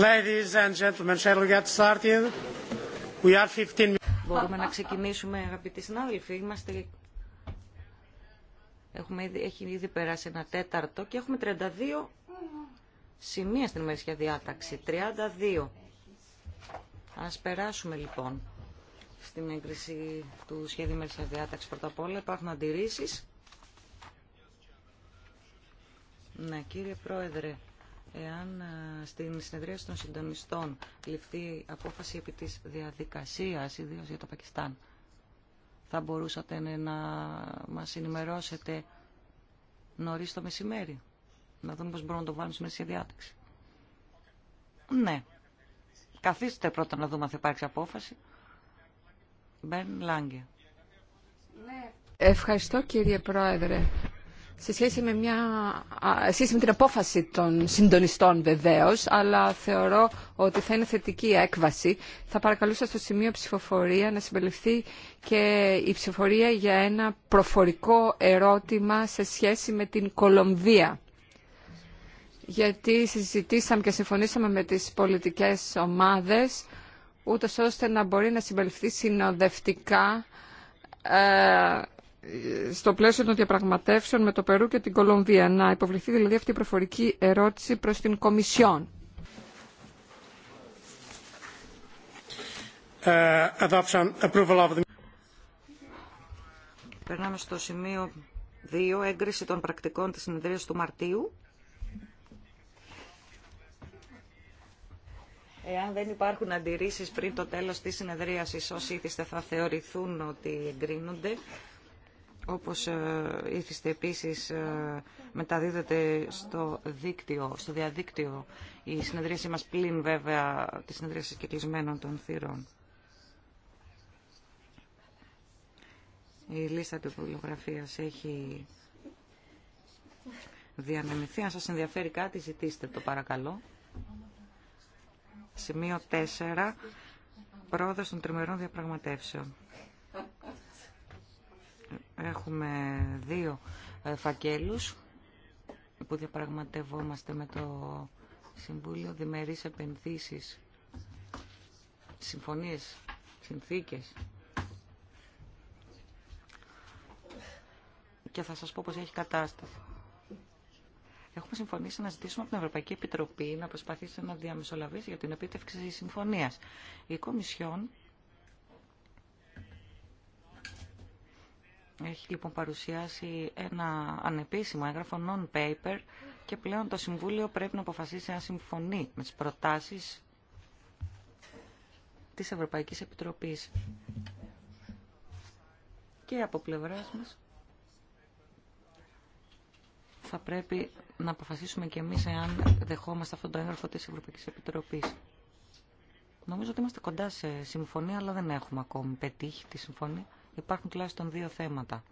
Ladies and gentlemen, shall we Μπορούμε να ξεκινήσουμε, αγαπητοί συνάδελφοι. Είμαστε... Έχουμε ήδη, έχει ήδη περάσει ένα τέταρτο και έχουμε 32 σημεία στην ημερήσια διάταξη. 32. Ας περάσουμε λοιπόν στην έγκριση του σχέδιου ημερήσιας διάταξης. Πρώτα απ' όλα υπάρχουν αντιρρήσεις. Ναι, κύριε Πρόεδρε, εάν στην συνεδρίαση των συντονιστών ληφθεί απόφαση επί της διαδικασίας, ιδίως για το Πακιστάν, θα μπορούσατε να μας ενημερώσετε νωρίς το μεσημέρι. Να δούμε πώς μπορούμε να το βάλουμε στη διάταξη. Ναι. Καθίστε πρώτα να δούμε αν θα υπάρξει απόφαση. Μπεν Λάγκε. Ευχαριστώ κύριε Πρόεδρε σε σχέση με, μια, σε σχέση με την απόφαση των συντονιστών βεβαίως, αλλά θεωρώ ότι θα είναι θετική έκβαση. Θα παρακαλούσα στο σημείο ψηφοφορία να συμπεριληφθεί και η ψηφοφορία για ένα προφορικό ερώτημα σε σχέση με την Κολομβία. Γιατί συζητήσαμε και συμφωνήσαμε με τις πολιτικές ομάδες, ούτως ώστε να μπορεί να συμπεριληφθεί συνοδευτικά ε, στο πλαίσιο των διαπραγματεύσεων με το Περού και την Κολομβία. Να υποβληθεί δηλαδή αυτή η προφορική ερώτηση προς την Κομισιόν. Ε, Περνάμε στο σημείο 2, έγκριση των πρακτικών της συνεδρίας του Μαρτίου. Εάν δεν υπάρχουν αντιρρήσεις πριν το τέλος της συνεδρίασης, όσοι ήθιστε θα θεωρηθούν ότι εγκρίνονται όπως ε, ήθιστε επίσης ε, μεταδίδεται στο δίκτυο, στο διαδίκτυο η συνεδρίαση μας πλην βέβαια τη συνεδρίαση κυκλισμένων των θύρων. Η λίστα του βιβλιογραφίας έχει διανεμηθεί. Αν σας ενδιαφέρει κάτι ζητήστε το παρακαλώ. Σημείο 4. Πρόοδος των τριμερών διαπραγματεύσεων. Έχουμε δύο ε, φακέλους που διαπραγματευόμαστε με το Συμβούλιο Διμερείς Επενδύσεις, Συμφωνίες, Συνθήκες. Και θα σας πω πώς έχει κατάσταση. Έχουμε συμφωνήσει να ζητήσουμε από την Ευρωπαϊκή Επιτροπή να προσπαθήσει να διαμεσολαβήσει για την επίτευξη συμφωνίας. Η Κομισιόν Έχει λοιπόν παρουσιάσει ένα ανεπίσημο έγγραφο non-paper και πλέον το Συμβούλιο πρέπει να αποφασίσει αν συμφωνεί με τις προτάσεις της Ευρωπαϊκής Επιτροπής. Και από πλευράς μας θα πρέπει να αποφασίσουμε και εμείς εάν δεχόμαστε αυτό το έγγραφο της Ευρωπαϊκής Επιτροπής. Νομίζω ότι είμαστε κοντά σε συμφωνία, αλλά δεν έχουμε ακόμη πετύχει τη συμφωνία. Υπάρχουν τουλάχιστον δύο θέματα,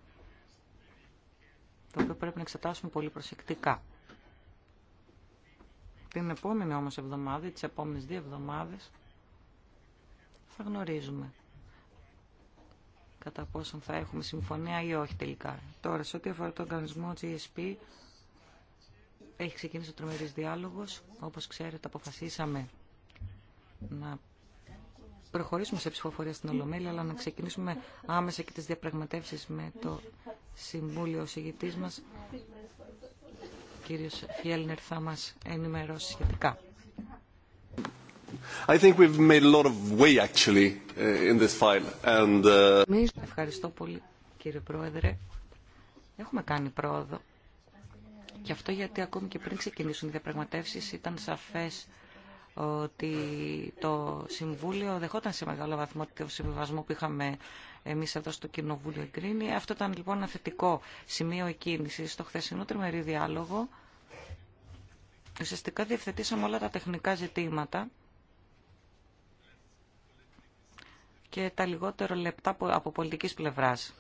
τα οποία πρέπει να εξετάσουμε πολύ προσεκτικά. Την επόμενη όμως εβδομάδα, τις επόμενες δύο εβδομάδες, θα γνωρίζουμε κατά πόσον θα έχουμε συμφωνία ή όχι τελικά. Τώρα, σε ό,τι αφορά τον οργανισμό GSP, έχει ξεκινήσει ο τρομερής διάλογος. Όπως ξέρετε, αποφασίσαμε να προχωρήσουμε σε ψηφοφορία στην Ολομέλεια, αλλά να ξεκινήσουμε άμεσα και τις διαπραγματεύσεις με το Συμβούλιο. Ο συγητής μας, κύριος Φιέλνερ, θα μας ενημερώσει σχετικά. I think we've made a lot of way actually uh, in this file and uh, Ευχαριστώ πολύ κύριε Πρόεδρε. Έχουμε κάνει πρόοδο. Και αυτό γιατί ακόμη και πριν ξεκινήσουν οι διαπραγματεύσεις ήταν σαφές ότι το Συμβούλιο δεχόταν σε μεγάλο βαθμό το συμβιβασμό που είχαμε εμεί εδώ στο Κοινοβούλιο εγκρίνει. Αυτό ήταν λοιπόν ένα θετικό σημείο εκκίνηση. Στο χθεσινό τριμερή διάλογο ουσιαστικά διευθετήσαμε όλα τα τεχνικά ζητήματα και τα λιγότερο λεπτά από πολιτικής πλευράς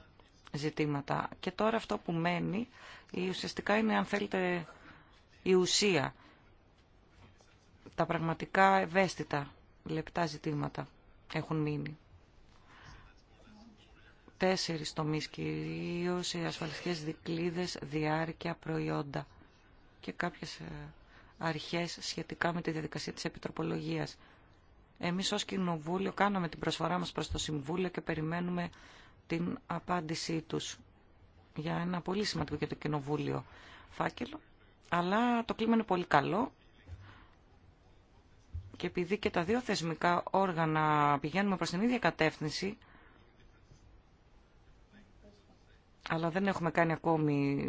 ζητήματα. Και τώρα αυτό που μένει ουσιαστικά είναι αν θέλετε η ουσία τα πραγματικά ευαίσθητα λεπτά ζητήματα έχουν μείνει. Τέσσερις τομείς κυρίως, ασφαλιστικές δικλίδες, διάρκεια, προϊόντα και κάποιες ε, αρχές σχετικά με τη διαδικασία της επιτροπολογίας. Εμείς ως Κοινοβούλιο κάναμε την προσφορά μας προς το Συμβούλιο και περιμένουμε την απάντησή τους για ένα πολύ σημαντικό για το Κοινοβούλιο φάκελο. Αλλά το κλίμα είναι πολύ καλό και επειδή και τα δύο θεσμικά όργανα πηγαίνουμε προς την ίδια κατεύθυνση, αλλά δεν έχουμε κάνει ακόμη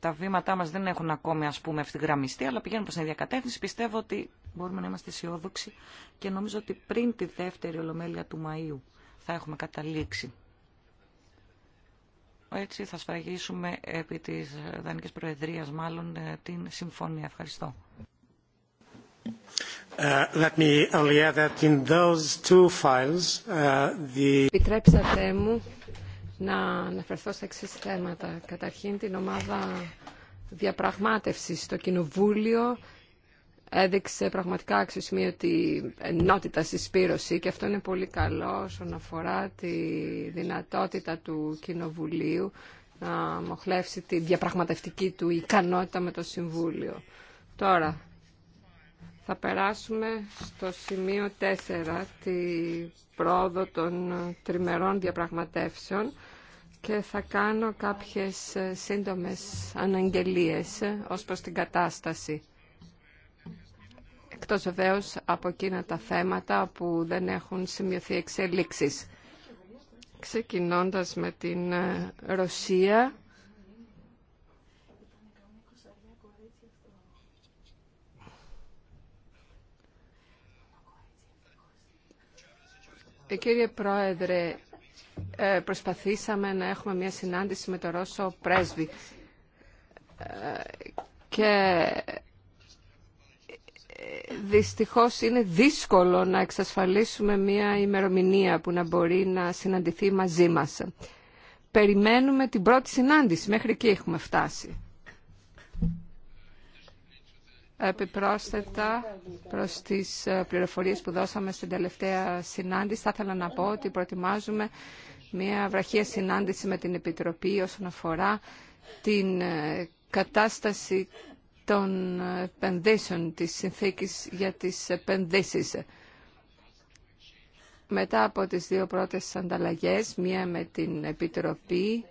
τα βήματά μας δεν έχουν ακόμη ας πούμε ευθυγραμμιστεί, αλλά πηγαίνουν προς την ίδια κατεύθυνση. Πιστεύω ότι μπορούμε να είμαστε αισιόδοξοι και νομίζω ότι πριν τη δεύτερη ολομέλεια του Μαΐου θα έχουμε καταλήξει έτσι θα σφραγίσουμε επί της Δανικής Προεδρίας μάλλον ε, την συμφωνία. Ευχαριστώ. Επιτρέψατε μου να αναφερθώ σε εξή θέματα. Καταρχήν την ομάδα διαπραγμάτευσης στο Κοινοβούλιο έδειξε πραγματικά αξιοσημείωτη ενότητα στη Σπήρωση και αυτό είναι πολύ καλό όσον αφορά τη δυνατότητα του Κοινοβουλίου να μοχλεύσει τη διαπραγματευτική του ικανότητα με το Συμβούλιο. Τώρα θα περάσουμε στο σημείο 4 τη πρόοδο των τριμερών διαπραγματεύσεων και θα κάνω κάποιες σύντομες αναγγελίες ως προς την κατάσταση εκτός βεβαίω από εκείνα τα θέματα που δεν έχουν σημειωθεί εξελίξεις. Ξεκινώντας με την ε, Ρωσία, ε, Κύριε Πρόεδρε, ε, προσπαθήσαμε να έχουμε μια συνάντηση με τον Ρώσο πρέσβη και δυστυχώς είναι δύσκολο να εξασφαλίσουμε μια ημερομηνία που να μπορεί να συναντηθεί μαζί μας. Περιμένουμε την πρώτη συνάντηση, μέχρι εκεί έχουμε φτάσει. Επιπρόσθετα προς τις ε, πληροφορίες που δώσαμε στην τελευταία συνάντηση, θα ήθελα να πω ότι προετοιμάζουμε μια βραχία συνάντηση με την Επιτροπή όσον αφορά την ε, κατάσταση των επενδύσεων, της συνθήκης για τις επενδύσεις. Μετά από τις δύο πρώτες ανταλλαγές, μία με την Επιτροπή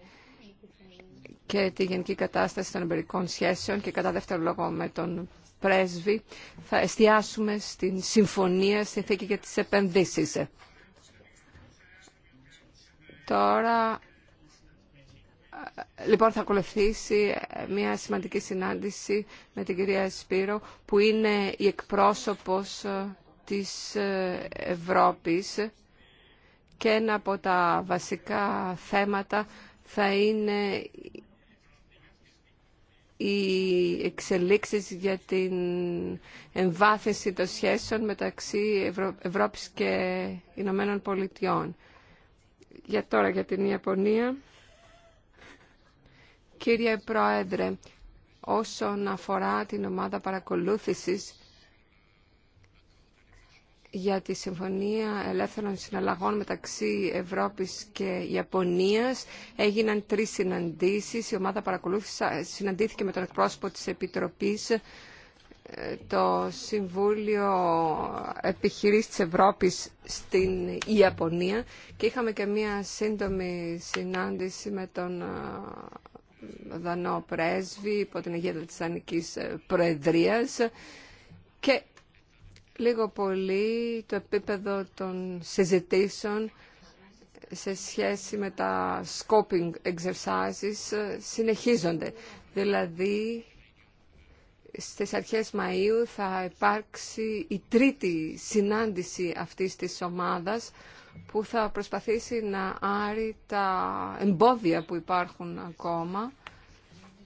και τη Γενική Κατάσταση των Εμπερικών Σχέσεων και κατά δεύτερο λόγο με τον Πρέσβη, θα εστιάσουμε στην Συμφωνία Συνθήκη για τις Επενδύσεις. Τώρα Λοιπόν, θα ακολουθήσει ε, μια σημαντική συνάντηση με την κυρία Σπύρο, που είναι η εκπρόσωπος ε, της ε, Ευρώπης και ένα από τα βασικά θέματα θα είναι οι εξελίξεις για την εμβάθυνση των σχέσεων μεταξύ Ευρω... Ευρώπης και Ηνωμένων Πολιτειών. Για τώρα για την Ιαπωνία. Κύριε Πρόεδρε, όσον αφορά την ομάδα παρακολούθησης για τη Συμφωνία Ελεύθερων Συναλλαγών μεταξύ Ευρώπης και Ιαπωνίας έγιναν τρεις συναντήσεις. Η ομάδα παρακολούθησης συναντήθηκε με τον εκπρόσωπο της Επιτροπής ε, το Συμβούλιο Επιχειρής της Ευρώπης στην Ιαπωνία και είχαμε και μία σύντομη συνάντηση με τον ε, Δανό πρέσβη υπό την της Ανικής ε, Προεδρίας και λίγο πολύ το επίπεδο των συζητήσεων σε σχέση με τα scoping exercises ε, συνεχίζονται. Δηλαδή, στις αρχές Μαΐου θα υπάρξει η τρίτη συνάντηση αυτής της ομάδας που θα προσπαθήσει να άρει τα εμπόδια που υπάρχουν ακόμα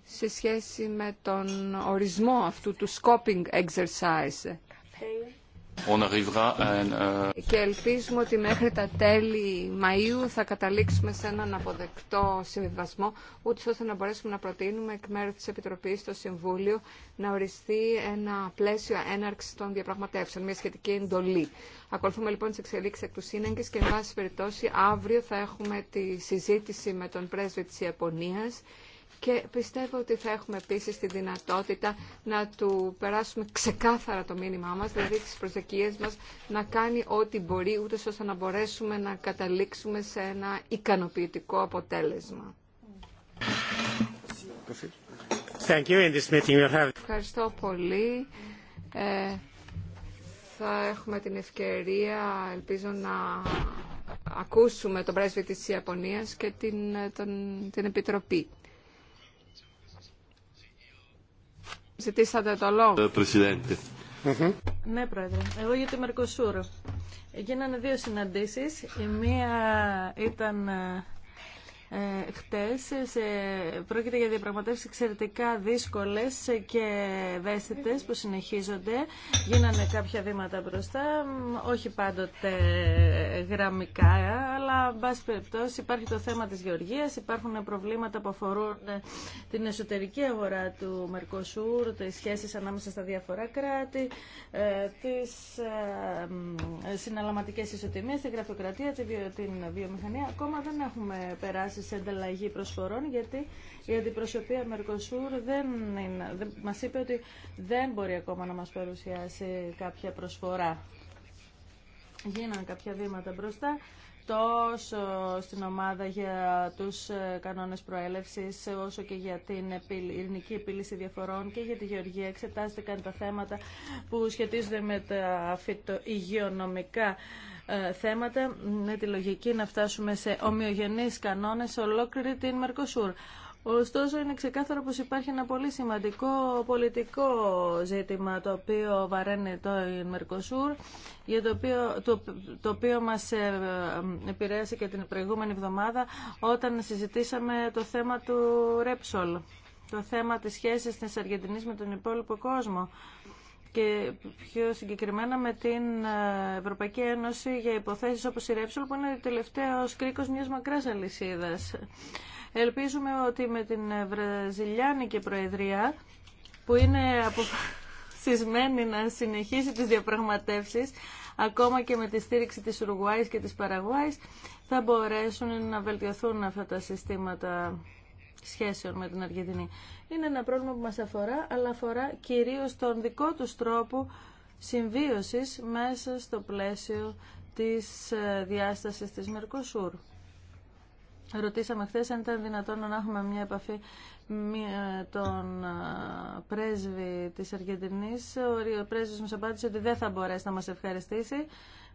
σε σχέση με τον ορισμό αυτού του scoping exercise. Euh, και ελπίζουμε ότι μέχρι τα τέλη Μαΐου θα καταλήξουμε σε έναν αποδεκτό συμβιβασμό, ούτω ώστε να μπορέσουμε να προτείνουμε εκ μέρου τη Επιτροπή στο Συμβούλιο να οριστεί ένα πλαίσιο έναρξη των διαπραγματεύσεων, μια σχετική εντολή. Ακολουθούμε λοιπόν τι εξελίξει εκ του σύνεγγε και, εν πάση περιπτώσει, αύριο θα έχουμε τη συζήτηση με τον πρέσβη τη Ιαπωνία και πιστεύω ότι θα έχουμε επίσης τη δυνατότητα να του περάσουμε ξεκάθαρα το μήνυμά μας, δηλαδή τις προσδοκίε μας, να κάνει ό,τι μπορεί, ούτως ώστε να μπορέσουμε να καταλήξουμε σε ένα ικανοποιητικό αποτέλεσμα. Ευχαριστώ πολύ. Ε, θα έχουμε την ευκαιρία, ελπίζω να ακούσουμε τον πρέσβη της Ιαπωνίας και την, την Επιτροπή. Ζητήσατε το λόγο. Ε, ναι, Πρόεδρε. Εγώ για τη Μερκοσούρο. Γίνανε δύο συναντήσεις. Η μία ήταν ε, ε, χτες. πρόκειται για διαπραγματεύσεις εξαιρετικά δύσκολες και ευαίσθητες που συνεχίζονται. Γίνανε κάποια βήματα μπροστά, όχι πάντοτε γραμμικά, αλλά μπας περιπτώσει υπάρχει το θέμα της γεωργίας, υπάρχουν προβλήματα που αφορούν ε, την εσωτερική αγορά του Μερκοσούρ, τις σχέσεις ανάμεσα στα διαφορά κράτη, ε, τις ε, συναλλαγματικές ισοτιμίες, τη γραφειοκρατία, τη την βιομηχανία. Ακόμα δεν έχουμε περάσει σε ανταλλαγή προσφορών, γιατί η αντιπροσωπεία Μερκοσούρ δεν, δεν μας είπε ότι δεν μπορεί ακόμα να μας παρουσιάσει κάποια προσφορά. Γίναν κάποια βήματα μπροστά τόσο στην ομάδα για τους ε, κανόνες προέλευσης όσο και για την ειρηνική επίλυση διαφορών και για τη γεωργία. Εξετάστηκαν τα θέματα που σχετίζονται με τα φυτοϊγειονομικά ε, θέματα με τη λογική να φτάσουμε σε ομοιογενείς κανόνες σε ολόκληρη την Μερκοσούρ. Ωστόσο, είναι ξεκάθαρο πως υπάρχει ένα πολύ σημαντικό πολιτικό ζήτημα το οποίο βαραίνει το Μερκοσούρ, για το οποίο, το, το οποίο μας ε, επηρέασε και την προηγούμενη εβδομάδα όταν συζητήσαμε το θέμα του Ρέψολ, το θέμα της σχέσης της Αργεντινής με τον υπόλοιπο κόσμο και πιο συγκεκριμένα με την ε, Ευρωπαϊκή Ένωση για υποθέσεις όπως η Ρέψολ που είναι ο τελευταίος κρίκος μιας μακράς αλυσίδας. Ελπίζουμε ότι με την Βραζιλιάνικη Προεδρία που είναι αποφασισμένη να συνεχίσει τις διαπραγματεύσεις ακόμα και με τη στήριξη της Ουρουγουάης και της Παραγουάης θα μπορέσουν να βελτιωθούν αυτά τα συστήματα σχέσεων με την Αργεντινή. Είναι ένα πρόβλημα που μας αφορά, αλλά αφορά κυρίως τον δικό τους τρόπο συμβίωσης μέσα στο πλαίσιο της ε, διάστασης της Μερκοσούρ. Ρωτήσαμε χθε αν ήταν δυνατόν να έχουμε μια επαφή με τον ε, πρέσβη της Αργεντινής. Ο πρέσβης μας απάντησε ότι δεν θα μπορέσει να μας ευχαριστήσει.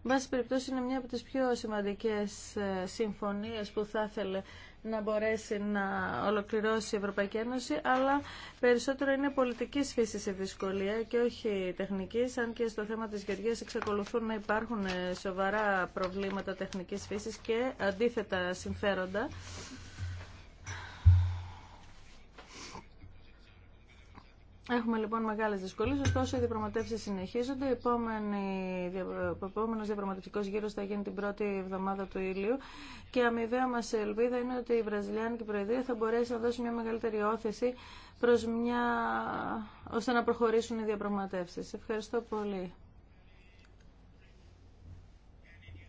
Βάση περιπτώσει είναι μια από τις πιο σημαντικές ε, συμφωνίες που θα ήθελε να μπορέσει να ολοκληρώσει η Ευρωπαϊκή Ένωση, αλλά περισσότερο είναι πολιτική φύση η δυσκολία και όχι τεχνική, αν και στο θέμα τη Γεωργία εξακολουθούν να υπάρχουν σοβαρά προβλήματα τεχνική φύση και αντίθετα συμφέροντα. Έχουμε λοιπόν μεγάλε δυσκολίε, ωστόσο οι διαπραγματεύσει συνεχίζονται. Ο επόμενο διαπραγματευτικό γύρο θα γίνει την πρώτη εβδομάδα του Ήλιου και αμοιβαία μα ελπίδα είναι ότι η Βραζιλιάνικη Προεδρία θα μπορέσει να δώσει μια μεγαλύτερη όθεση προς μια... ώστε να προχωρήσουν οι διαπραγματεύσει. Ευχαριστώ πολύ.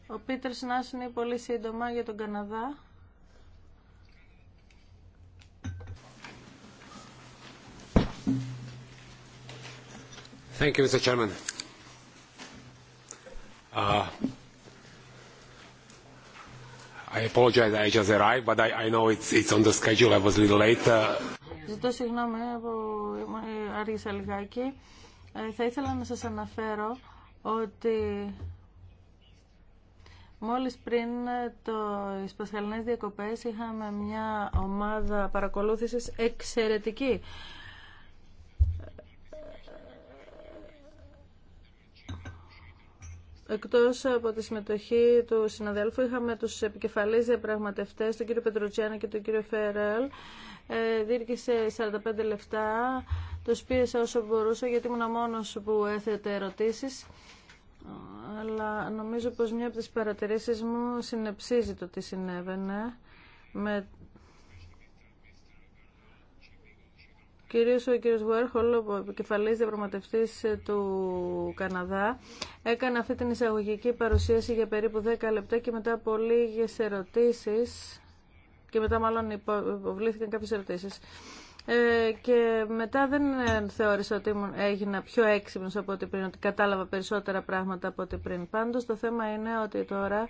Ο Πίτερ είναι πολύ σύντομα για τον Καναδά. Thank you, Mr. Chairman. Uh, I apologize, I just arrived, but I, I know it's, it's on the schedule. I was a little late. Uh. Ζητώ συγγνώμη που άργησα λιγάκι. Ε, θα ήθελα να σας αναφέρω ότι Μόλις πριν ε, το Πασχαλινές Διακοπές είχαμε μια ομάδα παρακολούθησης εξαιρετική Εκτός από τη συμμετοχή του συναδέλφου είχαμε τους επικεφαλείς διαπραγματευτές, τον κύριο Πετροτσιάνα και τον κύριο Φερέλ. Ε, δίρκησε 45 λεπτά, το πίεσα όσο μπορούσα γιατί ήμουν μόνος που έθετε ερωτήσεις. Αλλά νομίζω πως μια από τις παρατηρήσεις μου συνεψίζει το τι συνέβαινε με κυρίως ο κύριος Βουέρχολ, ο επικεφαλής διαπραγματευτής ε, του Καναδά, έκανε αυτή την εισαγωγική παρουσίαση για περίπου 10 λεπτά και μετά από λίγες ερωτήσεις και μετά μάλλον υποβλήθηκαν κάποιες ερωτήσεις. Ε, και μετά δεν ε, θεώρησα ότι έγινα πιο έξυπνος από ό,τι πριν, ότι κατάλαβα περισσότερα πράγματα από ό,τι πριν. Πάντως το θέμα είναι ότι τώρα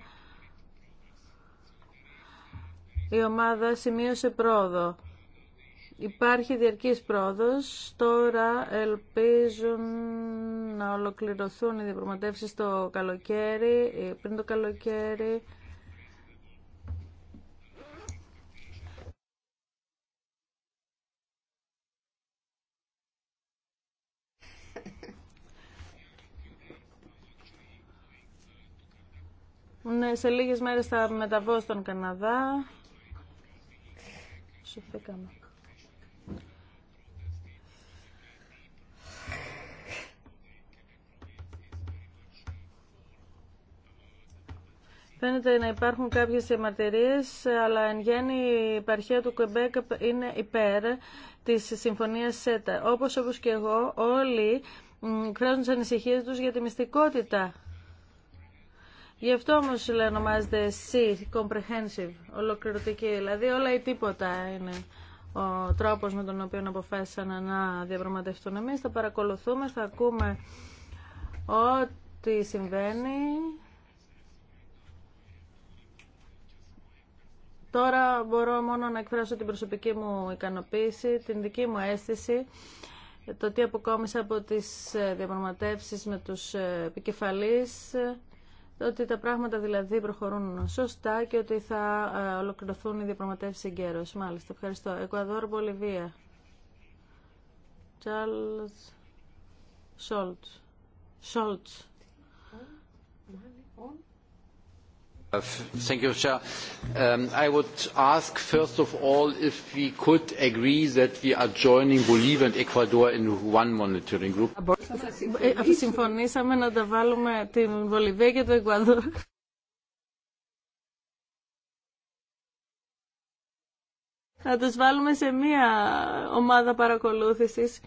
η ομάδα σημείωσε πρόοδο Υπάρχει διαρκής πρόοδος. Τώρα ελπίζουν να ολοκληρωθούν οι διαπραγματεύσεις το καλοκαίρι, ε, πριν το καλοκαίρι. Ναι, σε λίγες μέρες θα μεταβώ στον Καναδά. Σωθήκαμε. Φαίνεται να υπάρχουν κάποιες διαμαρτυρίες, αλλά εν γέννη η επαρχία του Κουεμπέκ είναι υπέρ της συμφωνίας ΣΕΤΑ. Όπως, όπως και εγώ, όλοι εκφράζουν τις ανησυχίες τους για τη μυστικότητα. Γι' αυτό όμως ονομάζεται C, comprehensive, ολοκληρωτική, δηλαδή όλα ή τίποτα είναι ο τρόπος με τον οποίο αποφάσισαν να διαπραγματευτούν εμείς. Θα παρακολουθούμε, θα ακούμε ό,τι συμβαίνει. Τώρα μπορώ μόνο να εκφράσω την προσωπική μου ικανοποίηση, την δική μου αίσθηση, το τι αποκόμισα από τις ε, διαπραγματεύσεις με τους ε, επικεφαλείς ότι τα πράγματα δηλαδή προχωρούν σωστά και ότι θα ε, ολοκληρωθούν οι διαπραγματεύσεις εγκαίρω. Μάλιστα, ευχαριστώ. Εκουαδόρ, Βολιβία. Charles Σόλτς. Σόλτς. Thank you, Chair. I would ask, first of all, if we could agree that we are joining Bolivia and Ecuador in one monitoring group. Συμφωνήσαμε να τα βάλουμε την Βολιβία και το Εκουαδόρ. Να τους βάλουμε σε μία ομάδα παρακολούθησης.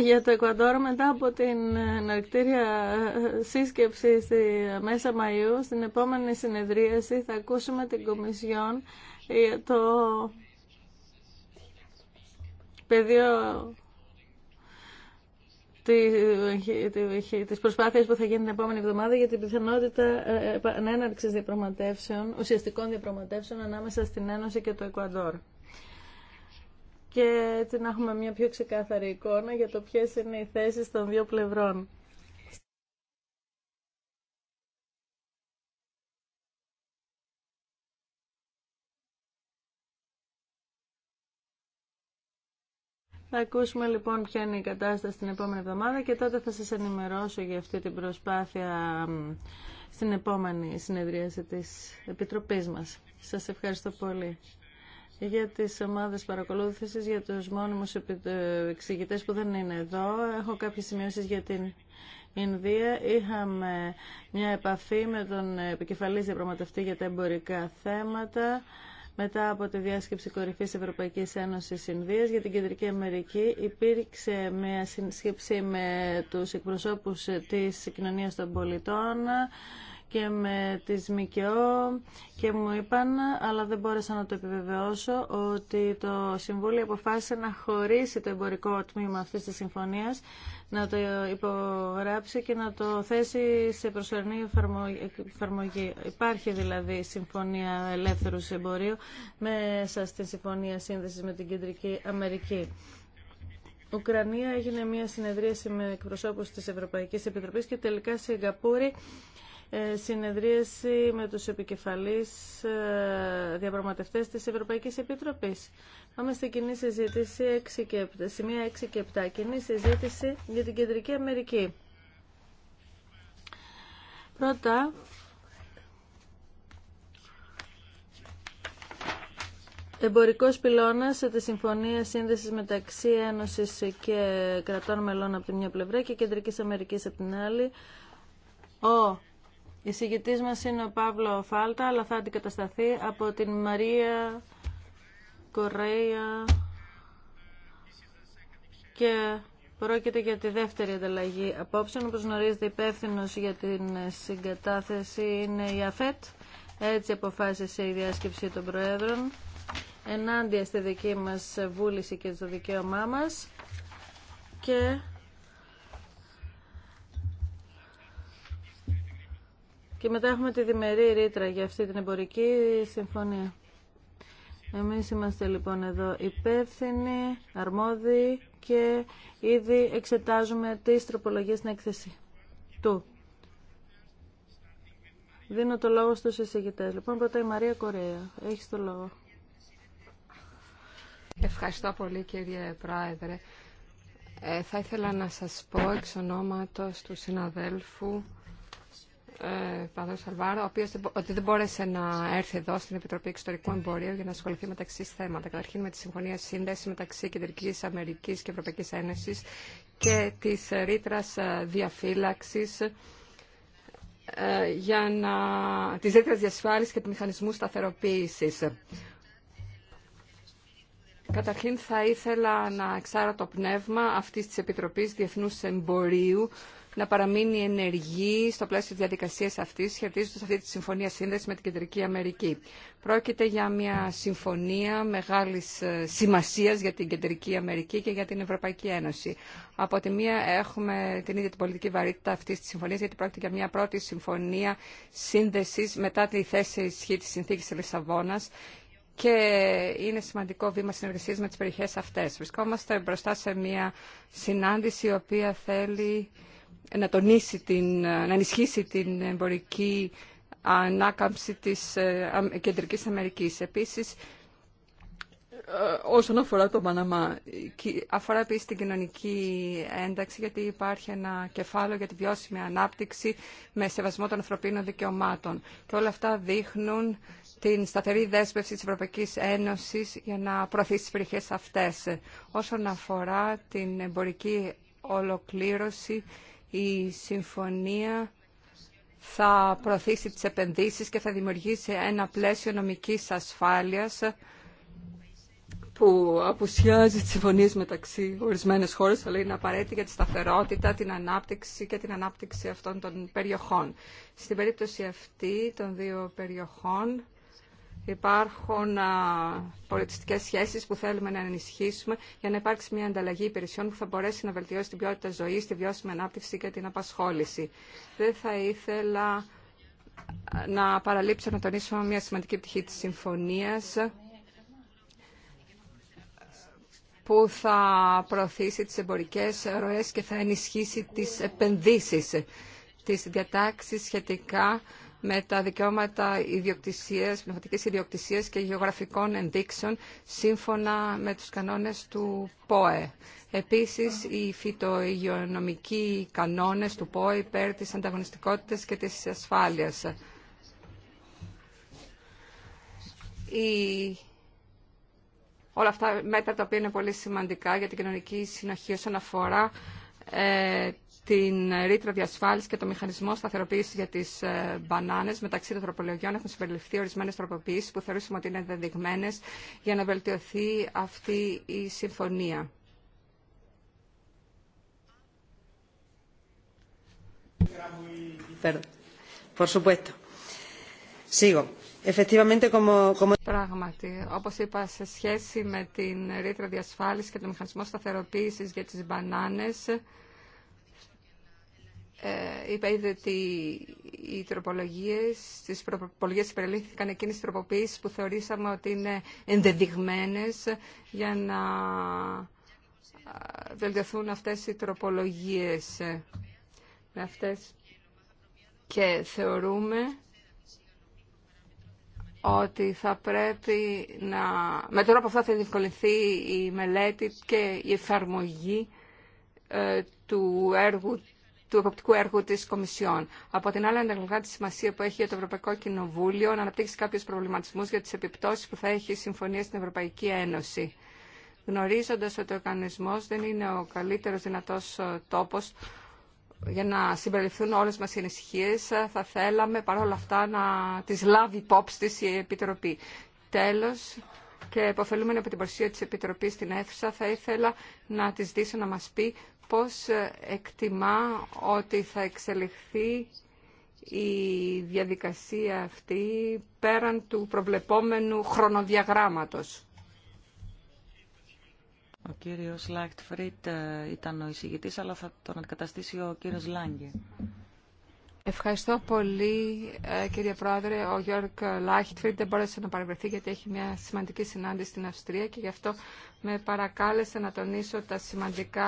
για το Εκουαντόρ, μετά από την εναρκτήρια σύσκεψη στη μέσα Μαΐου στην επόμενη συνεδρίαση θα ακούσουμε την Κομισιόν για το πεδίο τη προσπάθεια που θα γίνει την επόμενη εβδομάδα για την πιθανότητα ε, ε, επανέναρξης διαπραγματεύσεων, ουσιαστικών διαπραγματεύσεων ανάμεσα στην Ένωση και το Εκουαντόρ και έτσι να έχουμε μια πιο ξεκάθαρη εικόνα για το ποιες είναι οι θέσεις των δύο πλευρών. Θα ακούσουμε λοιπόν ποια είναι η κατάσταση την επόμενη εβδομάδα και τότε θα σας ενημερώσω για αυτή την προσπάθεια στην επόμενη συνεδρίαση της Επιτροπής μας. Σας ευχαριστώ πολύ για τις ομάδες παρακολούθησης, για τους μόνιμους εξηγητέ που δεν είναι εδώ. Έχω κάποιες σημειώσεις για την Ινδία. Είχαμε μια επαφή με τον επικεφαλής διαπραγματευτή για τα εμπορικά θέματα μετά από τη διάσκεψη κορυφής Ευρωπαϊκής Ένωσης Ινδία, για την Κεντρική Αμερική υπήρξε μια σύσκεψη με τους εκπροσώπους της κοινωνίας των πολιτών και με τις ΣΜΚΟ και μου είπαν, αλλά δεν μπόρεσα να το επιβεβαιώσω, ότι το Συμβούλιο αποφάσισε να χωρίσει το εμπορικό τμήμα αυτής της συμφωνίας, να το υπογράψει και να το θέσει σε προσωρινή εφαρμογή. Υπάρχει δηλαδή συμφωνία ελεύθερου εμπορίου μέσα στη συμφωνία σύνδεσης με την Κεντρική Αμερική. Ουκρανία έγινε μια συνεδρίαση με εκπροσώπους της Ευρωπαϊκής Επιτροπής και τελικά Σιγκαπούρη ε, συνεδρίαση με τους επικεφαλείς ε, διαπραγματευτές της Ευρωπαϊκής Επιτροπής. Πάμε στη κοινή συζήτηση και, σημεία 6 και 7. Κοινή συζήτηση για την Κεντρική Αμερική. Πρώτα, Εμπορικός πυλώνας της συμφωνία Σύνδεσης μεταξύ Ένωσης και κρατών μελών από τη μια πλευρά και Κεντρικής Αμερικής από την άλλη. Ο η συγκητής μα είναι ο Παύλο Φάλτα, αλλά θα αντικατασταθεί από την Μαρία Κορέια και Πρόκειται για τη δεύτερη ανταλλαγή απόψεων. Όπω γνωρίζετε, υπεύθυνο για την συγκατάθεση είναι η ΑΦΕΤ. Έτσι αποφάσισε η διάσκεψη των Προέδρων ενάντια στη δική μας βούληση και στο δικαίωμά μας. Και Και μετά έχουμε τη διμερή ρήτρα για αυτή την εμπορική συμφωνία. Εμείς είμαστε λοιπόν εδώ υπεύθυνοι, αρμόδιοι και ήδη εξετάζουμε τις τροπολογίες στην έκθεση του. Δίνω το λόγο στους εισηγητές. Λοιπόν, πρώτα η Μαρία Κορέα. Έχεις το λόγο. Ευχαριστώ πολύ κύριε Πρόεδρε. Ε, θα ήθελα να σας πω εξ ονόματος του συναδέλφου Παδός ε, Αλβάρο, ο οποίο ότι δεν μπόρεσε να έρθει εδώ στην Επιτροπή Εξωτερικού Εμπορίου για να ασχοληθεί με τα εξή θέματα. Καταρχήν με τη Συμφωνία Σύνδεση μεταξύ Κεντρική Αμερική και Ευρωπαϊκή Ένωση και τη ρήτρα ε, διαφύλαξη ε, για να... της ρήτρας διασφάλισης και του μηχανισμού σταθεροποίησης. Καταρχήν θα ήθελα να εξάρω το πνεύμα αυτής της Επιτροπής Διεθνούς Εμπορίου να παραμείνει ενεργή στο πλαίσιο της διαδικασίας αυτής, σχετίζοντας αυτή τη Συμφωνία Σύνδεση με την Κεντρική Αμερική. Πρόκειται για μια συμφωνία μεγάλης ε, σημασίας για την Κεντρική Αμερική και για την Ευρωπαϊκή Ένωση. Από τη μία έχουμε την ίδια την πολιτική βαρύτητα αυτή τη συμφωνία, γιατί πρόκειται για μια πρώτη συμφωνία σύνδεση μετά τη θέση ισχύ τη συνθήκη τη Λισαβόνα και είναι σημαντικό βήμα συνεργασία με τι περιοχέ αυτέ. Βρισκόμαστε μπροστά σε μια συνάντηση η οποία θέλει να, τονίσει την, να ενισχύσει την εμπορική ανάκαμψη της ε, Κεντρικής Αμερικής. Επίσης, ε, όσον αφορά το Παναμά, αφορά επίση την κοινωνική ένταξη, γιατί υπάρχει ένα κεφάλαιο για τη βιώσιμη ανάπτυξη με σεβασμό των ανθρωπίνων δικαιωμάτων. Και όλα αυτά δείχνουν την σταθερή δέσμευση της Ευρωπαϊκής Ένωσης για να προωθήσει τις περιοχές αυτές. Όσον αφορά την εμπορική ολοκλήρωση, η συμφωνία θα προωθήσει τις επενδύσεις και θα δημιουργήσει ένα πλαίσιο νομικής ασφάλειας που απουσιάζει τις συμφωνίες μεταξύ ορισμένες χώρες, αλλά είναι απαραίτητη για τη σταθερότητα, την ανάπτυξη και την ανάπτυξη αυτών των περιοχών. Στην περίπτωση αυτή των δύο περιοχών, Υπάρχουν πολιτιστικές σχέσεις που θέλουμε να ενισχύσουμε για να υπάρξει μια ανταλλαγή υπηρεσιών που θα μπορέσει να βελτιώσει την ποιότητα ζωής, τη βιώσιμη ανάπτυξη και την απασχόληση. Δεν θα ήθελα να παραλείψω να τονίσω μια σημαντική πτυχή της συμφωνίας που θα προωθήσει τις εμπορικές ροές και θα ενισχύσει τις επενδύσεις, τις διατάξεις σχετικά με τα δικαιώματα ιδιοκτησίας, πνευματικής ιδιοκτησίας και γεωγραφικών ενδείξεων σύμφωνα με τους κανόνες του ΠΟΕ. Επίσης, οι φυτογεωνομικοί κανόνες του ΠΟΕ υπέρ της ανταγωνιστικότητας και της ασφάλειας. Η... Όλα αυτά μέτρα τα οποία είναι πολύ σημαντικά για την κοινωνική συνοχή όσον αφορά ε, την ρήτρα διασφάλιση και το μηχανισμό σταθεροποίηση για τι ε, μπανάνε. Μεταξύ των τροπολογιών έχουν συμπεριληφθεί ορισμένε τροποποιήσει που θεωρούσαμε ότι είναι ενδεδειγμένε για να βελτιωθεί αυτή η συμφωνία. Πράγματι, όπως είπα, σε σχέση με την ρήτρα διασφάλισης και το μηχανισμό σταθεροποίησης για τις μπανάνες, ε, είπα ήδη ότι οι τροπολογίες, τις τροπολογίες που εκείνες τροποποιήσεις που θεωρήσαμε ότι είναι ενδεδειγμένες για να βελτιωθούν αυτές οι τροπολογίες. Με αυτές και θεωρούμε ότι θα πρέπει να... Με τρόπο αυτό θα διευκολυνθεί η μελέτη και η εφαρμογή ε, του έργου του εποπτικού έργου τη Κομισιόν. Από την άλλη, ανταγωνικά τη σημασία που έχει για το Ευρωπαϊκό Κοινοβούλιο να αναπτύξει κάποιου προβληματισμού για τι επιπτώσει που θα έχει η συμφωνία στην Ευρωπαϊκή Ένωση. Γνωρίζοντα ότι ο Οργανισμό δεν είναι ο καλύτερο δυνατό τόπο για να συμπεριληφθούν όλε μα οι ανησυχίε, θα θέλαμε παρόλα αυτά να τι λάβει υπόψη της η Επιτροπή. Τέλο, και επωφελούμενη από την παρουσία τη Επιτροπή στην αίθουσα, θα ήθελα να τη δείσω να μα πει πώς εκτιμά ότι θα εξελιχθεί η διαδικασία αυτή πέραν του προβλεπόμενου χρονοδιαγράμματος. Ο κύριος Λάχτφριτ ε, ήταν ο εισηγητής, αλλά θα τον αντικαταστήσει ο κύριος Λάγκε. Ευχαριστώ πολύ ε, κύριε Πρόεδρε. Ο Γιώργ Λάχιτφριντ δεν μπόρεσε να παρευρεθεί γιατί έχει μια σημαντική συνάντηση στην Αυστρία και γι' αυτό με παρακάλεσε να τονίσω τα σημαντικά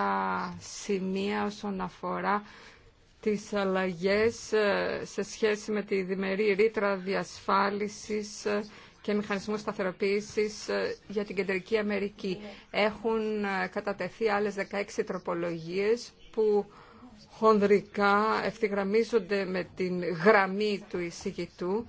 σημεία όσον αφορά τις αλλαγές ε, σε σχέση με τη διμερή ρήτρα διασφάλισης ε, και μηχανισμού σταθεροποίησης για την Κεντρική Αμερική. Έχουν κατατεθεί άλλες 16 τροπολογίες που χονδρικά ευθυγραμμίζονται με την γραμμή του εισηγητού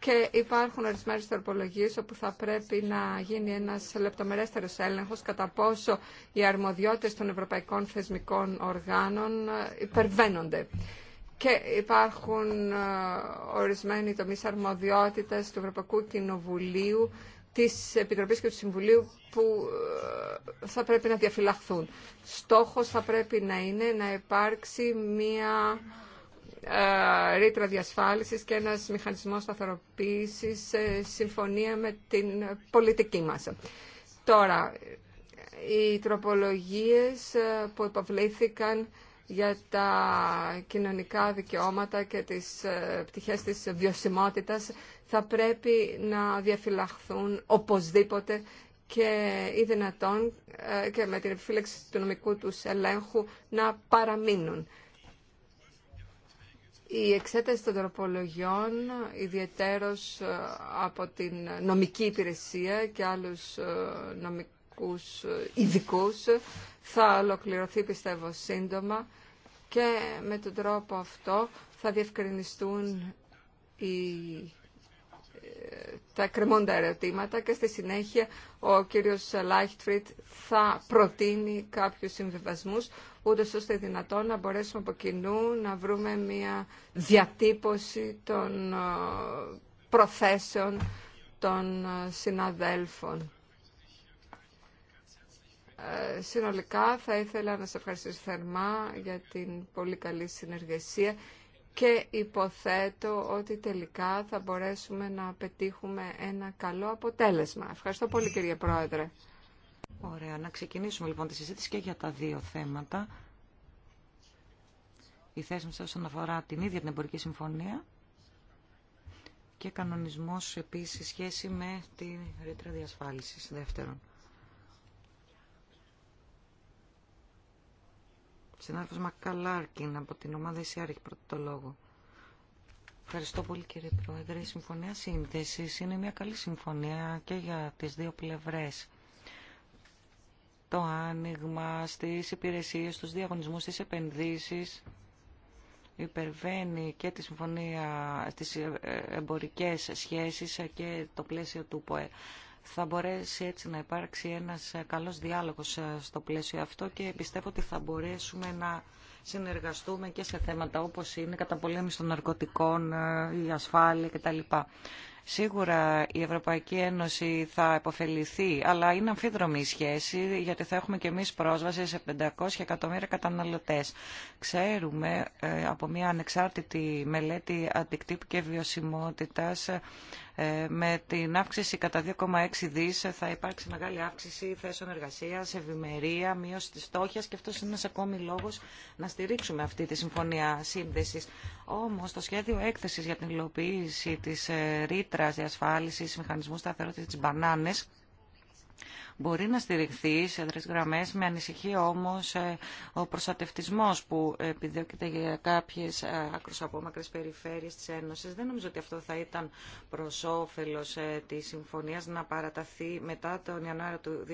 και υπάρχουν ορισμένες τροπολογίες όπου θα πρέπει να γίνει ένας λεπτομερέστερος έλεγχος κατά πόσο οι αρμοδιότητες των ευρωπαϊκών θεσμικών οργάνων ε, υπερβαίνονται. Και υπάρχουν ε, ορισμένοι τομείς αρμοδιότητες του Ευρωπαϊκού Κοινοβουλίου της Επιτροπής και του Συμβουλίου που ε, θα πρέπει να διαφυλαχθούν. Στόχος θα πρέπει να είναι να υπάρξει μία ε, ρήτρα διασφάλισης και ένας μηχανισμός σταθεροποίησης σε συμφωνία με την πολιτική μας. Τώρα, οι τροπολογίες ε, που υποβλήθηκαν για τα κοινωνικά δικαιώματα και τις ε, πτυχές της βιωσιμότητας θα πρέπει να διαφυλαχθούν οπωσδήποτε και ή δυνατόν ε, και με την επιφύλαξη του νομικού τους ελέγχου να παραμείνουν. Η εξέταση των τροπολογιών, ιδιαιτέρως ε, από την νομική υπηρεσία και άλλους νομικούς ειδικού, θα ολοκληρωθεί πιστεύω σύντομα και με τον τρόπο αυτό θα διευκρινιστούν οι ε, τα κρεμόντα ερωτήματα και στη συνέχεια ο κύριος Λάιχτφριτ θα προτείνει κάποιους συμβιβασμούς ούτε ώστε δυνατόν να μπορέσουμε από κοινού να βρούμε μια διατύπωση των ε, προθέσεων των ε, συναδέλφων. Ε, συνολικά θα ήθελα να σας ευχαριστήσω θερμά για την πολύ καλή συνεργασία και υποθέτω ότι τελικά θα μπορέσουμε να πετύχουμε ένα καλό αποτέλεσμα. Ευχαριστώ πολύ κύριε Πρόεδρε. Ωραία, να ξεκινήσουμε λοιπόν τη συζήτηση και για τα δύο θέματα. Η θέση μας όσον αφορά την ίδια την εμπορική συμφωνία και κανονισμός επίσης σχέση με την ρήτρα διασφάλισης δεύτερον. συνάδελφος Μακαλάρκιν από την ομάδα ΕΣΥΑΡ έχει πρώτο το λόγο. Ευχαριστώ πολύ κύριε Πρόεδρε. Η Συμφωνία Σύνδεσης είναι μια καλή συμφωνία και για τις δύο πλευρές. Το άνοιγμα στις υπηρεσίες, στους διαγωνισμούς, στις επενδύσεις υπερβαίνει και τη συμφωνία στις ε, εμπορικές σχέσεις και το πλαίσιο του ΠΟΕ θα μπορέσει έτσι να υπάρξει ένας ε, καλός διάλογος ε, στο πλαίσιο αυτό και πιστεύω ότι θα μπορέσουμε να συνεργαστούμε και σε θέματα όπως είναι κατά πολέμηση των ναρκωτικών, ε, η ασφάλεια κτλ. Σίγουρα η Ευρωπαϊκή Ένωση θα επωφεληθεί, αλλά είναι αμφίδρομη η σχέση, γιατί θα έχουμε και εμείς πρόσβαση σε 500 εκατομμύρια καταναλωτές. Ξέρουμε από μια ανεξάρτητη μελέτη αντικτύπου και βιωσιμότητας ε, με την αύξηση κατά 2,6 δι θα υπάρξει μεγάλη αύξηση θέσεων εργασία, ευημερία, μείωση τη στόχιας και αυτό είναι ένα ακόμη λόγο να στηρίξουμε αυτή τη συμφωνία σύνδεσης. Όμως το σχέδιο έκθεσης για την υλοποίηση της ε, ρήτρα διασφάλισης μηχανισμού σταθερότητα τη μπανάνες μπορεί να στηριχθεί σε δρες γραμμές. Με ανησυχεί όμως ε, ο προστατευτισμός που επιδιώκεται για κάποιες ε, άκρως περιφέρειες της Ένωσης. Δεν νομίζω ότι αυτό θα ήταν προς όφελος ε, της συμφωνίας να παραταθεί μετά τον Ιανουάριο του 2020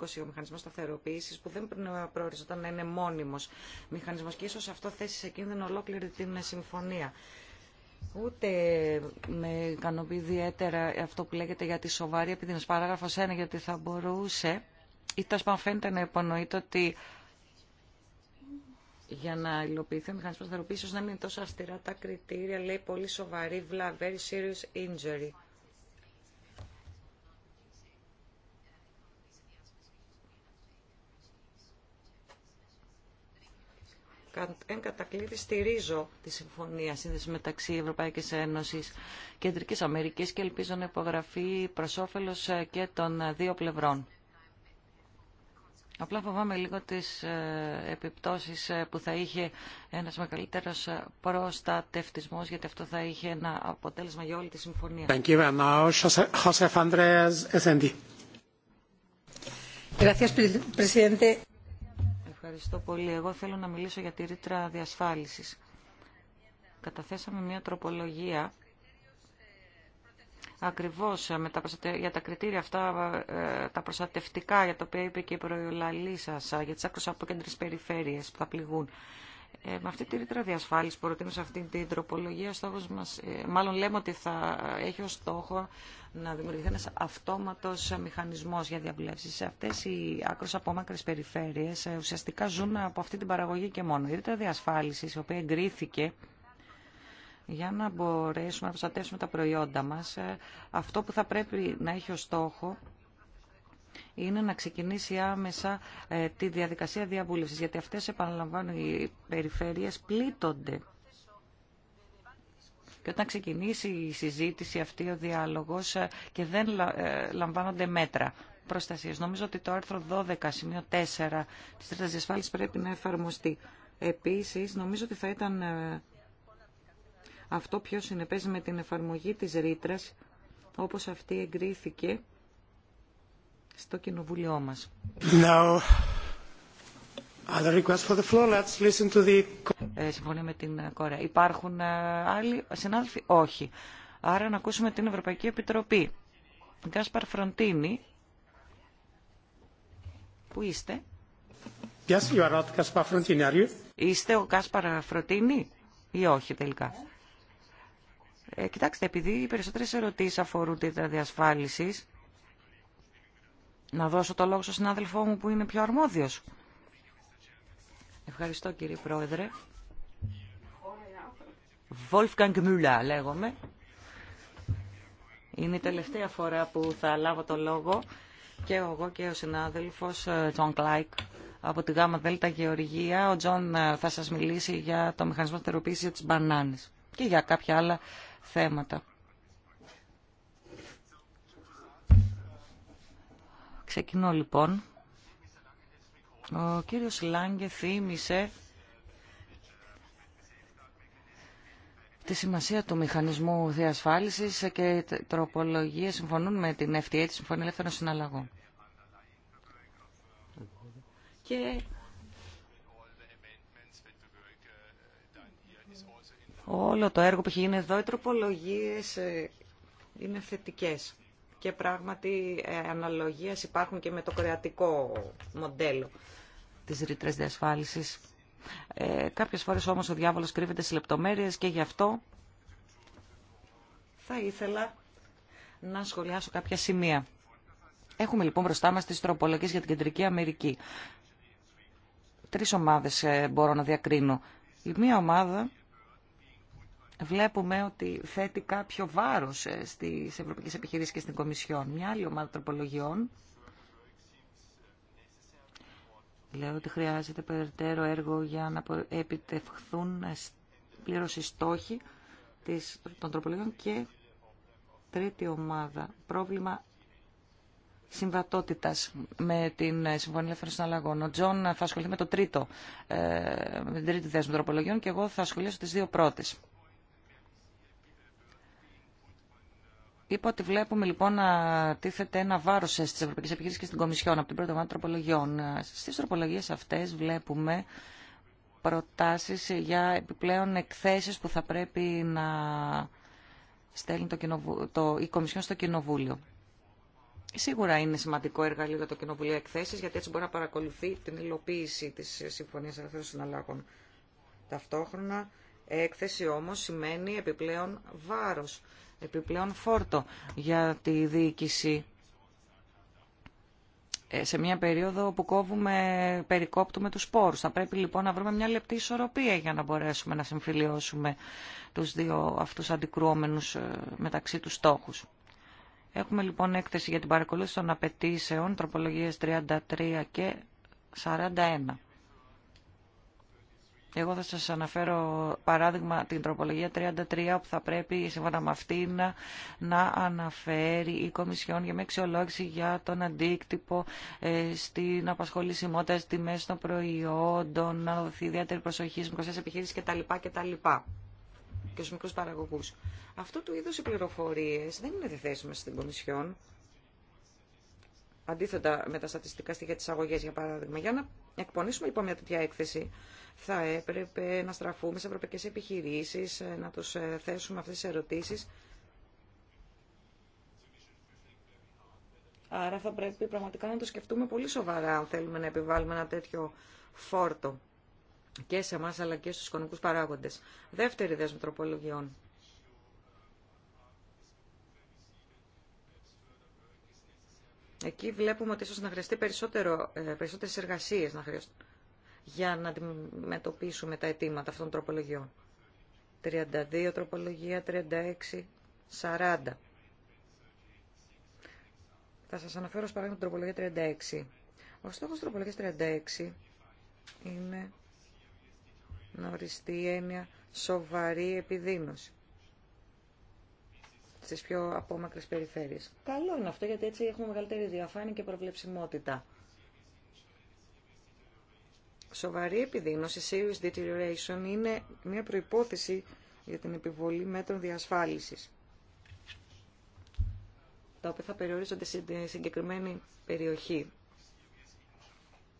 ο μηχανισμός σταθεροποίησης που δεν προοριζόταν να είναι μόνιμος μηχανισμός και ίσως αυτό θέσει σε κίνδυνο ολόκληρη την συμφωνία. Ούτε με ικανοποιεί ιδιαίτερα αυτό που λέγεται για τη σοβαρή είναι Παράγραφος Ένα, γιατί θα μπορούσε ή τόσο φαίνεται να υπονοείται ότι για να υλοποιηθεί ο μηχανισμό θεραπεία, να μην είναι τόσο αυστηρά τα κριτήρια, λέει πολύ σοβαρή βλά, very serious injury. εν κατακλείδη στηρίζω τη συμφωνία σύνδεση μεταξύ Ευρωπαϊκής Ένωσης και Κεντρικής Αμερικής και ελπίζω να υπογραφεί προς όφελος ε, και των ε, δύο πλευρών. Απλά φοβάμαι λίγο τις ε, επιπτώσεις που θα είχε ένας μεγαλύτερος προστατευτισμός, γιατί αυτό θα είχε ένα αποτέλεσμα για όλη τη συμφωνία. Ευχαριστώ πολύ. Εγώ θέλω να μιλήσω για τη ρήτρα διασφάλισης. Καταθέσαμε μια τροπολογία ακριβώς ε, με τα για τα κριτήρια αυτά, ε, τα προστατευτικά, για τα οποία είπε και η προϊολαλή σας, ε, για τις άκρους αποκέντρες περιφέρειες που θα πληγούν. Ε, με αυτή τη ρήτρα διασφάλιση που προτείνω σε αυτή την τροπολογία, ε, μάλλον λέμε ότι θα έχει ω στόχο να δημιουργηθεί ένα αυτόματο μηχανισμό για διαβουλεύσει. Σε αυτέ οι από περιφέρειε περιφέρειες ε, ουσιαστικά ζουν από αυτή την παραγωγή και μόνο. Η ρήτρα διασφάλιση η οποία εγκρίθηκε για να μπορέσουμε να προστατεύσουμε τα προϊόντα μας, αυτό που θα πρέπει να έχει ω στόχο είναι να ξεκινήσει άμεσα ε, τη διαδικασία διαβούλευσης, γιατί αυτές, επαναλαμβάνω, οι περιφέρειες πλήττονται. Και όταν ξεκινήσει η συζήτηση αυτή, ο διάλογος ε, και δεν ε, λαμβάνονται μέτρα προστασίας. Νομίζω ότι το άρθρο 12, σημείο 4 της τρίτας διασφάλισης πρέπει να εφαρμοστεί. Επίσης, νομίζω ότι θα ήταν αυτό πιο συνεπέζει με την εφαρμογή της ρήτρα, όπως αυτή εγκρίθηκε στο κοινοβούλιο μας. Now, ε, συμφωνεί με την Κόρεα. Υπάρχουν ε, άλλοι συνάδελφοι. Όχι. Άρα να ακούσουμε την Ευρωπαϊκή Επιτροπή. Γκάσπαρ Φροντίνη. Πού είστε? Είστε ο Κάσπαρ Φροντίνη ή όχι τελικά. Ε, κοιτάξτε, επειδή οι περισσότερες ερωτήσεις αφορούν τη διασφάλιση, να δώσω το λόγο στον συνάδελφό μου που είναι πιο αρμόδιος. Ευχαριστώ κύριε Πρόεδρε. Wolfgang Müller λέγομαι. Είναι η τελευταία φορά που θα λάβω το λόγο και εγώ και ο συνάδελφος Τζον ε, Κλάικ από τη ΓΑΜΑ ΔΕΛΤΑ Γεωργία. Ο Τζον ε, θα σας μιλήσει για το μηχανισμό θεραπείας της μπανάνης και για κάποια άλλα θέματα. Ξεκινώ λοιπόν. Ο κύριος Λάγκε θύμισε τη σημασία του μηχανισμού διασφάλισης και τροπολογίες συμφωνούν με την FTA, τη Συμφωνία Ελεύθερων Συναλλαγών. Και όλο το έργο που έχει γίνει εδώ, οι τροπολογίες ε, είναι θετικές και πράγματι ε, αναλογίες υπάρχουν και με το κρεατικό μοντέλο της ρήτρες διασφάλισης. Ε, κάποιες φορές όμως ο διάβολος κρύβεται σε λεπτομέρειες και γι' αυτό θα ήθελα να σχολιάσω κάποια σημεία. Έχουμε λοιπόν μπροστά μας τις τροπολογίες για την Κεντρική Αμερική. Τρεις ομάδες ε, μπορώ να διακρίνω. Η μία ομάδα βλέπουμε ότι θέτει κάποιο βάρος ε, στις ευρωπαϊκές επιχειρήσεις και στην Κομισιόν. Μια άλλη ομάδα τροπολογιών λέει ότι χρειάζεται περαιτέρω έργο για να επιτευχθούν πλήρω οι στόχοι των τροπολογιών και τρίτη ομάδα. Πρόβλημα συμβατότητας με την ε, Συμφωνία Ελεύθερων Συναλλαγών. Ο Τζον θα ασχοληθεί με το τρίτο, ε, με την τρίτη θέση των τροπολογιών και εγώ θα ασχολήσω τις δύο πρώτες. Είπα ότι βλέπουμε λοιπόν να τίθεται ένα βάρο στι ευρωπαϊκέ επιχειρήσει και στην Κομισιόν από την πρώτη εβδομάδα τροπολογιών. Στι τροπολογίε αυτέ βλέπουμε προτάσει για επιπλέον εκθέσει που θα πρέπει να στέλνει το κοινοβου... το... η Κομισιόν στο Κοινοβούλιο. Σίγουρα είναι σημαντικό εργαλείο για το Κοινοβουλίο εκθέσει, γιατί έτσι μπορεί να παρακολουθεί την υλοποίηση τη Συμφωνία Ελευθερών Συναλλάγων. Ταυτόχρονα, έκθεση όμω σημαίνει επιπλέον βάρο επιπλέον φόρτο για τη διοίκηση ε, σε μια περίοδο που κόβουμε, περικόπτουμε τους σπόρους. Θα πρέπει λοιπόν να βρούμε μια λεπτή ισορροπία για να μπορέσουμε να συμφιλιώσουμε τους δύο αυτούς αντικρουόμενους ε, μεταξύ τους στόχους. Έχουμε λοιπόν έκθεση για την παρακολούθηση των απαιτήσεων, τροπολογίες 33 και 41. Εγώ θα σας αναφέρω παράδειγμα την τροπολογία 33 που θα πρέπει σύμφωνα με αυτήν να, αναφέρει η Κομισιόν για μια αξιολόγηση για τον αντίκτυπο ε, στην απασχολησιμότητα, στη μέση των προϊόντων, να δοθεί ιδιαίτερη προσοχή στις μικρές επιχείρησεις κτλ. κτλ. Και στους μικρούς παραγωγούς. Αυτό του είδους οι πληροφορίες δεν είναι διαθέσιμες στην Κομισιόν αντίθετα με τα στατιστικά στοιχεία της αγωγή, για παράδειγμα. Για να εκπονήσουμε λοιπόν μια τέτοια έκθεση, θα έπρεπε να στραφούμε σε ευρωπαϊκέ επιχειρήσει ε, να του ε, θέσουμε αυτές τις ερωτήσεις. Άρα θα πρέπει πραγματικά να το σκεφτούμε πολύ σοβαρά, αν θέλουμε να επιβάλλουμε ένα τέτοιο φόρτο και σε εμά αλλά και στους οικονομικούς παράγοντες. Δεύτερη δέσμη τροπολογιών. Εκεί βλέπουμε ότι ίσως να χρειαστεί περισσότερο, ε, περισσότερες εργασίες να χρειαστεί, για να αντιμετωπίσουμε τα αιτήματα αυτών των τροπολογιών. 32 τροπολογία, 36, 40. Θα σας αναφέρω ως παράδειγμα την τροπολογία 36. Ο στόχος της τροπολογίας 36 είναι να οριστεί η έννοια σοβαρή επιδείνωση στι πιο απόμακρε περιφέρειε. Καλό είναι αυτό γιατί έτσι έχουμε μεγαλύτερη διαφάνεια και προβλεψιμότητα. Σοβαρή επιδείνωση, serious deterioration, είναι μια προϋπόθεση για την επιβολή μέτρων διασφάλισης, τα οποία θα περιορίζονται σε συγκεκριμένη περιοχή.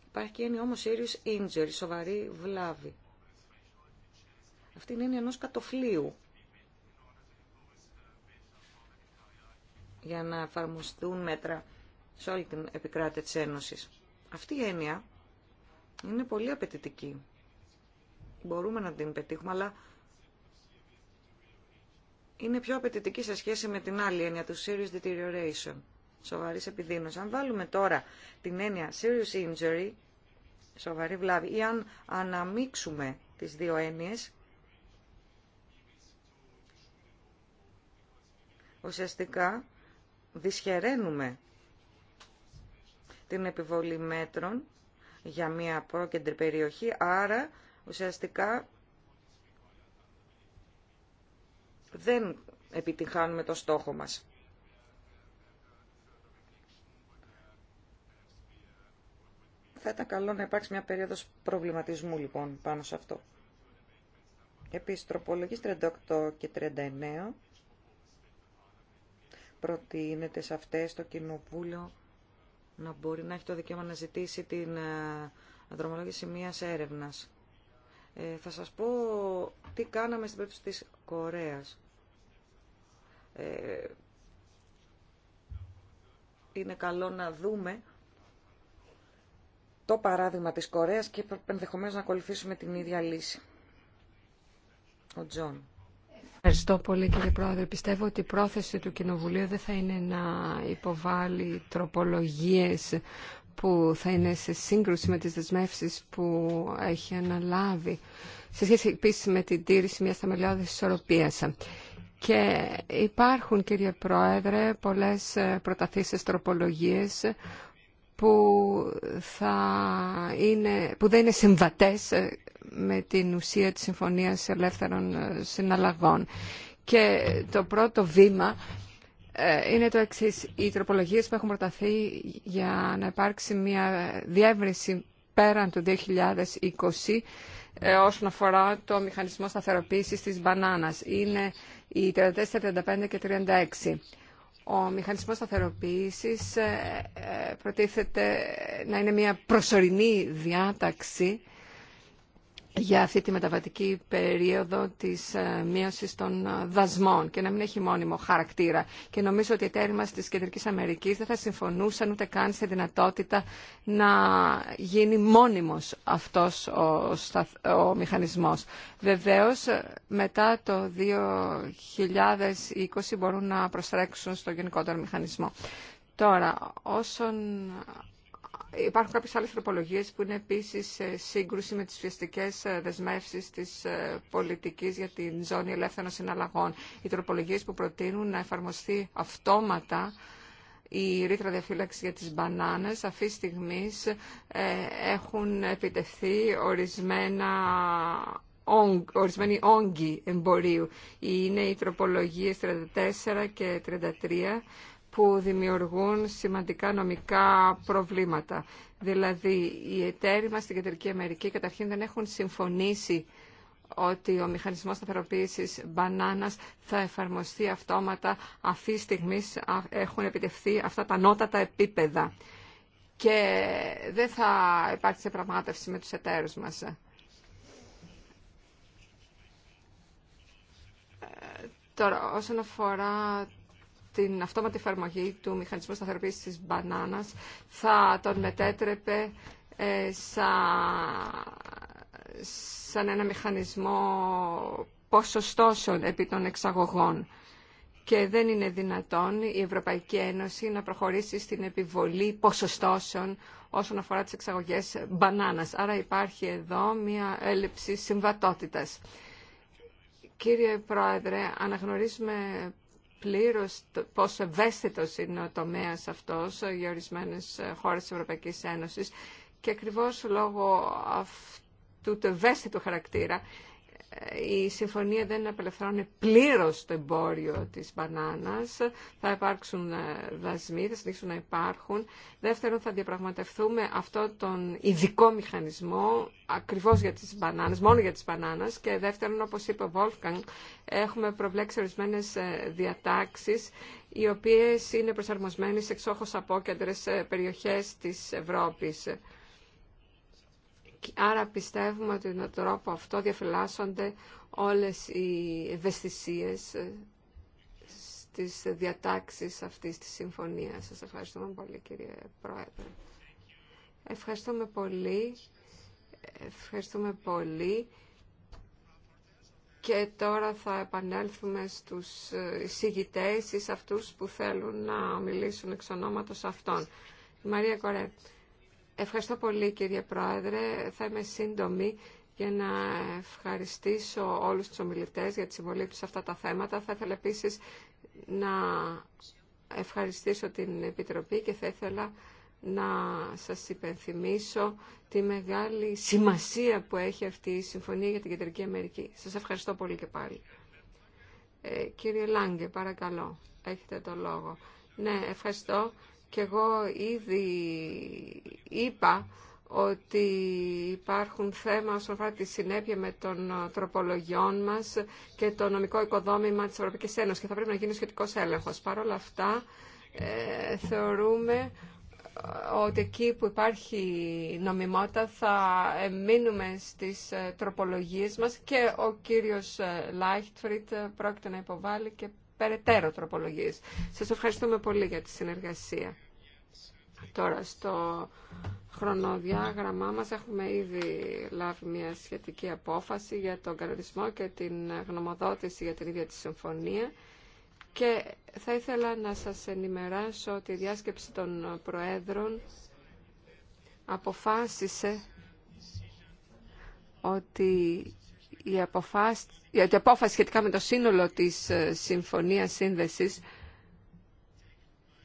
Υπάρχει και έννοια όμως serious injury, σοβαρή βλάβη. Αυτή είναι έννοια ενός κατοφλίου για να εφαρμοστούν μέτρα σε όλη την επικράτεια της Ένωσης. Αυτή η έννοια είναι πολύ απαιτητική. Μπορούμε να την πετύχουμε, αλλά είναι πιο απαιτητική σε σχέση με την άλλη έννοια του serious deterioration, Σοβαρή επιδείνωση. Αν βάλουμε τώρα την έννοια serious injury, σοβαρή βλάβη, ή αν αναμίξουμε τις δύο έννοιες, ουσιαστικά δυσχεραίνουμε την επιβολή μέτρων για μια πρόκεντρη περιοχή, άρα ουσιαστικά δεν επιτυχάνουμε το στόχο μας. Θα ήταν καλό να υπάρξει μια περίοδος προβληματισμού λοιπόν πάνω σε αυτό. Επίσης, τροπολογής 38 και 39 προτείνεται σε αυτές το Κοινοβούλιο να μπορεί να έχει το δικαίωμα να ζητήσει την ε, δρομολόγηση μιας έρευνας. Ε, θα σας πω τι κάναμε στην περίπτωση της Κορέας. Ε, είναι καλό να δούμε το παράδειγμα της Κορέας και ενδεχομένω να ακολουθήσουμε την ίδια λύση. Ο Τζον. Ευχαριστώ πολύ κύριε Πρόεδρε. Πιστεύω ότι η πρόθεση του Κοινοβουλίου δεν θα είναι να υποβάλει τροπολογίες που θα είναι σε σύγκρουση με τις δεσμεύσεις που έχει αναλάβει σε σχέση επίσης με την τήρηση μιας θεμελιώδης ισορροπίας. Και υπάρχουν, κύριε Πρόεδρε, πολλές ε, προταθήσεις τροπολογίες που, θα είναι, που δεν είναι συμβατές ε, με την ουσία της Συμφωνίας Ελεύθερων Συναλλαγών. Και το πρώτο βήμα ε, είναι το εξής. Οι τροπολογίες που έχουν προταθεί για να υπάρξει μια διεύρυνση πέραν του 2020 ε, όσον αφορά το μηχανισμό σταθεροποίησης της μπανάνας. Είναι οι 34, 35 και 36. Ο μηχανισμός σταθεροποίησης ε, προτίθεται να είναι μια προσωρινή διάταξη για αυτή τη μεταβατική περίοδο της ε, μείωσης των ε, δασμών και να μην έχει μόνιμο χαρακτήρα. Και νομίζω ότι οι εταίροι μας της Κεντρικής Αμερικής δεν θα συμφωνούσαν ούτε καν σε δυνατότητα να γίνει μόνιμος αυτός ο, ο μηχανισμός. Βεβαίως, μετά το 2020 μπορούν να προστρέξουν στο γενικότερο μηχανισμό. Τώρα, όσον Υπάρχουν κάποιες άλλες τροπολογίες που είναι επίσης σύγκρουση με τις φιεστικές ε, δεσμεύσεις της ε, πολιτικής για την ζώνη ελεύθερων συναλλαγών. Οι τροπολογίες που προτείνουν να εφαρμοστεί αυτόματα η ρήτρα διαφύλαξη για τις μπανάνες αυτή τη στιγμή ε, έχουν επιτευθεί ορισμένα ορισμένοι όγκοι εμπορίου. Είναι οι τροπολογίες 34 και 33 που δημιουργούν σημαντικά νομικά προβλήματα. Δηλαδή, οι εταίροι μας στην Κεντρική Αμερική καταρχήν δεν έχουν συμφωνήσει ότι ο μηχανισμός σταθεροποίησης μπανάνας θα εφαρμοστεί αυτόματα αυτή τη στιγμή έχουν επιτευχθεί αυτά τα νότατα επίπεδα και δεν θα υπάρξει επραγμάτευση με τους εταίρους μας. Ε, τώρα, όσον αφορά την αυτόματη εφαρμογή του μηχανισμού σταθεροποίησης της μπανάνας θα τον μετέτρεπε ε, σαν ένα μηχανισμό ποσοστώσεων επί των εξαγωγών και δεν είναι δυνατόν η Ευρωπαϊκή Ένωση να προχωρήσει στην επιβολή ποσοστώσεων όσον αφορά τις εξαγωγές μπανάνας. Άρα υπάρχει εδώ μια έλλειψη συμβατότητας. Κύριε Πρόεδρε, αναγνωρίζουμε πλήρως πόσο ευαίσθητος είναι ο τομέας αυτός για ορισμένες χώρες της Ευρωπαϊκής Ένωσης και ακριβώς λόγω αυτού του ευαίσθητου χαρακτήρα η συμφωνία δεν απελευθερώνει πλήρως το εμπόριο της μπανάνας. Θα υπάρξουν ε, δασμοί, θα συνεχίσουν να υπάρχουν. Δεύτερον, θα διαπραγματευτούμε αυτό τον ειδικό μηχανισμό ακριβώς για τις μπανάνες, μόνο για τις μπανάνες. Και δεύτερον, όπως είπε ο Βόλφκαν, έχουμε προβλέξει ορισμένε ε, διατάξεις οι οποίες είναι προσαρμοσμένες σε εξόχως απόκεντρες ε, περιοχές της Ευρώπης Άρα πιστεύουμε ότι με τον τρόπο αυτό διαφυλάσσονται όλες οι ευαισθησίες ε, στις διατάξεις αυτής της συμφωνίας. Σας ευχαριστούμε πολύ κύριε Πρόεδρε. Ευχαριστούμε πολύ. Ευχαριστούμε πολύ. Και τώρα θα επανέλθουμε στους ε, εισηγητές Η Μαρία Κορέ. Ευχαριστώ πολύ κύριε Πρόεδρε. Θα είμαι σύντομη για να ευχαριστήσω όλους τους ομιλητές για τη συμβολή τους σε αυτά τα θέματα. Θα ήθελα επίσης να ευχαριστήσω την Επιτροπή και θα ήθελα να σας υπενθυμίσω τη μεγάλη σημασία που έχει αυτή η Συμφωνία για την Κεντρική Αμερική. Σας ευχαριστώ πολύ και πάλι. Ε, κύριε Λάγκε, παρακαλώ, έχετε το λόγο. Ναι, ευχαριστώ. Και εγώ ήδη είπα ότι υπάρχουν θέματα όσον αφορά τη συνέπεια με των τροπολογιών μας και το νομικό οικοδόμημα της Ευρωπαϊκής Ένωσης και θα πρέπει να γίνει σχετικός έλεγχος. Παρ' όλα αυτά ε, θεωρούμε ε, ότι εκεί που υπάρχει νομιμότητα θα ε, μείνουμε στις τροπολογίες μας και ο κύριος Λάιχτφριτ πρόκειται να υποβάλει και περαιτέρω τροπολογίες. Σας ευχαριστούμε πολύ για τη συνεργασία. Τώρα στο χρονοδιάγραμμά μας έχουμε ήδη λάβει μια σχετική απόφαση για τον κανονισμό και την γνωμοδότηση για την ίδια τη συμφωνία και θα ήθελα να σας ενημεράσω ότι η διάσκεψη των Προέδρων αποφάσισε ότι η, αποφάση, η σχετικά με το σύνολο της ε, Συμφωνίας Σύνδεσης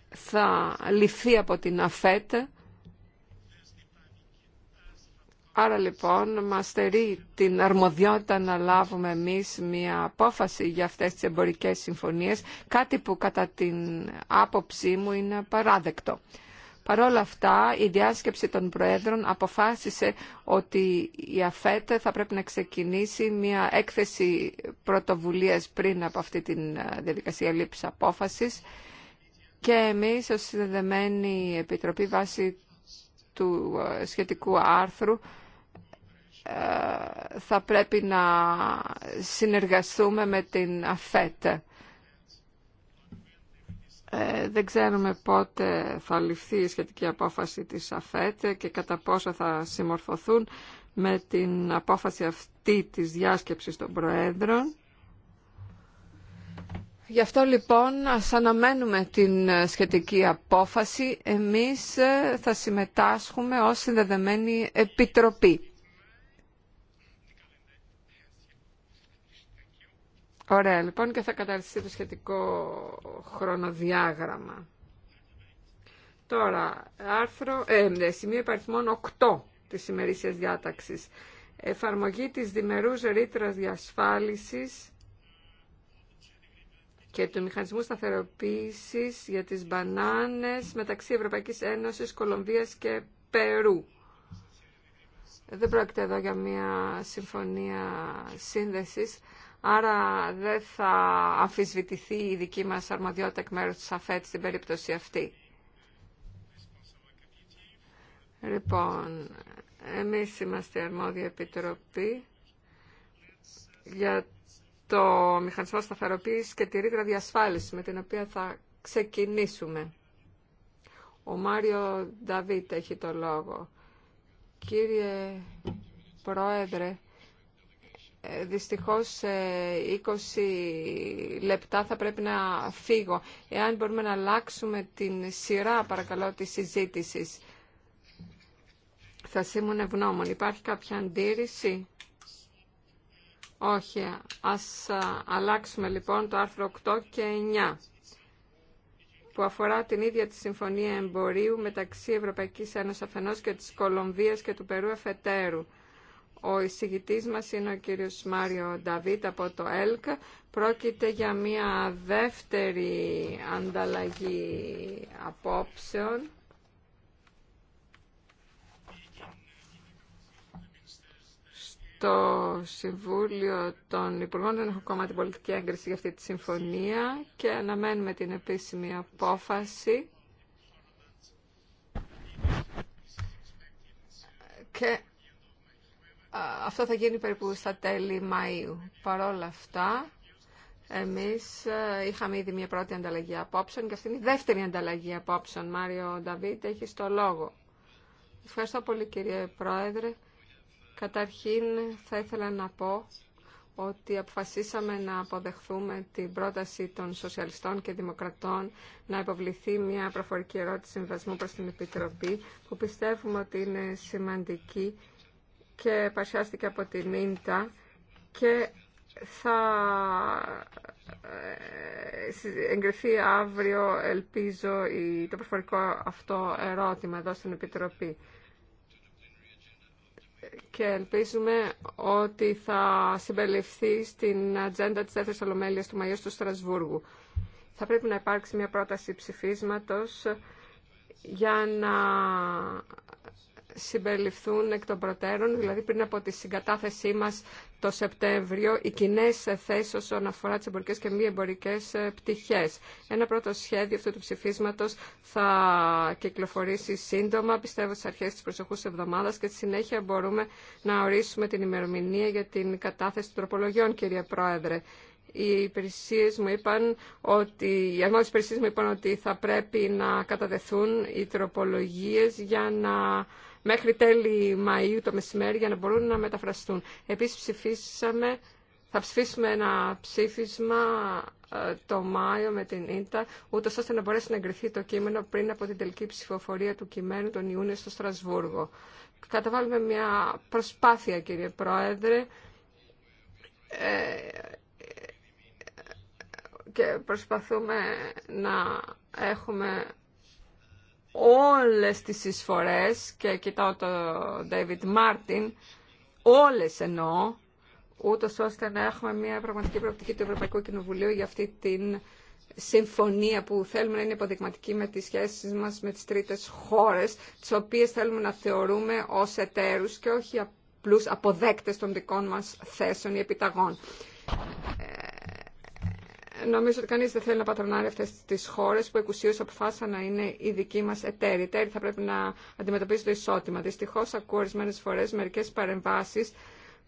θα ληφθεί από την ΑΦΕΤ. Άρα λοιπόν μας στερεί την αρμοδιότητα να λάβουμε εμείς μια απόφαση για αυτές τις εμπορικές συμφωνίες, κάτι που κατά την άποψή μου είναι παράδεκτο. Παρ' όλα αυτά, η διάσκεψη των Προέδρων αποφάσισε ότι η ΑΦΕΤ θα πρέπει να ξεκινήσει μια έκθεση πρωτοβουλίας πριν από αυτή τη ε, διαδικασία λήψης απόφασης και εμείς ως συνδεδεμένη επιτροπή βάσει του ε, σχετικού άρθρου ε, θα πρέπει να συνεργαστούμε με την ΑΦΕΤ. Ε, δεν ξέρουμε πότε θα ληφθεί η σχετική απόφαση της ΑΦΕΤ και κατά πόσο θα συμμορφωθούν με την απόφαση αυτή της διάσκεψης των Προέδρων. Γι' αυτό λοιπόν ας αναμένουμε την ε, σχετική απόφαση. Εμείς ε, θα συμμετάσχουμε ως συνδεδεμένη επιτροπή. Ωραία, λοιπόν, και θα καταρτιστεί το σχετικό χρονοδιάγραμμα. Τώρα, άρθρο, ε, ε σημείο υπαριθμών 8 της ημερήσιας διάταξης. Εφαρμογή της διμερούς ρήτρας διασφάλισης και του μηχανισμού σταθεροποίησης για τις μπανάνες μεταξύ Ευρωπαϊκής Ένωσης, Κολομβίας και Περού. Δεν πρόκειται εδώ για μια συμφωνία σύνδεσης, άρα δεν θα αμφισβητηθεί η δική μας αρμοδιότητα εκ μέρους της ΑΦΕΤ στην περίπτωση αυτή. Λοιπόν, εμείς είμαστε αρμόδια επιτροπή για το μηχανισμό σταθεροποίησης και τη ρήτρα διασφάλισης με την οποία θα ξεκινήσουμε. Ο Μάριο Νταβίτ έχει το λόγο. Κύριε Πρόεδρε, ε, δυστυχώς σε 20 λεπτά θα πρέπει να φύγω. Εάν μπορούμε να αλλάξουμε την σειρά, παρακαλώ, της συζήτηση. Θα σήμουν ευγνώμων. Υπάρχει κάποια αντίρρηση? Όχι. Ας αλλάξουμε λοιπόν το άρθρο 8 και 9 που αφορά την ίδια τη Συμφωνία Εμπορίου μεταξύ Ευρωπαϊκής Ένωσης αφενός και της Κολομβίας και του Περού εφετέρου ο εισηγητής μας είναι ο κύριος Μάριο Νταβίτ από το ΕΛΚ. Πρόκειται για μια δεύτερη ανταλλαγή απόψεων. στο Συμβούλιο των Υπουργών δεν έχω ακόμα την πολιτική έγκριση για αυτή τη συμφωνία και αναμένουμε την επίσημη απόφαση. Και αυτό θα γίνει περίπου στα τέλη Μαΐου. Παρόλα αυτά, εμείς ε, είχαμε ήδη μια πρώτη ανταλλαγή απόψεων και αυτή είναι η δεύτερη ανταλλαγή απόψεων. Μάριο Νταβίτ έχει το λόγο. Ευχαριστώ πολύ κύριε Πρόεδρε. Καταρχήν θα ήθελα να πω ότι αποφασίσαμε να αποδεχθούμε την πρόταση των σοσιαλιστών και δημοκρατών να υποβληθεί μια προφορική ερώτηση συμβασμού προς την Επιτροπή που πιστεύουμε ότι είναι σημαντική και παρουσιάστηκε από την Ίντα και θα ε, εγκριθεί αύριο, ελπίζω, το προφορικό αυτό ερώτημα εδώ στην Επιτροπή. Και ελπίζουμε ότι θα συμπεριληφθεί στην ατζέντα της δεύτερης ολομέλειας του Μαΐου του Στρασβούργου. Θα πρέπει να υπάρξει μια πρόταση ψηφίσματος για να συμπεριληφθούν εκ των προτέρων, δηλαδή πριν από τη συγκατάθεσή μα το Σεπτέμβριο, οι κοινέ θέσει όσον αφορά τι εμπορικέ και μη εμπορικέ ε, πτυχέ. Ένα πρώτο σχέδιο αυτού του ψηφίσματο θα κυκλοφορήσει σύντομα, πιστεύω στι αρχέ τη προσεχού εβδομάδα και στη συνέχεια μπορούμε να ορίσουμε την ημερομηνία για την κατάθεση των τροπολογιών, κύριε Πρόεδρε οι υπηρεσίε μου είπαν ότι, οι υπηρεσίες μου είπαν ότι θα πρέπει να κατατεθούν οι τροπολογίες για να μέχρι τέλη Μαΐου το μεσημέρι για να μπορούν να μεταφραστούν. Επίσης ψηφίσαμε, θα ψηφίσουμε ένα ψήφισμα ε, το Μάιο με την ΙΝΤΑ, ούτως ώστε να μπορέσει να εγκριθεί το κείμενο πριν από την τελική ψηφοφορία του κειμένου τον Ιούνιο στο Στρασβούργο. Καταβάλουμε μια προσπάθεια, κύριε Πρόεδρε, ε, και προσπαθούμε να έχουμε όλες τις εισφορές και κοιτάω το David Martin, όλες εννοώ, ούτως ώστε να έχουμε μια πραγματική προοπτική του Ευρωπαϊκού Κοινοβουλίου για αυτή την συμφωνία που θέλουμε να είναι υποδειγματική με τις σχέσεις μας με τις τρίτες χώρες, τις οποίες θέλουμε να θεωρούμε ως εταίρους και όχι απλούς αποδέκτες των δικών μας θέσεων ή επιταγών. Ε, νομίζω ότι κανείς δεν θέλει να πατρονάρει αυτές τις χώρες που εκουσίως αποφάσισαν να είναι οι δικοί μας εταίροι. Οι εταίροι θα πρέπει να αντιμετωπίζουν το ισότιμα. Δυστυχώς ακούω ορισμένε φορές μερικές παρεμβάσεις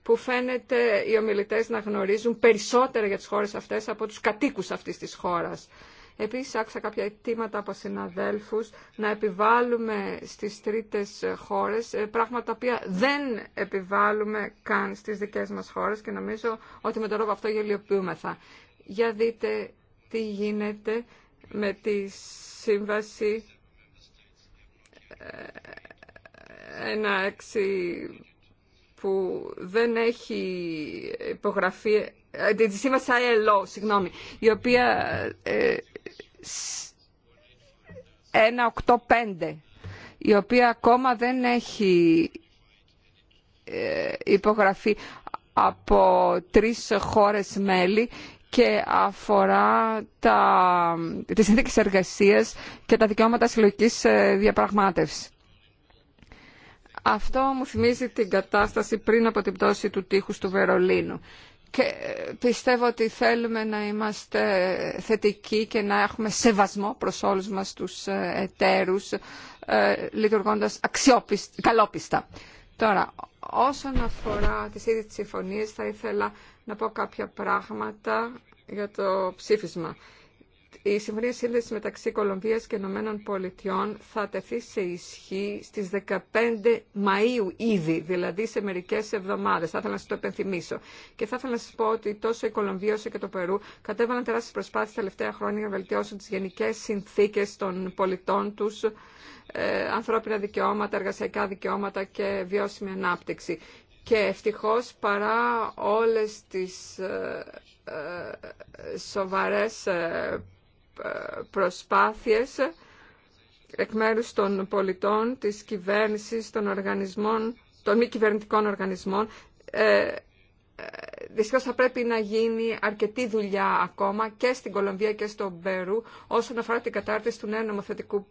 που φαίνεται οι ομιλητές να γνωρίζουν περισσότερα για τις χώρες αυτές από τους κατοίκους αυτής της χώρας. Επίσης άκουσα κάποια αιτήματα από συναδέλφους να επιβάλλουμε στις τρίτες χώρες ε, πράγματα τα οποία δεν επιβάλλουμε καν στις δικές μας χώρες και νομίζω ότι με τον τρόπο αυτό γελιοποιούμεθα. Για δείτε τι γίνεται με τη σύμβαση 1.6 ε, που δεν έχει υπογραφεί, ε, τη σύμβαση ILO, συγγνώμη, η οποία 1.8.5 ε, η οποία ακόμα δεν έχει υπογραφεί από τρεις χώρες μέλη και αφορά τα, τις συνθήκες εργασίας και τα δικαιώματα συλλογικής ε, διαπραγμάτευσης. Αυτό μου θυμίζει την κατάσταση πριν από την πτώση του τείχους του Βερολίνου. Και ε, πιστεύω ότι θέλουμε να είμαστε θετικοί και να έχουμε σεβασμό προς όλους μας τους ε, εταίρους, λειτουργώντας αξιόπιστα, καλόπιστα. Τώρα, όσον αφορά τις ίδιες τις συμφωνίες, θα ήθελα να πω κάποια πράγματα για το ψήφισμα. Η Συμφωνία Σύνδεση μεταξύ Κολομβίας και Ηνωμένων Πολιτειών θα τεθεί σε ισχύ στις 15 Μαΐου ήδη, δηλαδή σε μερικές εβδομάδες. Θα ήθελα να σας το επενθυμίσω. Και θα ήθελα να σας πω ότι τόσο η Κολομβία όσο και το Περού κατέβαλαν τεράστιες προσπάθειες τα τελευταία χρόνια για να βελτιώσουν τις γενικές συνθήκες των πολιτών τους, ε, ανθρώπινα δικαιώματα, εργασιακά δικαιώματα και βιώσιμη ανάπτυξη και ευτυχώς παρά όλες τις ε, ε, σοβαρές ε, προσπάθειες εκ μέρους των πολιτών, της κυβέρνησης, των οργανισμών, των μη κυβερνητικών οργανισμών. Ε, δυστυχώς θα πρέπει να γίνει αρκετή δουλειά ακόμα και στην Κολομβία και στο Περού όσον αφορά την κατάρτιση του νέου νομοθετικού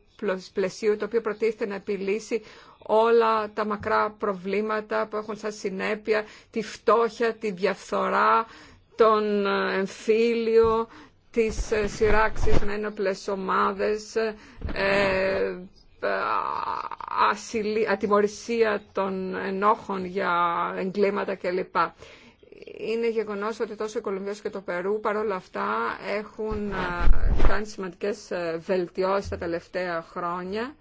πλαισίου το οποίο προτίθεται να επιλύσει όλα τα μακρά προβλήματα που έχουν σαν συνέπεια τη φτώχεια, τη διαφθορά, τον ε, εμφύλιο, τις ε, σειράξεις με ένοπλες ομάδες, ε, ε των ενόχων για εγκλήματα κλπ. Είναι γεγονός ότι τόσο η Κολομβία και το Περού παρόλα αυτά έχουν κάνει σημαντικές βελτιώσεις τα τελευταία χρόνια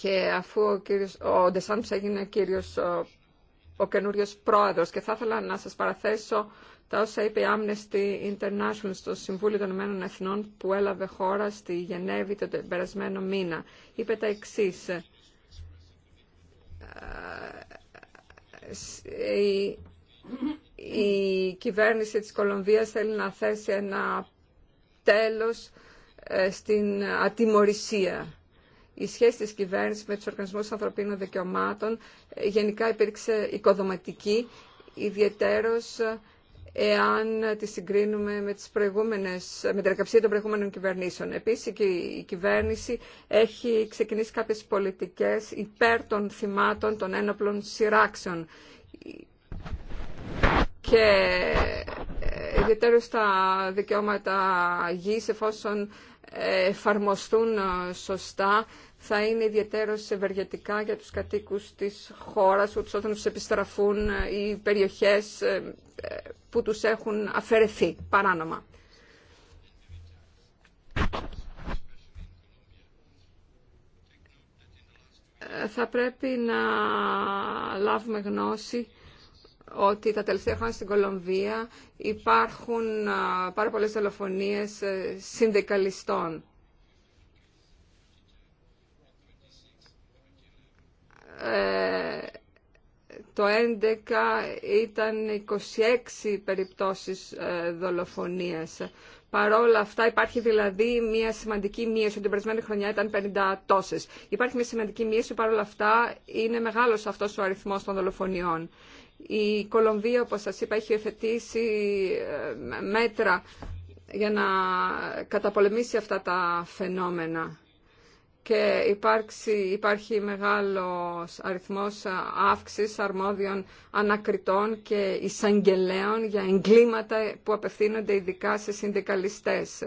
και αφού ο, κύριος, ο Ντεσάντς έγινε κύριος, ο, ο καινούριο πρόεδρος και θα ήθελα να σας παραθέσω τα όσα είπε η Amnesty International στο Συμβούλιο των Ηνωμένων Εθνών που έλαβε χώρα στη Γενέβη τον περασμένο μήνα. Είπε τα εξή. Ε, ε, η, κυβέρνηση της Κολομβίας θέλει να θέσει ένα τέλος ε, στην ατιμορρησία η σχέση της κυβέρνησης με τους οργανισμούς ανθρωπίνων δικαιωμάτων ε, γενικά υπήρξε οικοδοματική, ιδιαίτερος ε, εάν τη συγκρίνουμε με, τις προηγούμενες, με την εργασία των προηγούμενων κυβερνήσεων. Επίσης, η κυβέρνηση έχει ξεκινήσει κάποιες πολιτικές υπέρ των θυμάτων των ένοπλων σειράξεων και ε, ιδιαίτερα στα δικαιώματα γης εφόσον εφαρμοστούν σωστά θα είναι ιδιαίτερως ευεργετικά για τους κατοίκους της χώρας, ούτως όταν τους επιστραφούν ε, οι περιοχές ε, ε, που τους έχουν αφαιρεθεί παράνομα. Θα πρέπει να λάβουμε γνώση ότι τα τελευταία χρόνια στην Κολομβία υπάρχουν πάρα πολλές δολοφονίες συνδικαλιστών. Ε, το 2011 ήταν 26 περιπτώσεις ε, δολοφονίας. Παρόλα αυτά υπάρχει δηλαδή μια σημαντική μείωση, την περασμένη χρονιά ήταν 50 τόσες. Υπάρχει μια σημαντική μείωση, παρόλα αυτά είναι μεγάλος αυτός ο αριθμός των δολοφονιών. Η Κολομβία, όπως σας είπα, έχει εφετήσει ε, μέτρα για να καταπολεμήσει αυτά τα φαινόμενα και υπάρχει μεγάλος αριθμός αύξησης αρμόδιων ανακριτών και εισαγγελέων για εγκλήματα που απευθύνονται ειδικά σε συνδικαλιστές.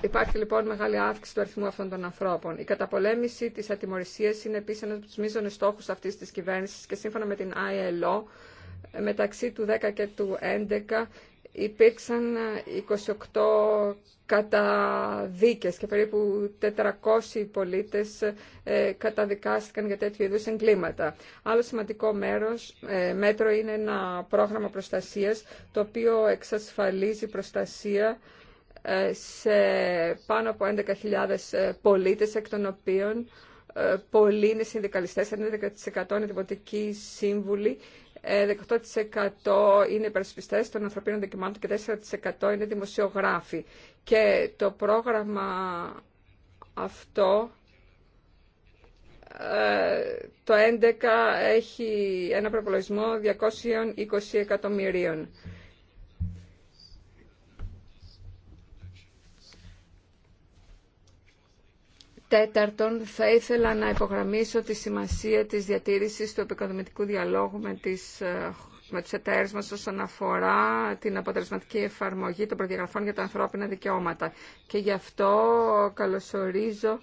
Υπάρχει λοιπόν μεγάλη αύξηση του αριθμού αυτών των ανθρώπων. Η καταπολέμηση της ατιμορρησίας είναι επίσης ένας από τους μείζονες στόχους αυτής της κυβέρνησης και σύμφωνα με την ILO μεταξύ του 10 και του 11 υπήρξαν 28 ε, καταδίκες και περίπου 400 πολίτες ε, καταδικάστηκαν για τέτοιου είδους εγκλήματα. Άλλο σημαντικό μέρος, ε, μέτρο είναι ένα πρόγραμμα προστασίας το οποίο εξασφαλίζει προστασία σε πάνω από 11.000 πολίτες εκ των οποίων πολλοί είναι συνδικαλιστές, 11% είναι δημοτικοί σύμβουλοι 18% είναι υπερασπιστές των ανθρωπίνων δικαιωμάτων και 4% είναι δημοσιογράφοι. Και το πρόγραμμα αυτό ε, το 11 έχει ένα προπολογισμό 220 εκατομμυρίων. Τέταρτον, θα ήθελα να υπογραμμίσω τη σημασία της διατήρησης του επικοδομητικού διαλόγου με, τις, ε, με τους εταίρους μας όσον αφορά την αποτελεσματική εφαρμογή των προδιαγραφών για τα ανθρώπινα δικαιώματα. Και γι' αυτό καλωσορίζω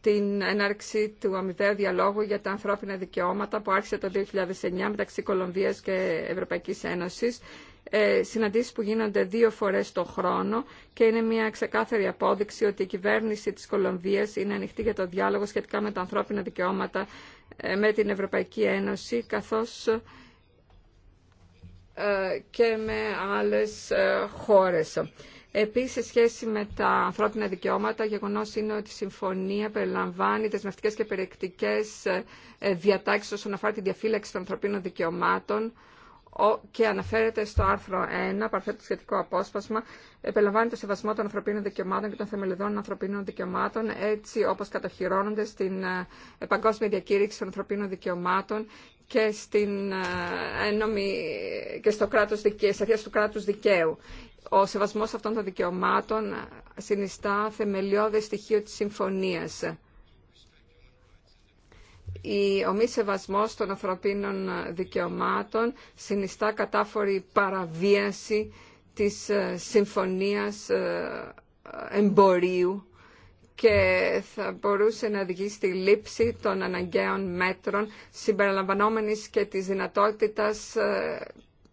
την έναρξη του αμοιβαίου διαλόγου για τα ανθρώπινα δικαιώματα που άρχισε το 2009 μεταξύ Κολομβίας και Ευρωπαϊκής Ένωσης ε, συναντήσεις που γίνονται δύο φορές το χρόνο και είναι μια ξεκάθαρη απόδειξη ότι η κυβέρνηση της Κολομβίας είναι ανοιχτή για το διάλογο σχετικά με τα ανθρώπινα δικαιώματα ε, με την Ευρωπαϊκή Ένωση καθώς ε, και με άλλες χώρες. Επίσης, σε σχέση με τα ανθρώπινα δικαιώματα, γεγονός είναι ότι η συμφωνία περιλαμβάνει δεσμευτικές και περιεκτικές διατάξεις όσον αφορά τη διαφύλαξη των ανθρωπίνων δικαιωμάτων, και αναφέρεται στο άρθρο 1, παρθέτω σχετικό απόσπασμα, επελαμβάνει το σεβασμό των ανθρωπίνων δικαιωμάτων και των θεμελιδών ανθρωπίνων δικαιωμάτων, έτσι όπως κατοχυρώνονται στην ε, Παγκόσμια Διακήρυξη των Ανθρωπίνων Δικαιωμάτων και, στην, ε, ένομη, και στο κράτος, του κράτους δικαίου. Ο σεβασμός αυτών των δικαιωμάτων συνιστά θεμελιώδες στοιχείο της συμφωνίας. Ο μη σεβασμός των ανθρωπίνων δικαιωμάτων συνιστά κατάφορη παραβίαση της ε, συμφωνίας ε, εμπορίου και θα μπορούσε να οδηγεί στη λήψη των αναγκαίων μέτρων συμπεριλαμβανόμενης και της δυνατότητας ε,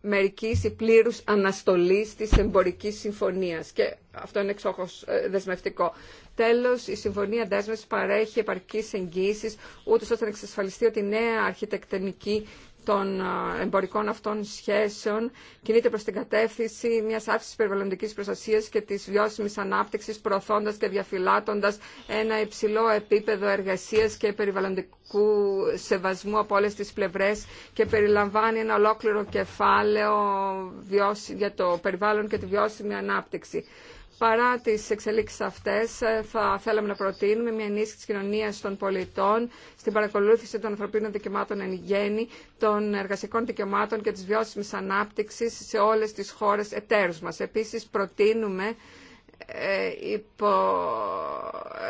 μερικής ή πλήρους αναστολής της εμπορικής συμφωνίας και αυτό είναι εξόχως ε, δεσμευτικό. Τέλος, η Συμφωνία Δέσμευσης παρέχει επαρκείς εγγύησεις ούτως ώστε να εξασφαλιστεί ότι η συμφωνια Δέσμευση παρεχει επαρκεις εγγυησεις ουτως ωστε αρχιτεκτονική των εμπορικών αυτών σχέσεων κινείται προς την κατεύθυνση μιας αύξησης περιβαλλοντικής προστασίας και της βιώσιμης ανάπτυξης προωθώντας και διαφυλάτοντας ένα υψηλό επίπεδο εργασίας και περιβαλλοντικού σεβασμού από όλες τις πλευρές και περιλαμβάνει ένα ολόκληρο κεφάλαιο για το περιβάλλον και τη βιώσιμη ανάπτυξη. Παρά τι εξελίξει αυτέ, ε, θα θέλαμε να προτείνουμε μια ενίσχυση της κοινωνίας των πολιτών στην παρακολούθηση των ανθρωπίνων δικαιωμάτων εν γέννη, των εργασιακών δικαιωμάτων και τη βιώσιμη ανάπτυξη σε όλε τι χώρε εταίρου μα. Επίση, προτείνουμε ε, υπό,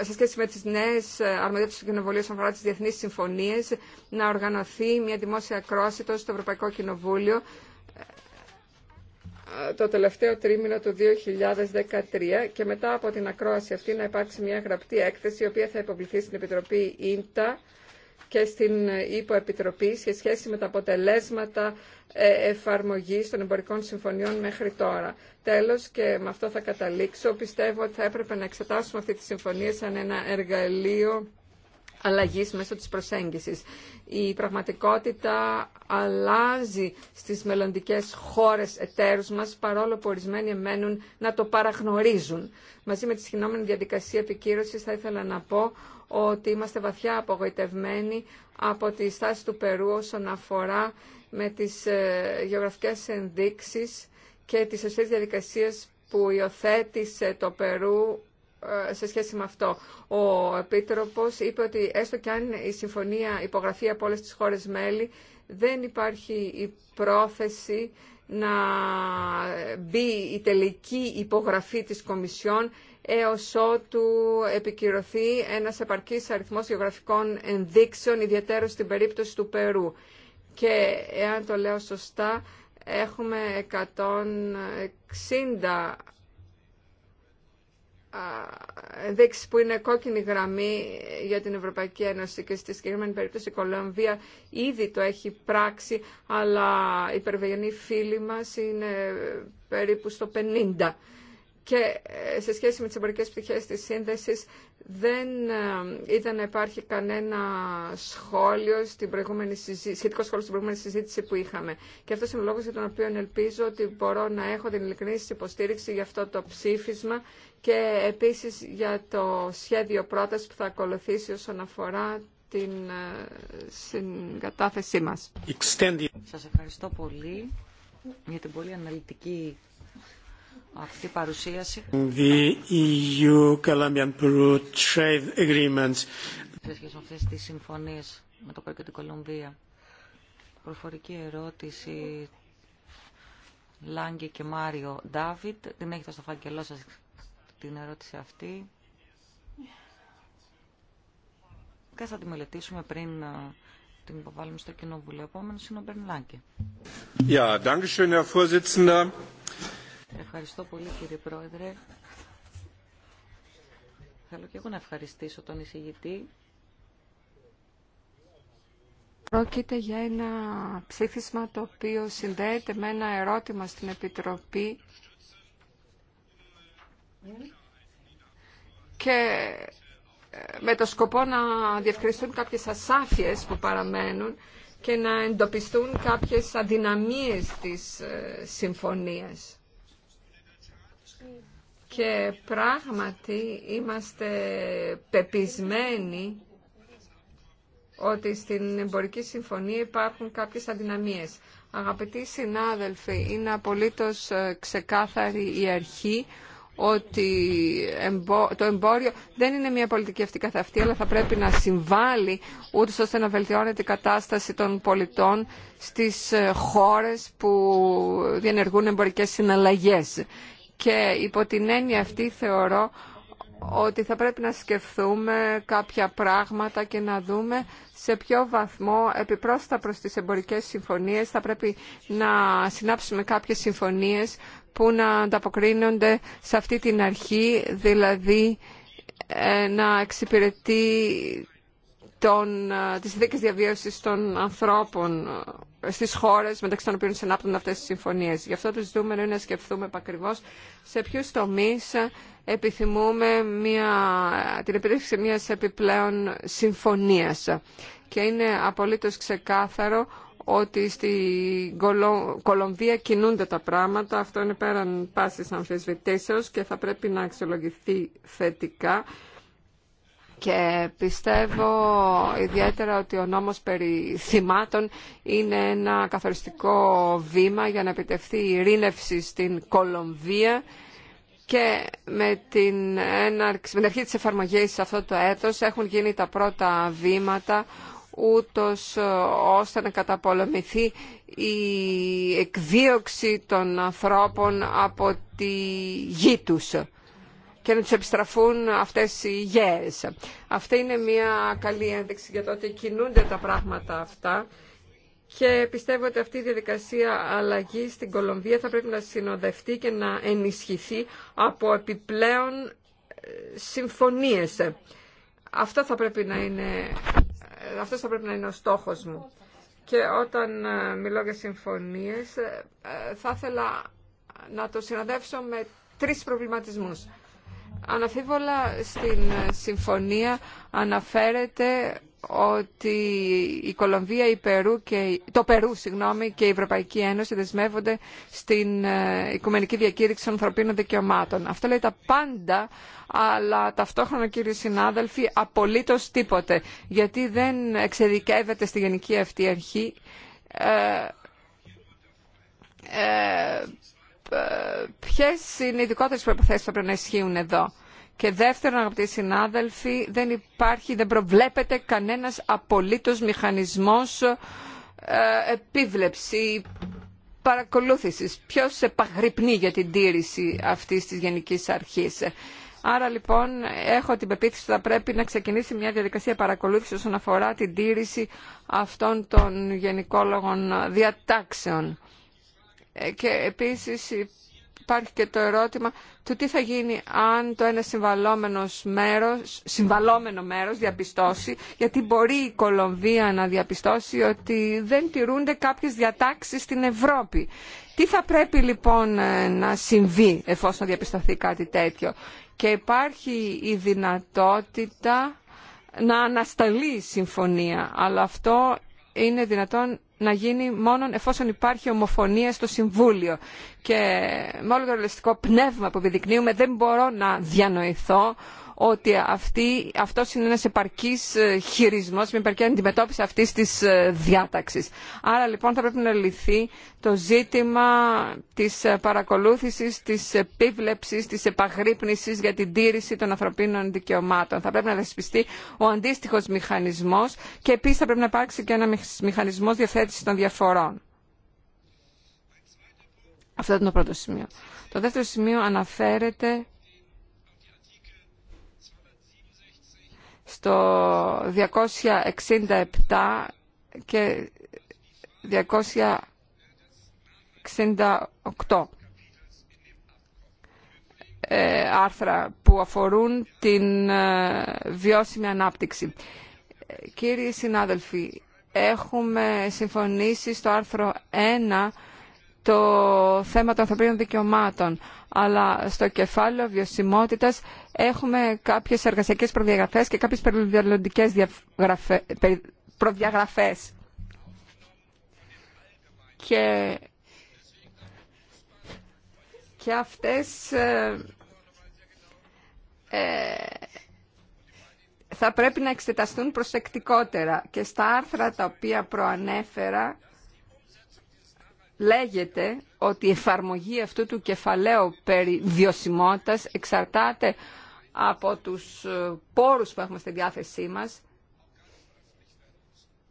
σε σχέση με τις νέες αρμοδιότητες του Κοινοβουλίου όσον αφορά τις διεθνείς συμφωνίες να οργανωθεί μια δημόσια ακρόαση στο Ευρωπαϊκό Κοινοβούλιο το τελευταίο τρίμηνο του 2013 και μετά από την ακρόαση αυτή να υπάρξει μια γραπτή έκθεση η οποία θα υποβληθεί στην Επιτροπή ΙΝΤΑ και στην Υποεπιτροπή σε σχέση με τα αποτελέσματα ε, εφαρμογής των εμπορικών συμφωνιών μέχρι τώρα. Τέλος, και με αυτό θα καταλήξω, πιστεύω ότι θα έπρεπε να εξετάσουμε αυτή τη συμφωνία σαν ένα εργαλείο αλλαγής μέσω της προσέγγισης. Η πραγματικότητα αλλάζει στις μελλοντικές χώρες εταίρους μας, παρόλο που ορισμένοι μένουν να το παραγνωρίζουν. Μαζί με τη σχηνόμενη διαδικασία επικύρωσης θα ήθελα να πω ότι είμαστε βαθιά απογοητευμένοι από τη στάση του Περού όσον αφορά με τις ε, γεωγραφικές ενδείξεις και τις σωστές διαδικασίες που υιοθέτησε το Περού ε, σε σχέση με αυτό. Ο Επίτροπος είπε ότι έστω και αν η συμφωνία υπογραφεί από όλες τις χώρες μέλη, δεν υπάρχει η πρόθεση να μπει η τελική υπογραφή της Κομισιόν έως ότου επικυρωθεί ένας επαρκής αριθμός γεωγραφικών ενδείξεων, ιδιαίτερα στην περίπτωση του Περού. Και εάν το λέω σωστά, έχουμε 160 ενδείξει που είναι κόκκινη γραμμή για την Ευρωπαϊκή Ένωση και στη συγκεκριμένη περίπτωση η Κολομβία ήδη το έχει πράξει, αλλά οι περβεγενοί φίλοι μας είναι περίπου στο 50 και ε, σε σχέση με τις εμπορικές πτυχές της σύνδεσης δεν ε, ήταν να υπάρχει κανένα σχόλιο στην προηγούμενη σχετικό σχόλιο στην προηγούμενη συζήτηση που είχαμε. Και αυτός είναι ο λόγος για τον οποίο ελπίζω ότι μπορώ να έχω την ειλικρινή υποστήριξη για αυτό το ψήφισμα και επίσης για το σχέδιο πρόταση που θα ακολουθήσει όσον αφορά την ε, συγκατάθεσή μας. Σας ευχαριστώ πολύ για την πολύ αναλυτική αυτή η παρουσίαση. The EU Colombian Peru trade Σε σχέση με αυτές τι συμφωνίες με το Περού και την Κολομβία. Προφορική ερώτηση Λάγκη και Μάριο Ντάβιτ. Την έχετε στο φακελό σας την ερώτηση αυτή. Και θα τη μελετήσουμε πριν ε, την υποβάλουμε στο Κοινοβούλιο. Επόμενος είναι ο Μπερν Λάγκη. Ευχαριστώ πολύ κύριε Πρόεδρε. Θέλω και εγώ να ευχαριστήσω τον εισηγητή. Πρόκειται για ένα ψήφισμα το οποίο συνδέεται με ένα ερώτημα στην Επιτροπή και ε, με το σκοπό να διευκρινιστούν κάποιες ασάφειες που παραμένουν και να εντοπιστούν κάποιες αδυναμίες της ε, συμφωνίας και πράγματι είμαστε πεπισμένοι ότι στην εμπορική συμφωνία υπάρχουν κάποιες αδυναμίες. Αγαπητοί συνάδελφοι, είναι απολύτως ε, ξεκάθαρη η αρχή ότι το εμπόριο δεν είναι μια πολιτική αυτή καθ' αυτή, αλλά θα πρέπει να συμβάλλει ούτως ώστε να βελτιώνεται η κατάσταση των πολιτών στις ε, χώρες που διενεργούν εμπορικές συναλλαγές. Και υπό την έννοια αυτή θεωρώ ότι θα πρέπει να σκεφτούμε κάποια πράγματα και να δούμε σε ποιο βαθμό επιπρόσθετα προς τις εμπορικές συμφωνίες θα πρέπει να συνάψουμε κάποιες συμφωνίες που να ανταποκρίνονται σε αυτή την αρχή, δηλαδή ε, να εξυπηρετεί των, ε, τις δικές διαβίωσης των ανθρώπων Στι χώρε μεταξύ των οποίων συνάπτουν αυτέ τι συμφωνίε. Γι' αυτό το ζητούμενο είναι να σκεφτούμε ακριβώ σε ποιου τομεί επιθυμούμε μια, την επίτευξη μια επιπλέον συμφωνία. Και είναι απολύτω ξεκάθαρο ότι στην Κολομβία κινούνται τα πράγματα. Αυτό είναι πέραν πάσης αμφισβητήσεως και θα πρέπει να αξιολογηθεί θετικά και πιστεύω ιδιαίτερα ότι ο νόμος περί θυμάτων είναι ένα καθοριστικό βήμα για να επιτευχθεί η ρήνευση στην Κολομβία και με την, έναρξη, με την αρχή της εφαρμογής σε αυτό το έτος έχουν γίνει τα πρώτα βήματα ούτως ώστε να καταπολεμηθεί η εκδίωξη των ανθρώπων από τη γη τους και να τους επιστραφούν αυτές οι γέες. Αυτή είναι μια καλή ένδειξη για το ότι κινούνται τα πράγματα αυτά και πιστεύω ότι αυτή η διαδικασία αλλαγή στην Κολομβία θα πρέπει να συνοδευτεί και να ενισχυθεί από επιπλέον ε, συμφωνίες. Αυτό θα πρέπει να είναι, αυτό θα πρέπει να είναι ο στόχος μου. Και όταν ε, μιλώ για συμφωνίες, ε, θα ήθελα να το συνοδεύσω με τρεις προβληματισμούς. Αναφίβολα στην συμφωνία αναφέρεται ότι η Κολομβία, η Περού και, το Περού συγγνώμη, και η Ευρωπαϊκή Ένωση δεσμεύονται στην ε, Οικουμενική Διακήρυξη των Ανθρωπίνων Δικαιωμάτων. Αυτό λέει τα πάντα, αλλά ταυτόχρονα κύριοι συνάδελφοι απολύτως τίποτε, γιατί δεν εξεδικεύεται στη γενική αυτή αρχή ε, ε, ποιες είναι οι ειδικότερες προϋποθέσεις που πρέπει να ισχύουν εδώ. Και δεύτερον, αγαπητοί συνάδελφοι, δεν υπάρχει, δεν προβλέπεται κανένας απολύτως μηχανισμός ε, επίβλεψη παρακολούθησης. Ποιος επαγρυπνεί για την τήρηση αυτής της γενικής αρχής. Άρα λοιπόν έχω την πεποίθηση ότι θα πρέπει να ξεκινήσει μια διαδικασία παρακολούθησης όσον αφορά την τήρηση αυτών των γενικόλογων διατάξεων. Ε, και επίσης υπάρχει και το ερώτημα του τι θα γίνει αν το ένα μέρος, συμβαλόμενο μέρος διαπιστώσει, γιατί μπορεί η Κολομβία να διαπιστώσει ότι δεν τηρούνται κάποιες διατάξεις στην Ευρώπη. Τι θα πρέπει λοιπόν ε, να συμβεί εφόσον διαπιστωθεί κάτι τέτοιο. Και υπάρχει η δυνατότητα να ανασταλεί η συμφωνία, αλλά αυτό είναι δυνατόν να γίνει μόνο εφόσον υπάρχει ομοφωνία στο Συμβούλιο. Και με όλο το ρεαλιστικό πνεύμα που επιδεικνύουμε δεν μπορώ να διανοηθώ ότι αυτή, αυτός είναι ένας επαρκής ε, χειρισμός, με επαρκή αντιμετώπιση αυτής της ε, διάταξης. Άρα λοιπόν θα πρέπει να λυθεί το ζήτημα της ε, παρακολούθησης, της επίβλεψης, της επαγρύπνησης για την τήρηση των ανθρωπίνων δικαιωμάτων. Θα πρέπει να δεσπιστεί ο αντίστοιχος μηχανισμός και επίσης θα πρέπει να υπάρξει και ένα μηχανισμός διαθέτηση των διαφορών. Αυτό ήταν το πρώτο σημείο. Το δεύτερο σημείο αναφέρεται στο 267 και 268 ε, άρθρα που αφορούν την ε, βιώσιμη ανάπτυξη. Ε, κύριοι συνάδελφοι, έχουμε συμφωνήσει στο άρθρο 1 το θέμα των ανθρωπίνων δικαιωμάτων. Αλλά στο κεφάλαιο βιωσιμότητα έχουμε κάποιε εργασιακές προδιαγραφέ και κάποιε περιβαλλοντικέ προδιαγραφέ. Και, και αυτές ε, ε, θα πρέπει να εξεταστούν προσεκτικότερα και στα άρθρα τα οποία προανέφερα λέγεται ότι η εφαρμογή αυτού του κεφαλαίου περί βιωσιμότητας εξαρτάται από τους ε, πόρους που έχουμε στη διάθεσή μας,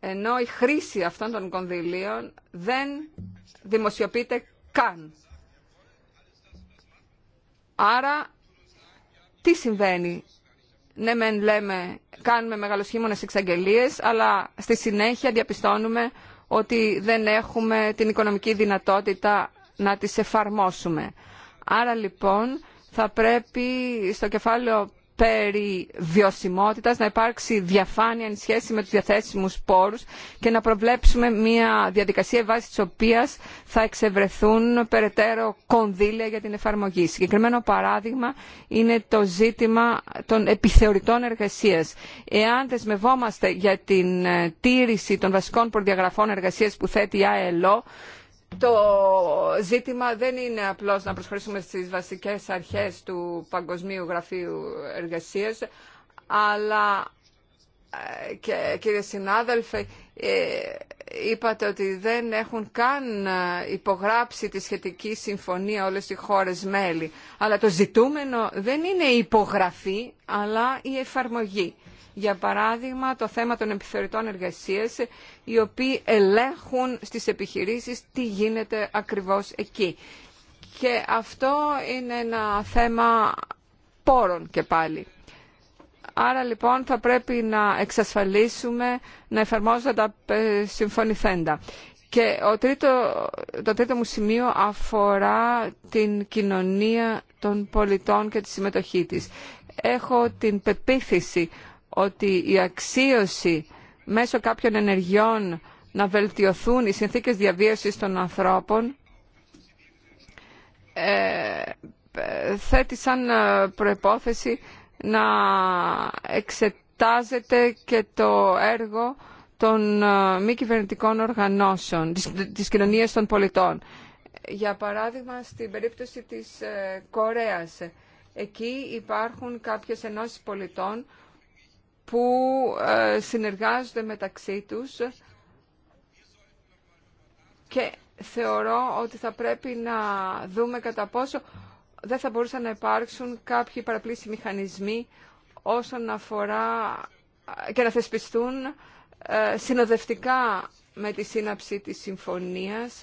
ενώ η χρήση αυτών των κονδυλίων δεν δημοσιοποιείται καν. Άρα, τι συμβαίνει. Ναι, μεν λέμε, κάνουμε μεγαλοσχήμονες εξαγγελίες, αλλά στη συνέχεια διαπιστώνουμε ότι δεν έχουμε την οικονομική δυνατότητα να τις εφαρμόσουμε. Άρα λοιπόν θα πρέπει στο κεφάλαιο περί βιωσιμότητας, να υπάρξει διαφάνεια εν σχέση με τους διαθέσιμους πόρους και να προβλέψουμε μια διαδικασία βάση της οποίας θα εξευρεθούν περαιτέρω κονδύλια για την εφαρμογή. Συγκεκριμένο παράδειγμα είναι το ζήτημα των επιθεωρητών εργασίας. Εάν δεσμευόμαστε για την τήρηση των βασικών προδιαγραφών εργασίας που θέτει η ΑΕΛΟ, το ζήτημα δεν είναι απλώς να προσχωρήσουμε στις βασικές αρχές του Παγκοσμίου Γραφείου Εργασίας, αλλά ε, και κύριε συνάδελφε, ε, είπατε ότι δεν έχουν καν ε, υπογράψει τη σχετική συμφωνία όλες οι χώρες μέλη. Αλλά το ζητούμενο δεν είναι η υπογραφή, αλλά η εφαρμογή. Για παράδειγμα, το θέμα των επιθεωρητών εργασίες οι οποίοι ελέγχουν στις επιχειρήσεις τι γίνεται ακριβώς εκεί. Και αυτό είναι ένα θέμα πόρων και πάλι. Άρα λοιπόν θα πρέπει να εξασφαλίσουμε να εφαρμόζονται τα ε, συμφωνηθέντα. Και ο τρίτο, το τρίτο μου σημείο αφορά την κοινωνία των πολιτών και τη συμμετοχή της. Έχω την πεποίθηση ότι η αξίωση μέσω κάποιων ενεργειών να βελτιωθούν οι συνθήκες διαβίωσης των ανθρώπων ε, θέτει σαν ε, προϋπόθεση να εξετάζεται και το έργο των ε, μη κυβερνητικών οργανώσεων, της, της κοινωνίας των πολιτών. Για παράδειγμα, στην περίπτωση της Κορέας, εκεί υπάρχουν κάποιες ενώσεις πολιτών που ε, συνεργάζονται μεταξύ τους και θεωρώ ότι θα πρέπει να δούμε κατά πόσο δεν θα μπορούσαν να υπάρξουν κάποιοι παραπλήσιοι μηχανισμοί όσον αφορά ε, και να θεσπιστούν ε, συνοδευτικά με τη σύναψη της συμφωνίας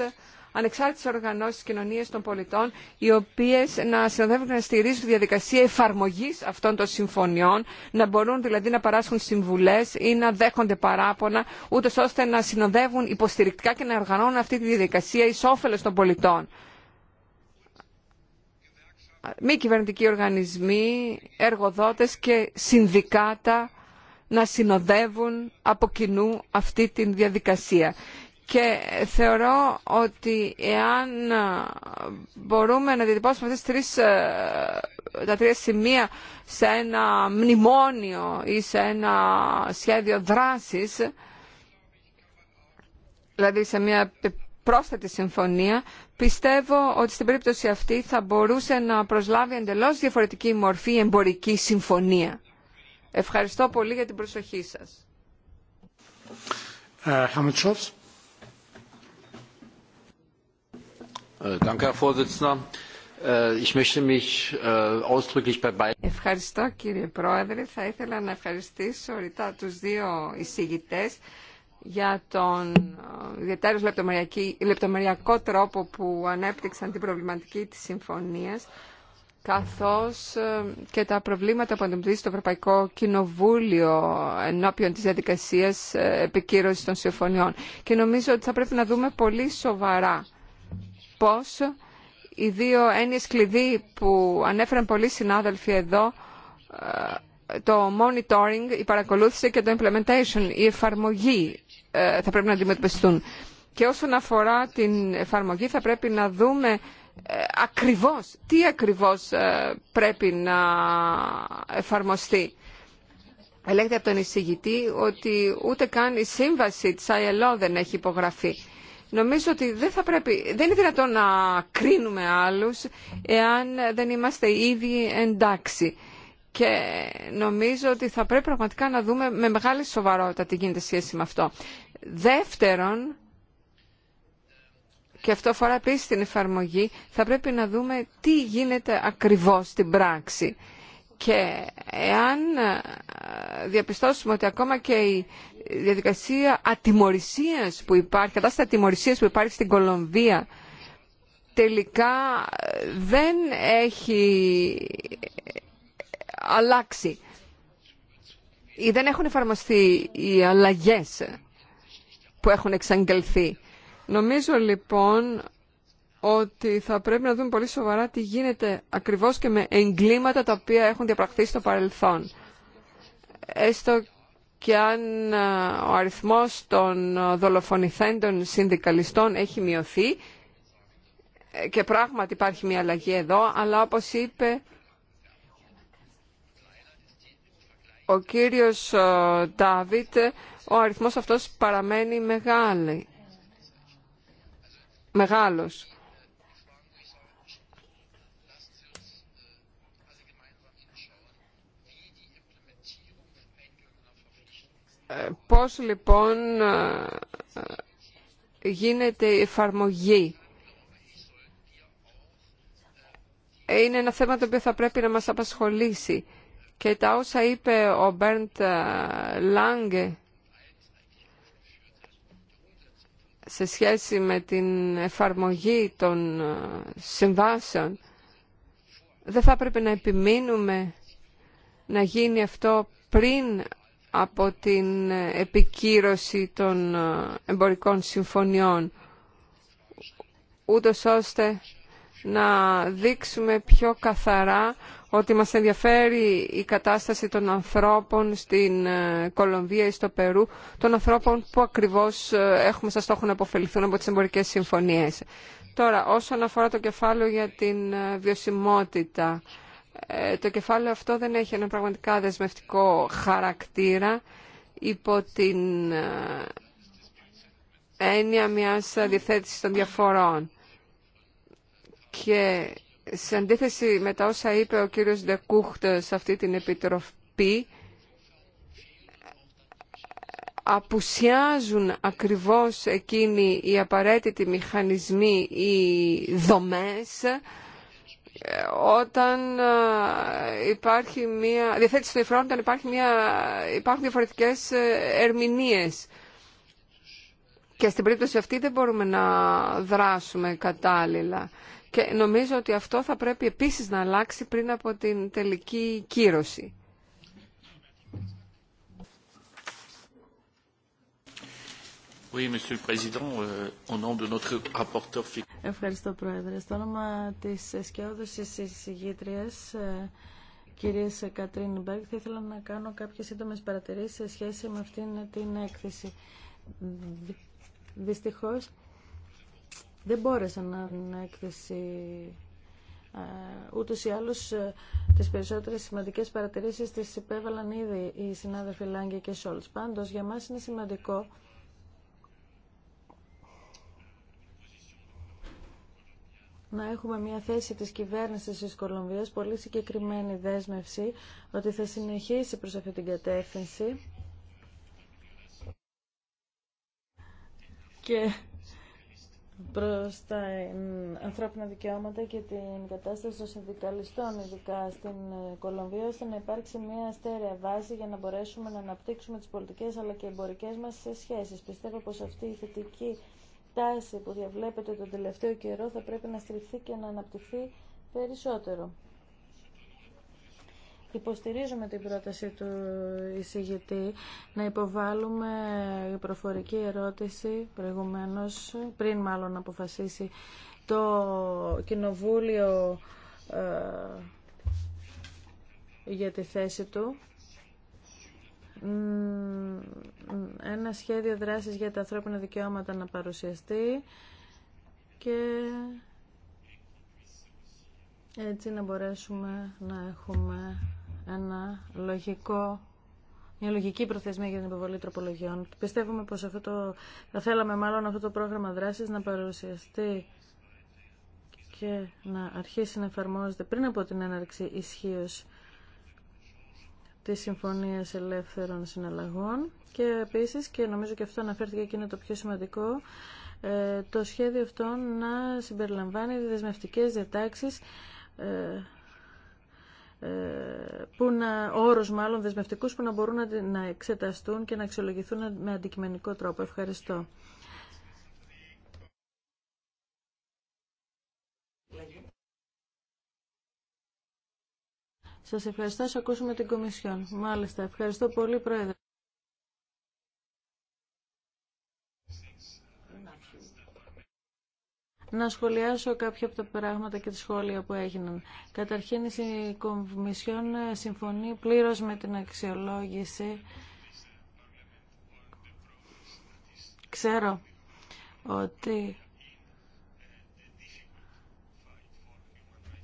ανεξάρτητες οργανώσει κοινωνία των πολιτών, οι οποίε να συνοδεύουν και να στηρίζουν τη διαδικασία εφαρμογή αυτών των συμφωνιών, να μπορούν δηλαδή να παράσχουν συμβουλέ ή να δέχονται παράπονα, ούτως ώστε να συνοδεύουν υποστηρικτικά και να οργανώνουν αυτή τη διαδικασία ει όφελο των πολιτών μη κυβερνητικοί οργανισμοί, εργοδότες και συνδικάτα να συνοδεύουν από κοινού αυτή τη διαδικασία. Και θεωρώ ότι εάν μπορούμε να διατυπώσουμε αυτές τις τρεις, ε, τα τρία σημεία σε ένα μνημόνιο ή σε ένα σχέδιο δράσης, δηλαδή σε μια πρόσθετη συμφωνία, πιστεύω ότι στην περίπτωση αυτή θα μπορούσε να προσλάβει εντελώς διαφορετική μορφή εμπορική συμφωνία. Ευχαριστώ πολύ για την προσοχή σας. Ε, Ευχαριστώ κύριε Πρόεδρε. Θα ήθελα να ευχαριστήσω ρητά τους δύο εισηγητές για τον ε, ιδιαίτερο λεπτομεριακό τρόπο που ανέπτυξαν την προβληματική της συμφωνίας καθώς ε, και τα προβλήματα που αντιμετωπίζει το Ευρωπαϊκό Κοινοβούλιο ενώπιον της διαδικασίας ε, επικύρωσης των συμφωνιών. Και νομίζω ότι θα πρέπει να δούμε πολύ σοβαρά πώς οι δύο έννοιες κλειδί που ανέφεραν πολλοί συνάδελφοι εδώ, ε, το monitoring, η παρακολούθηση και το implementation, η εφαρμογή ε, θα πρέπει να αντιμετωπιστούν. Και όσον αφορά την εφαρμογή θα πρέπει να δούμε ε, ακριβώς, τι ακριβώς πρέπει να εφαρμοστεί. Ελέγχεται από τον εισηγητή ότι ούτε καν η σύμβαση της ILO δεν έχει υπογραφεί. Νομίζω ότι δεν, θα πρέπει, δεν είναι δυνατόν να κρίνουμε άλλους εάν δεν είμαστε ήδη εντάξει. Και νομίζω ότι θα πρέπει πραγματικά να δούμε με μεγάλη σοβαρότητα τι γίνεται σχέση με αυτό. Δεύτερον, και αυτό αφορά επίση την εφαρμογή, θα πρέπει να δούμε τι γίνεται ακριβώς στην πράξη. Και εάν διαπιστώσουμε ότι ακόμα και οι διαδικασία ατιμορρησίας που υπάρχει, κατάσταση ατιμορρησίας που υπάρχει στην Κολομβία τελικά ε, δεν έχει ε, αλλάξει ή δεν έχουν εφαρμοστεί οι αλλαγές που έχουν εξαγγελθεί. Νομίζω λοιπόν ότι θα πρέπει να δούμε πολύ σοβαρά τι γίνεται ακριβώς και με εγκλήματα τα οποία έχουν διαπραχθεί στο παρελθόν. Έστω ε, και αν ε, ο αριθμός των ε, δολοφονηθέντων συνδικαλιστών έχει μειωθεί ε, και πράγματι υπάρχει μια αλλαγή εδώ, αλλά όπως είπε ο κύριος Ντάβιτ, ο αριθμός αυτός παραμένει μεγάλη, μεγάλος. Πώς λοιπόν ε, ε, γίνεται η εφαρμογή. Είναι ένα θέμα το οποίο θα πρέπει να μας απασχολήσει. Και τα όσα είπε ο Μπέρντ ε, Λάγκε σε σχέση με την εφαρμογή των συμβάσεων δεν θα πρέπει να επιμείνουμε να γίνει αυτό πριν από την επικύρωση των εμπορικών συμφωνιών, ούτως ώστε να δείξουμε πιο καθαρά ότι μας ενδιαφέρει η κατάσταση των ανθρώπων στην ε, Κολομβία ή στο Περού, των ανθρώπων που ακριβώς ε, έχουμε σαν στόχο να αποφεληθούν από τις εμπορικές συμφωνίες. Τώρα, όσον αφορά το κεφάλαιο για την ε, βιωσιμότητα, ε, το κεφάλαιο αυτό δεν έχει ένα πραγματικά δεσμευτικό χαρακτήρα υπό την ε, έννοια μιας διαθέτηση των διαφορών. Και σε αντίθεση με τα όσα είπε ο κύριος Ντεκούχτ σε αυτή την επιτροπή, απουσιάζουν ακριβώς εκείνοι οι απαραίτητοι μηχανισμοί ή δομές ε, όταν ε, υπάρχει μία διαθέτηση των υφρών, υπάρχει μία, υπάρχουν διαφορετικές ε, ερμηνείες. Και στην περίπτωση αυτή δεν μπορούμε να δράσουμε κατάλληλα. Και νομίζω ότι αυτό θα πρέπει επίσης να αλλάξει πριν από την τελική κύρωση. Ευχαριστώ, Πρόεδρε. Στο όνομα της τη εισηγήτριας, ε, κυρία Κατρίν Μπέρκ, θα ήθελα να κάνω κάποιε σύντομε παρατηρήσει σε σχέση με αυτήν την έκθεση. Δυστυχώ, δεν μπόρεσα να την έκθεση ε, Ούτω ή άλλω, ε, τι περισσότερε σημαντικέ παρατηρήσει τι υπέβαλαν ήδη οι συνάδελφοι Λάγκη και Σόλτ. Πάντω, για μα είναι σημαντικό να έχουμε μια θέση της κυβέρνησης της Κολομβίας, πολύ συγκεκριμένη δέσμευση, ότι θα συνεχίσει προς αυτή την κατεύθυνση. Και προς τα ανθρώπινα δικαιώματα και την κατάσταση των συνδικαλιστών, ειδικά στην Κολομβία, ώστε να υπάρξει μια στέρεα βάση για να μπορέσουμε να αναπτύξουμε τις πολιτικές αλλά και εμπορικές μας σχέσεις. Πιστεύω πως αυτή η θετική τάση που διαβλέπετε τον τελευταίο καιρό θα πρέπει να στριφθεί και να αναπτυχθεί περισσότερο. Υποστηρίζουμε την πρόταση του εισηγητή να υποβάλουμε προφορική ερώτηση προηγουμένως, πριν μάλλον αποφασίσει το Κοινοβούλιο ε, για τη θέση του ένα σχέδιο δράσης για τα ανθρώπινα δικαιώματα να παρουσιαστεί και έτσι να μπορέσουμε να έχουμε ένα λογικό μια λογική προθεσμία για την υποβολή τροπολογιών. Πιστεύουμε πως αυτό το, θα θέλαμε μάλλον αυτό το πρόγραμμα δράσης να παρουσιαστεί και να αρχίσει να εφαρμόζεται πριν από την έναρξη ισχύω Τη Συμφωνίας Ελεύθερων Συναλλαγών και επίσης, και νομίζω και αυτό αναφέρθηκε και είναι το πιο σημαντικό, ε, το σχέδιο αυτό να συμπεριλαμβάνει δεσμευτικές διατάξεις ε, ε, που να, όρους μάλλον δεσμευτικούς που να μπορούν να, να εξεταστούν και να αξιολογηθούν με αντικειμενικό τρόπο. Ευχαριστώ. Σας ευχαριστώ. Σας ακούσουμε την Κομισιόν. Μάλιστα. Ευχαριστώ πολύ, Πρόεδρε. Να σχολιάσω κάποια από τα πράγματα και τα σχόλια που έγιναν. Καταρχήν, η Κομισιόν συμφωνεί πλήρως με την αξιολόγηση. Ξέρω ότι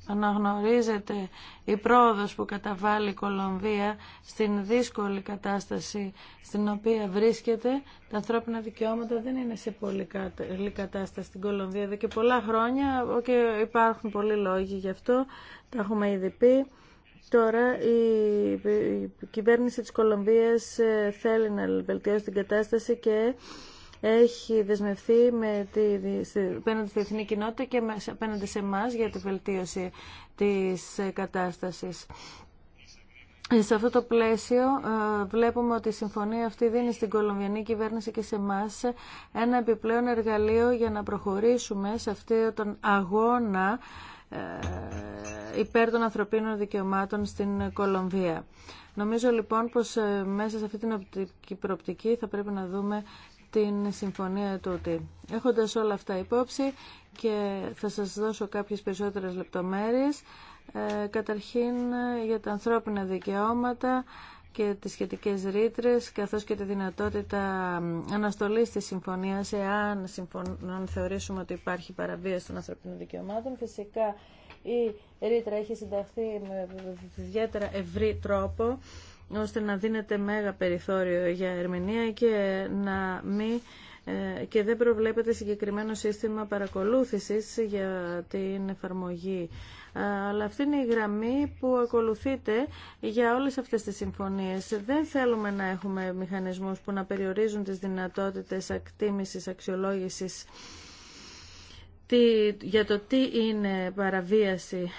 αναγνωρίζεται η πρόοδος που καταβάλει η Κολομβία στην δύσκολη κατάσταση στην οποία βρίσκεται. Τα ανθρώπινα δικαιώματα δεν είναι σε πολύ καλή κατάσταση στην Κολομβία εδώ και πολλά χρόνια και υπάρχουν πολλοί λόγοι γι' αυτό, τα έχουμε ήδη πει. Τώρα η κυβέρνηση της Κολομβίας ε, θέλει να βελτιώσει την κατάσταση και έχει δεσμευθεί με τη, απέναντι στη διεθνή κοινότητα και απέναντι σε εμά για τη βελτίωση της κατάστασης. Ε, σε αυτό το πλαίσιο ε, βλέπουμε ότι η συμφωνία αυτή δίνει στην κολομβιανή κυβέρνηση και σε εμά ένα επιπλέον εργαλείο για να προχωρήσουμε σε αυτόν τον αγώνα ε, υπέρ των ανθρωπίνων δικαιωμάτων στην Κολομβία. Νομίζω λοιπόν πως μέσα σε αυτή την προοπτική θα πρέπει να δούμε την συμφωνία τούτη. Έχοντας όλα αυτά υπόψη και θα σας δώσω κάποιες περισσότερες λεπτομέρειες, ε, καταρχήν ε, για τα ανθρώπινα δικαιώματα και τις σχετικές ρήτρε, καθώς και τη δυνατότητα αναστολής της συμφωνίας εάν αν θεωρήσουμε ότι υπάρχει παραβίαση των ανθρωπίνων δικαιωμάτων. Φυσικά η ρήτρα έχει συνταχθεί με ιδιαίτερα ευρύ τρόπο ώστε να δίνεται μέγα περιθώριο για ερμηνεία και να μην ε, και δεν προβλέπεται συγκεκριμένο σύστημα παρακολούθησης για την εφαρμογή. Αλλά αυτή είναι η γραμμή που ακολουθείται για όλες αυτές τις συμφωνίες. Δεν θέλουμε να έχουμε μηχανισμούς που να περιορίζουν τις δυνατότητες ακτίμησης, αξιολόγησης για το τι είναι παραβίαση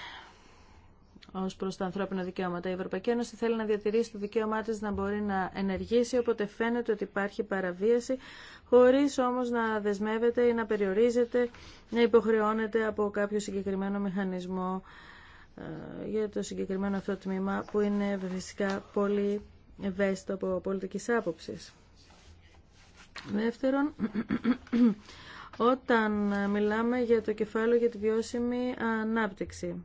ω προ τα ανθρώπινα δικαιώματα. Η Ευρωπαϊκή Ένωση θέλει να διατηρήσει το δικαίωμά τη να μπορεί να ενεργήσει, όποτε φαίνεται ότι υπάρχει παραβίαση, χωρί όμω να δεσμεύεται ή να περιορίζεται, να υποχρεώνεται από κάποιο συγκεκριμένο μηχανισμό ε, για το συγκεκριμένο αυτό τμήμα που είναι φυσικά πολύ ευαίσθητο από πολιτική άποψη. Δεύτερον, όταν μιλάμε για το κεφάλαιο για τη βιώσιμη ανάπτυξη.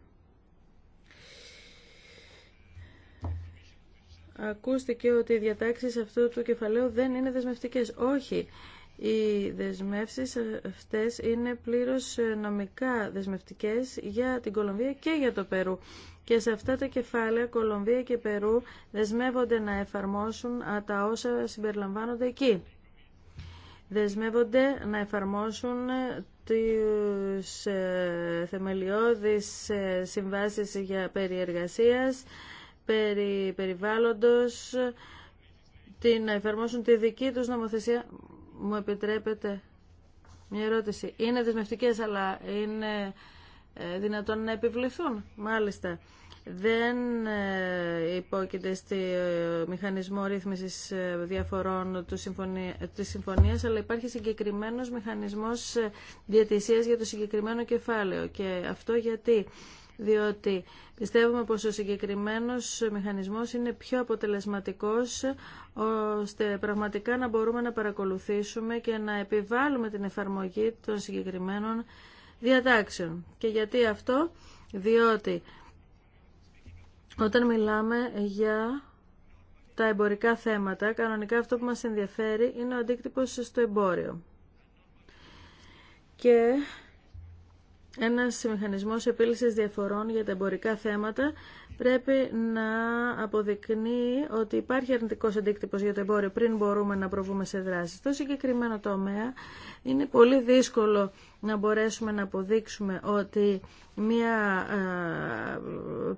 Ακούστηκε ότι οι διατάξεις αυτού του κεφαλαίου δεν είναι δεσμευτικές. Όχι. Οι δεσμεύσεις αυτές είναι πλήρως ε, νομικά δεσμευτικές για την Κολομβία και για το Περού. Και σε αυτά τα κεφάλαια Κολομβία και Περού δεσμεύονται να εφαρμόσουν τα όσα συμπεριλαμβάνονται εκεί. Δεσμεύονται να εφαρμόσουν ε, τις ε, θεμελιώδεις συμβάσεις για περιεργασίας, περι, περιβάλλοντος να εφαρμόσουν τη δική τους νομοθεσία. Μου επιτρέπετε μια ερώτηση. Είναι δεσμευτικές αλλά είναι ε, δυνατόν να επιβληθούν. Μάλιστα. Δεν ε, υπόκειται στη ε, μηχανισμό ρύθμισης διαφορών του συμφωνία, της συμφωνίας, αλλά υπάρχει συγκεκριμένος μηχανισμός διατησίας για το συγκεκριμένο κεφάλαιο. Και αυτό γιατί διότι πιστεύουμε πως ο συγκεκριμένος μηχανισμός είναι πιο αποτελεσματικός ώστε πραγματικά να μπορούμε να παρακολουθήσουμε και να επιβάλλουμε την εφαρμογή των συγκεκριμένων διατάξεων. Και γιατί αυτό, διότι όταν μιλάμε για τα εμπορικά θέματα, κανονικά αυτό που μας ενδιαφέρει είναι ο αντίκτυπος στο εμπόριο ένας μηχανισμός επίλυσης διαφορών για τα εμπορικά θέματα πρέπει να αποδεικνύει ότι υπάρχει αρνητικό αντίκτυπο για το εμπόριο πριν μπορούμε να προβούμε σε δράση. Στο συγκεκριμένο τομέα είναι πολύ δύσκολο να μπορέσουμε να αποδείξουμε ότι μια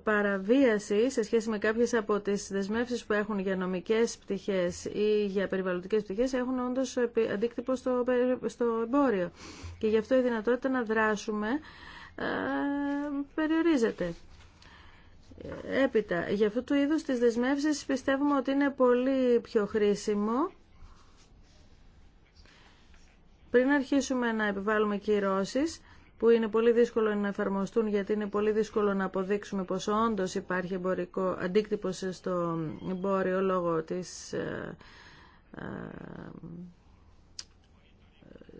παραβίαση σε σχέση με κάποιες από τις δεσμεύσεις που έχουν για νομικές πτυχές ή για περιβαλλοντικές πτυχές έχουν όντως αντίκτυπο στο, στο εμπόριο. Και γι' αυτό η δυνατότητα να δράσουμε περιορίζεται. Έπειτα, για αυτού του είδους της δεσμεύσεις πιστεύουμε ότι είναι πολύ πιο χρήσιμο πριν αρχίσουμε να επιβάλλουμε κυρώσεις που είναι πολύ δύσκολο να εφαρμοστούν γιατί είναι πολύ δύσκολο να αποδείξουμε πως όντως υπάρχει εμπορικό στο εμπόριο λόγω της ε, ε,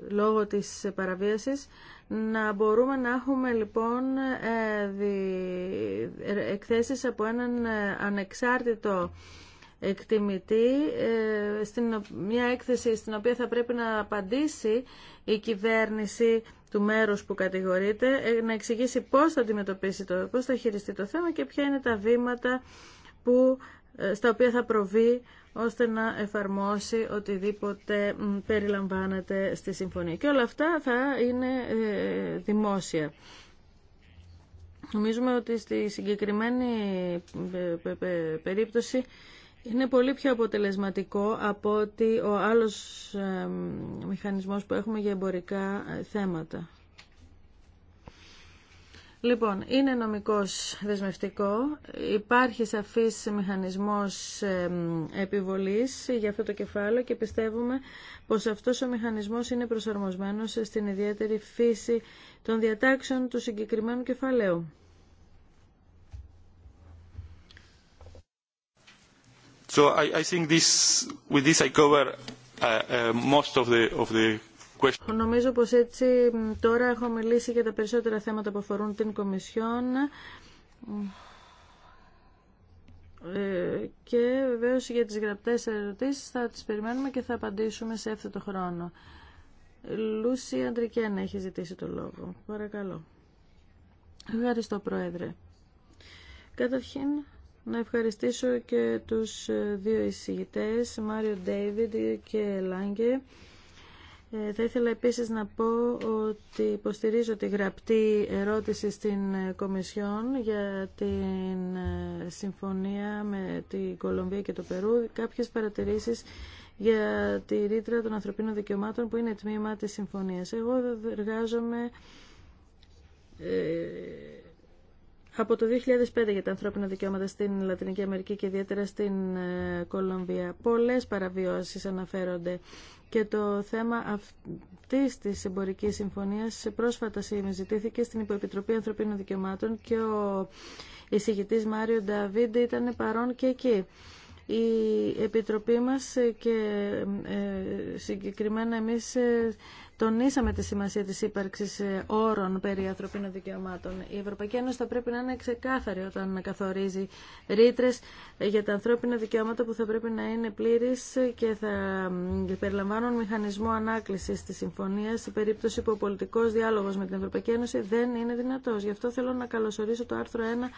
λόγω της παραβίασης να μπορούμε να έχουμε λοιπόν ε, ε, εκθέσεις από έναν ε, ανεξάρτητο εκτιμητή, στην, μια έκθεση στην οποία θα πρέπει να απαντήσει η κυβέρνηση του μέρους που κατηγορείται, να εξηγήσει πώς θα αντιμετωπίσει το, πώς θα χειριστεί το θέμα και ποια είναι τα βήματα που ε, στα οποία θα προβεί ώστε να εφαρμόσει οτιδήποτε περιλαμβάνεται στη συμφωνία. Και όλα αυτά θα είναι ε, δημόσια. Νομίζουμε ότι στη συγκεκριμένη ε, περίπτωση είναι πολύ πιο αποτελεσματικό από ότι ο άλλος μηχανισμός που έχουμε για εμπορικά θέματα. Λοιπόν, είναι νομικός δεσμευτικό. Υπάρχει σαφής μηχανισμός επιβολής για αυτό το κεφάλαιο και πιστεύουμε πως αυτός ο μηχανισμός είναι προσαρμοσμένος στην ιδιαίτερη φύση των διατάξεων του συγκεκριμένου κεφαλαίου. So I, I think this, with this I cover uh, uh, most of the, of the Νομίζω πως έτσι τώρα έχω μιλήσει για τα περισσότερα θέματα που αφορούν την Κομισιόν ε, και βεβαίω για τις γραπτές ερωτήσεις θα τις περιμένουμε και θα απαντήσουμε σε αυτό το χρόνο. Λούση Αντρικένα έχει ζητήσει το λόγο. Παρακαλώ. Ευχαριστώ Πρόεδρε. Καταρχήν να ευχαριστήσω και τους ε, δύο εισηγητές, Μάριο Ντέιβιντ και Λάγκε. Ε, θα ήθελα επίσης να πω ότι υποστηρίζω τη γραπτή ερώτηση στην ε, Κομισιόν για την ε, συμφωνία με την Κολομβία και το Περού. Κάποιες παρατηρήσεις για τη ρήτρα των ανθρωπίνων δικαιωμάτων που είναι τμήμα της συμφωνίας. Εγώ εργάζομαι από το 2005 για τα ανθρώπινα δικαιώματα στην Λατινική Αμερική και ιδιαίτερα στην Κολομβία. Πολλές παραβιώσεις αναφέρονται και το θέμα αυτής τη εμπορική συμφωνίας πρόσφατα συζητήθηκε στην Υποεπιτροπή Ανθρωπίνων Δικαιωμάτων και ο εισηγητή Μάριο Νταβίντε ήταν παρόν και εκεί. Η Επιτροπή μας και ε, συγκεκριμένα εμείς ε, τονίσαμε τη σημασία της ύπαρξης ε, όρων περί ανθρωπίνων δικαιωμάτων. Η Ευρωπαϊκή Ένωση θα πρέπει να είναι ξεκάθαρη όταν καθορίζει ρήτρε ε, για τα ανθρώπινα δικαιώματα που θα πρέπει να είναι πλήρη και θα περιλαμβάνουν μηχανισμό ανάκλησης της συμφωνία σε περίπτωση που ο πολιτικός διάλογος με την Ευρωπαϊκή Ένωση δεν είναι δυνατός. Γι' αυτό θέλω να καλωσορίσω το άρθρο 1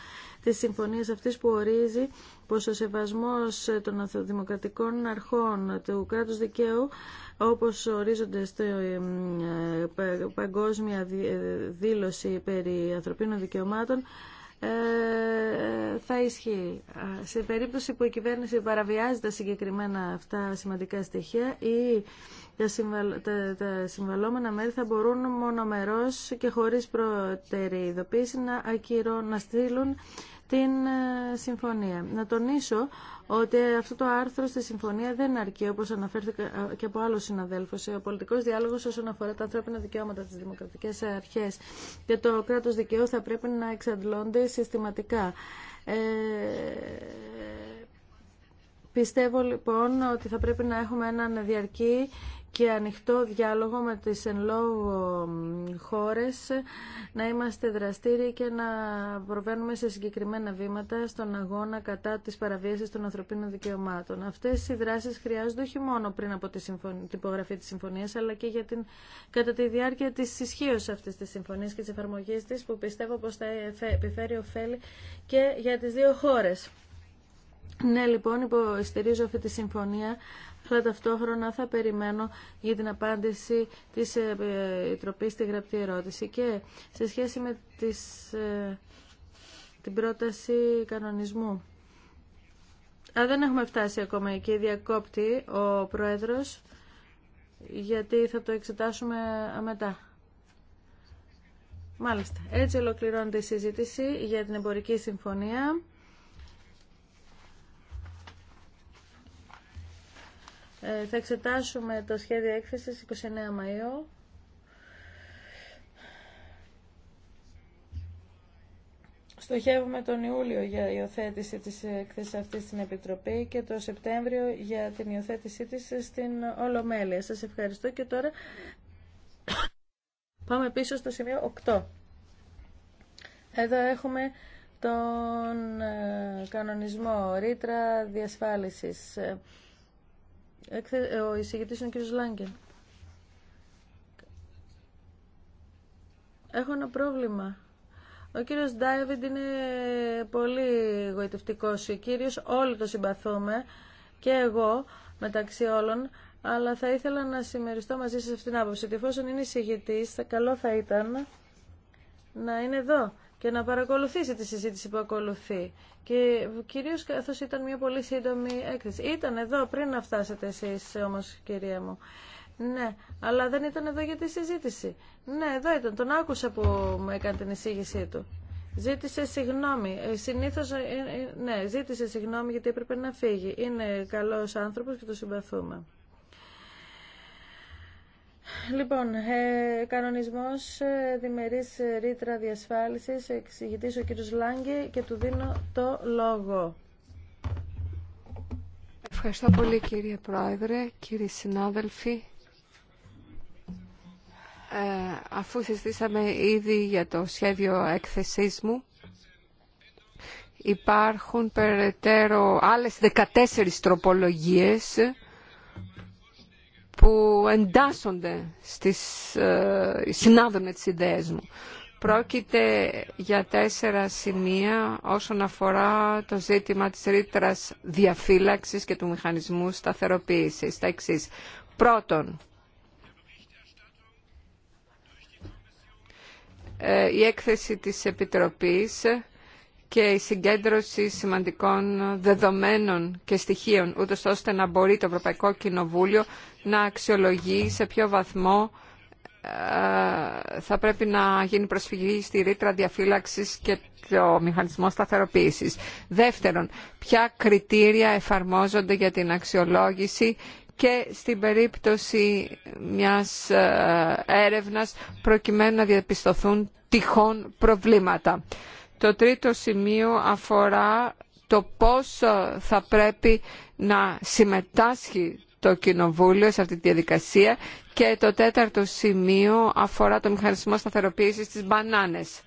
της συμφωνίας αυτής που ορίζει πως ο σεβασμός των δημοκρατικών αρχών του κράτους δικαίου όπως ορίζονται στην Παγκόσμια ε, Δήλωση περί ανθρωπίνων δικαιωμάτων ε, θα ισχύει. Σε περίπτωση που η κυβέρνηση παραβιάζει τα συγκεκριμένα αυτά σημαντικά στοιχεία ή τα, τα, συμβαλόμενα μέρη θα μπορούν μονομερός και χωρίς ειδοποίηση να, ακυρώ, να στείλουν την ε, συμφωνία. Να τονίσω ότι αυτό το άρθρο στη συμφωνία δεν αρκεί, όπως αναφέρθηκε ε, και από άλλους συναδέλφους. Ο πολιτικός διάλογος όσον αφορά τα ανθρώπινα δικαιώματα, της δημοκρατικές αρχές και το κράτος δικαίου θα πρέπει να εξαντλώνται συστηματικά. Ε... Πιστεύω λοιπόν ότι θα πρέπει να έχουμε έναν διαρκή και ανοιχτό διάλογο με τις εν λόγω χώρες, να είμαστε δραστήριοι και να προβαίνουμε σε συγκεκριμένα βήματα στον αγώνα κατά της παραβίασης των ανθρωπίνων δικαιωμάτων. Αυτές οι δράσεις χρειάζονται όχι μόνο πριν από τη την υπογραφή της συμφωνίας, αλλά και για την, κατά τη διάρκεια της ισχύω αυτής της συμφωνίας και της εφαρμογής της, που πιστεύω πως θα επιφέρει ωφέλη και για τις δύο χώρες. Ναι, λοιπόν, υποστηρίζω αυτή τη συμφωνία, αλλά ταυτόχρονα θα περιμένω για την απάντηση της ε, ε, Επιτροπής στη γραπτή ερώτηση. Και σε σχέση με τις, ε, την πρόταση κανονισμού. Α, δεν έχουμε φτάσει ακόμα εκεί. Διακόπτει ο Πρόεδρος, γιατί θα το εξετάσουμε μετά. Μάλιστα. Έτσι ολοκληρώνεται η συζήτηση για την εμπορική συμφωνία. Ε, θα εξετάσουμε το σχέδιο έκθεσης 29 Μαΐου. Στοχεύουμε τον Ιούλιο για υιοθέτηση της έκθεσης αυτής στην Επιτροπή και το Σεπτέμβριο για την υιοθέτησή της στην Ολομέλεια. Σας ευχαριστώ και τώρα πάμε πίσω στο σημείο 8. Εδώ έχουμε τον ε, κανονισμό ρήτρα διασφάλισης. Ε, ο εισηγητής είναι ο κύριος Λάγκεν. Έχω ένα πρόβλημα. Ο κύριος Ντάιβιντ είναι πολύ γοητευτικός. Ο κύριος όλοι το συμπαθούμε και εγώ μεταξύ όλων. Αλλά θα ήθελα να συμμεριστώ μαζί σας αυτήν την άποψη. εφόσον είναι εισηγητής, καλό θα ήταν να είναι εδώ και να παρακολουθήσει τη συζήτηση που ακολουθεί. Και κυρίως καθώς ήταν μια πολύ σύντομη έκθεση. Ήταν εδώ πριν να φτάσετε εσείς όμως κυρία μου. Ναι, αλλά δεν ήταν εδώ για τη συζήτηση. Ναι, εδώ ήταν. Τον άκουσα που μου έκανε την εισήγησή του. Ζήτησε συγγνώμη. Ε, Συνήθω, ε, ε, ναι, ζήτησε συγγνώμη γιατί έπρεπε να φύγει. Είναι καλό άνθρωπο και το συμπαθούμε. Λοιπόν, ε, κανονισμός ε, διμερής ρήτρα διασφάλισης, εξηγητής ο κύριος Λάγκη και του δίνω το λόγο. Ευχαριστώ πολύ κύριε Πρόεδρε, κύριοι συνάδελφοι. Ε, αφού συζητήσαμε ήδη για το σχέδιο έκθεσής μου, υπάρχουν περαιτέρω άλλες 14 τροπολογίες που εντάσσονται στις, ε, συνάδουν με τις ιδέες μου. Πρόκειται για τέσσερα σημεία όσον αφορά το ζήτημα της ρήτρα διαφύλαξης και του μηχανισμού σταθεροποίησης. Τα εξή. Πρώτον, ε, η έκθεση της Επιτροπής και η συγκέντρωση σημαντικών δεδομένων και στοιχείων, ούτως ώστε να μπορεί το Ευρωπαϊκό Κοινοβούλιο να αξιολογεί σε ποιο βαθμό ε, θα πρέπει να γίνει προσφυγή στη ρήτρα διαφύλαξης και το μηχανισμό σταθεροποίησης. Δεύτερον, ποια κριτήρια εφαρμόζονται για την αξιολόγηση και στην περίπτωση μιας ε, έρευνας προκειμένου να διαπιστωθούν τυχόν προβλήματα. Το τρίτο σημείο αφορά το πώς θα πρέπει να συμμετάσχει το Κοινοβούλιο σε αυτή τη διαδικασία και το τέταρτο σημείο αφορά το μηχανισμό σταθεροποίησης της μπανάνες.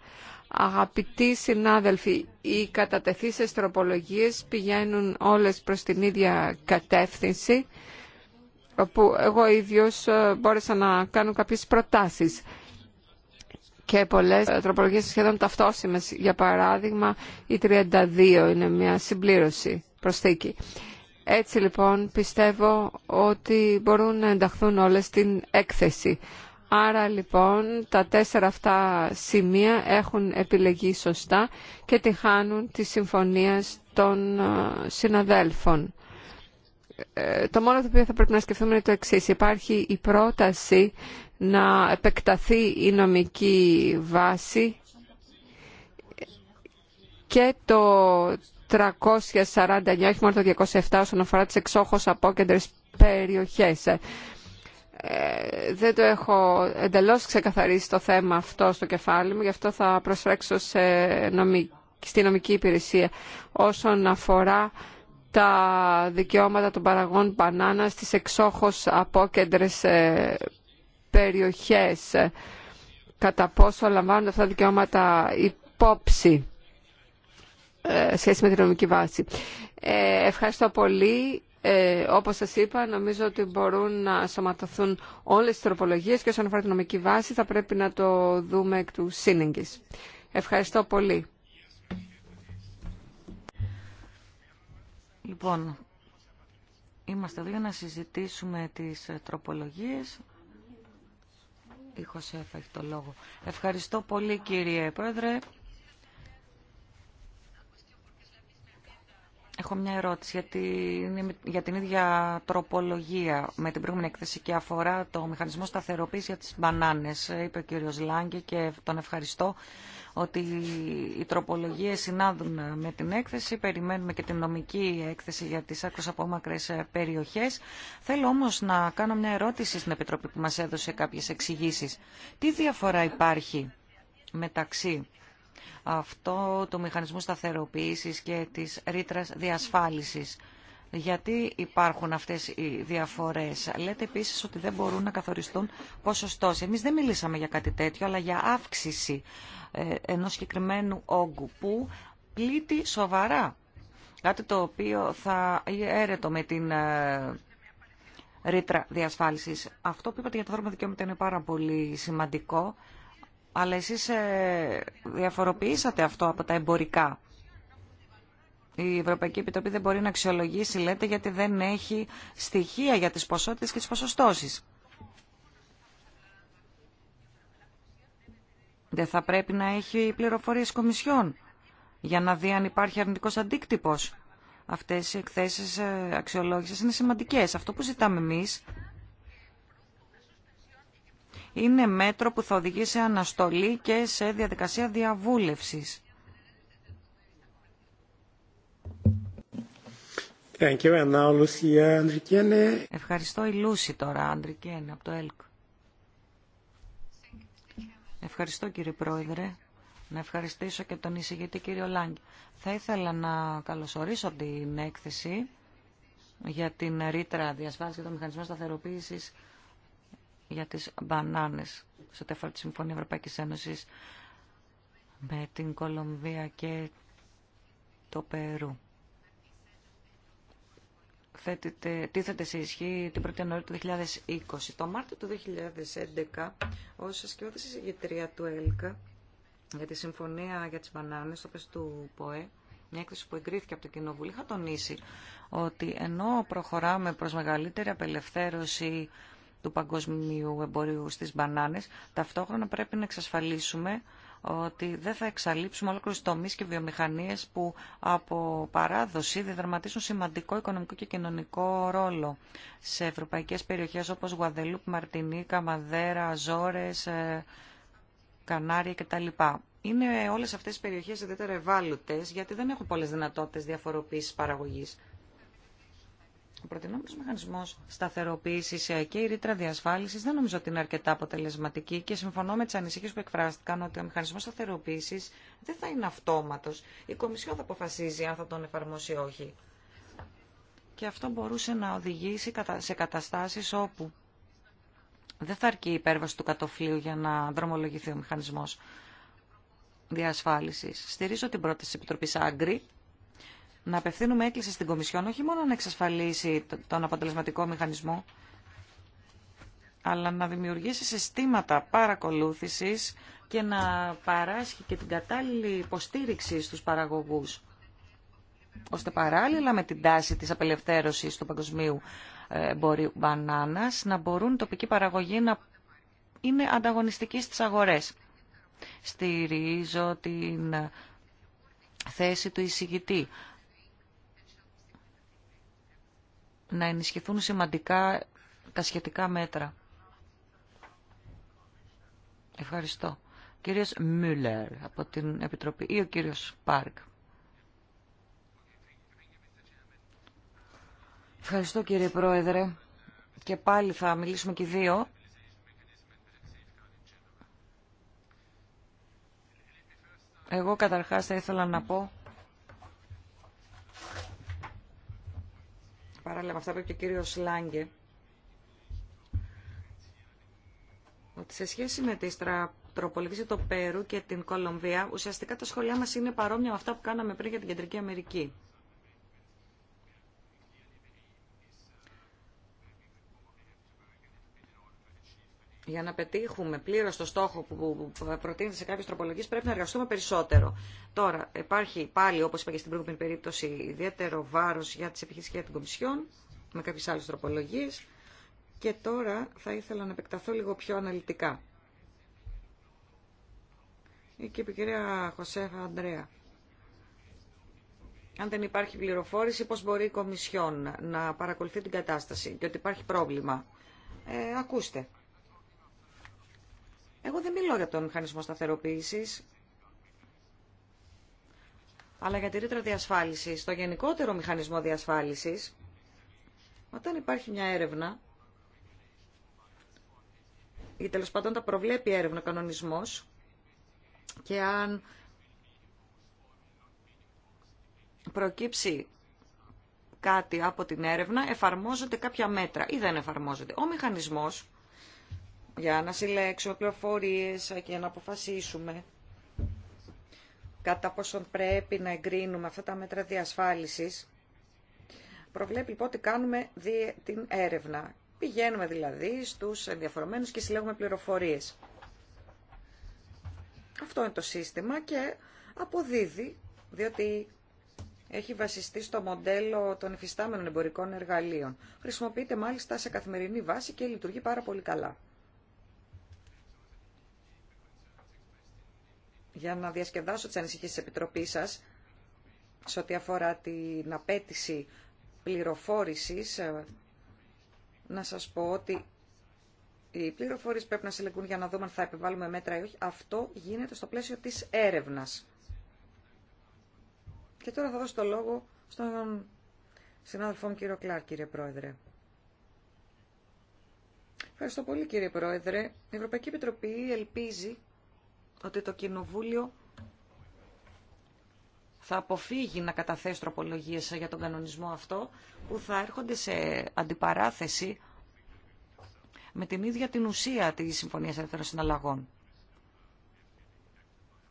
Αγαπητοί συνάδελφοι, οι κατατεθήσεις τροπολογίες πηγαίνουν όλες προς την ίδια κατεύθυνση όπου εγώ ίδιος ε, μπόρεσα να κάνω κάποιες προτάσεις και πολλές ε, τροπολογίες σχεδόν ταυτόσιμες. Για παράδειγμα, η 32 είναι μια συμπλήρωση, προσθήκη. Έτσι λοιπόν πιστεύω ότι μπορούν να ενταχθούν όλες στην έκθεση. Άρα λοιπόν τα τέσσερα αυτά σημεία έχουν επιλεγεί σωστά και τη χάνουν τη συμφωνία των ε, συναδέλφων. Ε, το μόνο το οποίο θα πρέπει να σκεφτούμε είναι το εξής. Υπάρχει η πρόταση να επεκταθεί η νομική βάση και το 349, όχι μόνο το 207 όσον αφορά τις εξόχως απόκεντρες περιοχές. Ε, δεν το έχω εντελώς ξεκαθαρίσει το θέμα αυτό στο κεφάλι μου, γι' αυτό θα προσφέξω σε νομική, στη νομική υπηρεσία όσον αφορά τα δικαιώματα των παραγών μπανάνα στις εξόχως απόκεντρες ε, περιοχές. Ε, κατά πόσο λαμβάνονται αυτά τα δικαιώματα υπόψη. Ε, σχέση με την νομική βάση. Ε, ευχαριστώ πολύ. Ε, όπως σας είπα, νομίζω ότι μπορούν να σωματωθούν όλες τις τροπολογίες και όσον αφορά την νομική βάση θα πρέπει να το δούμε εκ του σύνεγγης. Ευχαριστώ πολύ. Λοιπόν, είμαστε εδώ για να συζητήσουμε τις τροπολογίες. Η Χωσέφα έχει το λόγο. Ευχαριστώ πολύ κύριε Πρόεδρε. Έχω μια ερώτηση για την, για την ίδια τροπολογία με την προηγούμενη έκθεση και αφορά το μηχανισμό σταθεροποίηση για τις μπανάνες. Ε, είπε ο κύριος Λάγκη και τον ευχαριστώ ότι οι τροπολογίες συνάδουν με την έκθεση. Περιμένουμε και την νομική έκθεση για τις άκρως μακρές περιοχές. Θέλω όμως να κάνω μια ερώτηση στην Επιτροπή που μας έδωσε κάποιες εξηγήσεις. Τι διαφορά υπάρχει μεταξύ αυτό του μηχανισμού σταθεροποίησης και της ρήτρα διασφάλισης. Γιατί υπάρχουν αυτές οι διαφορές. Λέτε επίσης ότι δεν μπορούν να καθοριστούν ποσοστός. Εμείς δεν μιλήσαμε για κάτι τέτοιο, αλλά για αύξηση ε, ενός συγκεκριμένου όγκου που πλήττει σοβαρά. Κάτι το οποίο θα έρετο με την ε, ρήτρα διασφάλισης. Αυτό που είπατε για το δικαιώματα είναι πάρα πολύ σημαντικό. Αλλά εσείς ε, διαφοροποιήσατε αυτό από τα εμπορικά. Η Ευρωπαϊκή Επιτροπή δεν μπορεί να αξιολογήσει, λέτε, γιατί δεν έχει στοιχεία για τις ποσότητες και τις ποσοστώσεις. Δεν θα πρέπει να έχει πληροφορίες κομισιών για να δει αν υπάρχει αρνητικός αντίκτυπος. Αυτές οι εκθέσεις ε, αξιολόγησης είναι σημαντικές. Αυτό που ζητάμε εμείς είναι μέτρο που θα οδηγεί σε αναστολή και σε διαδικασία διαβούλευσης. Ευχαριστώ η Λούση τώρα, από το ΕΛΚ. Ευχαριστώ κύριε Πρόεδρε. Να ευχαριστήσω και τον εισηγητή κύριο Λάγκη. Θα ήθελα να καλωσορίσω την έκθεση για την ρήτρα διασφάλιση και το μηχανισμό σταθεροποίησης για τις μπανάνες στο τέφαλο της Συμφωνία Ευρωπαϊκής Ένωσης με την Κολομβία και το Περού. Θέτεται, τίθεται σε ισχύ την 1η Ιανουαρίου του 2020. Το Μάρτιο του 2011, ως η συγκεκριτρία του ΕΛΚΑ για τη Συμφωνία για τις Μπανάνες, στο πες του ΠΟΕ, μια έκθεση που εγκρίθηκε από το Κοινοβούλιο, είχα τονίσει ότι ενώ προχωράμε προς μεγαλύτερη απελευθέρωση του παγκοσμίου εμπορίου στις μπανάνες. Ταυτόχρονα πρέπει να εξασφαλίσουμε ότι δεν θα εξαλείψουμε ολόκληρους τομείς και βιομηχανίες που από παράδοση διδραματίζουν σημαντικό οικονομικό και κοινωνικό ρόλο σε ευρωπαϊκές περιοχές όπως Γουαδελούπ, Μαρτινίκα, Μαδέρα, Ζόρες, ε, Κανάρια κτλ. Είναι όλες αυτές οι περιοχές ιδιαίτερα ευάλωτες γιατί δεν έχουν πολλές δυνατότητες διαφοροποίησης παραγωγής. Ο προτινόμενος μηχανισμός σταθεροποίησης και η ρήτρα διασφάλισης δεν νομίζω ότι είναι αρκετά αποτελεσματική και συμφωνώ με τις ανησυχίες που εκφράστηκαν ότι ο μηχανισμός σταθεροποίησης δεν θα είναι αυτόματος. Η Κομισιόν θα αποφασίζει αν θα τον εφαρμόσει ή όχι. Και αυτό μπορούσε να οδηγήσει σε καταστάσεις όπου δεν θα αρκεί η υπέρβαση του κατοφλίου για να δρομολογηθεί ο μηχανισμός διασφάλισης. Στηρίζω την πρόταση της Επιτροπής Άγκρη να απευθύνουμε έκκληση στην Κομισιόν όχι μόνο να εξασφαλίσει τον αποτελεσματικό μηχανισμό, αλλά να δημιουργήσει συστήματα παρακολούθησης και να παράσχει και την κατάλληλη υποστήριξη στους παραγωγούς, ώστε παράλληλα με την τάση της απελευθέρωσης του παγκοσμίου ε, εμπορίου μπανάνας, να μπορούν οι τοπικοί παραγωγοί να είναι ανταγωνιστικοί στις αγορές. Στηρίζω την θέση του εισηγητή να ενισχυθούν σημαντικά τα σχετικά μέτρα. Ευχαριστώ. Κύριος Μιούλερ από την Επιτροπή ή ο κύριος Πάρκ. Ευχαριστώ κύριε Πρόεδρε. Και πάλι θα μιλήσουμε και δύο. Εγώ καταρχάς θα ήθελα να πω παράλληλα με αυτά που είπε ο κύριος Λάγκε, ότι σε σχέση με τη στρατροπολιτήση του Περού και την Κολομβία, ουσιαστικά τα σχόλιά μας είναι παρόμοια με αυτά που κάναμε πριν για την Κεντρική Αμερική. για να πετύχουμε πλήρω το στόχο που προτείνεται σε κάποιες τροπολογίε πρέπει να εργαστούμε περισσότερο. Τώρα υπάρχει πάλι, όπω είπα και στην προηγούμενη περίπτωση, ιδιαίτερο βάρο για τι επιχειρήσει και για την Κομισιόν με κάποιε άλλε τροπολογίε. και τώρα θα ήθελα να επεκταθώ λίγο πιο αναλυτικά. Η και η κυρία Χωσέφα Αντρέα. Αν δεν υπάρχει πληροφόρηση, πώς μπορεί η Κομισιόν να παρακολουθεί την κατάσταση και ότι υπάρχει πρόβλημα. Ε, ακούστε. Εγώ δεν μιλώ για το μηχανισμό σταθεροποίησης, αλλά για τη ρήτρα διασφάλισης. Το γενικότερο μηχανισμό διασφάλισης, όταν υπάρχει μια έρευνα, ή τέλο πάντων τα προβλέπει έρευνα κανονισμός, και αν προκύψει κάτι από την έρευνα, εφαρμόζονται κάποια μέτρα ή δεν εφαρμόζονται. Ο μηχανισμός για να συλλέξουμε πληροφορίε και να αποφασίσουμε κατά πόσον πρέπει να εγκρίνουμε αυτά τα μέτρα διασφάλισης. Προβλέπει λοιπόν ότι κάνουμε την έρευνα. Πηγαίνουμε δηλαδή στους ενδιαφορομένους και συλλέγουμε πληροφορίες. Αυτό είναι το σύστημα και αποδίδει, διότι έχει βασιστεί στο μοντέλο των υφιστάμενων εμπορικών εργαλείων. Χρησιμοποιείται μάλιστα σε καθημερινή βάση και λειτουργεί πάρα πολύ καλά. για να διασκεδάσω τι ανησυχίε τη επιτροπή σα σε ό,τι αφορά την απέτηση πληροφόρηση. Ε, να σας πω ότι οι πληροφορίε πρέπει να συλλεγούν για να δούμε αν θα επιβάλλουμε μέτρα ή όχι. Αυτό γίνεται στο πλαίσιο της έρευνας. Και τώρα θα δώσω το λόγο στον συνάδελφό μου κύριο Κλάρ, κύριε Πρόεδρε. Ευχαριστώ πολύ κύριε Πρόεδρε. Η Ευρωπαϊκή Επιτροπή ελπίζει ότι το Κοινοβούλιο θα αποφύγει να καταθέσει τροπολογίες για τον κανονισμό αυτό που θα έρχονται σε αντιπαράθεση με την ίδια την ουσία της Συμφωνίας Ελεύθερων Συναλλαγών.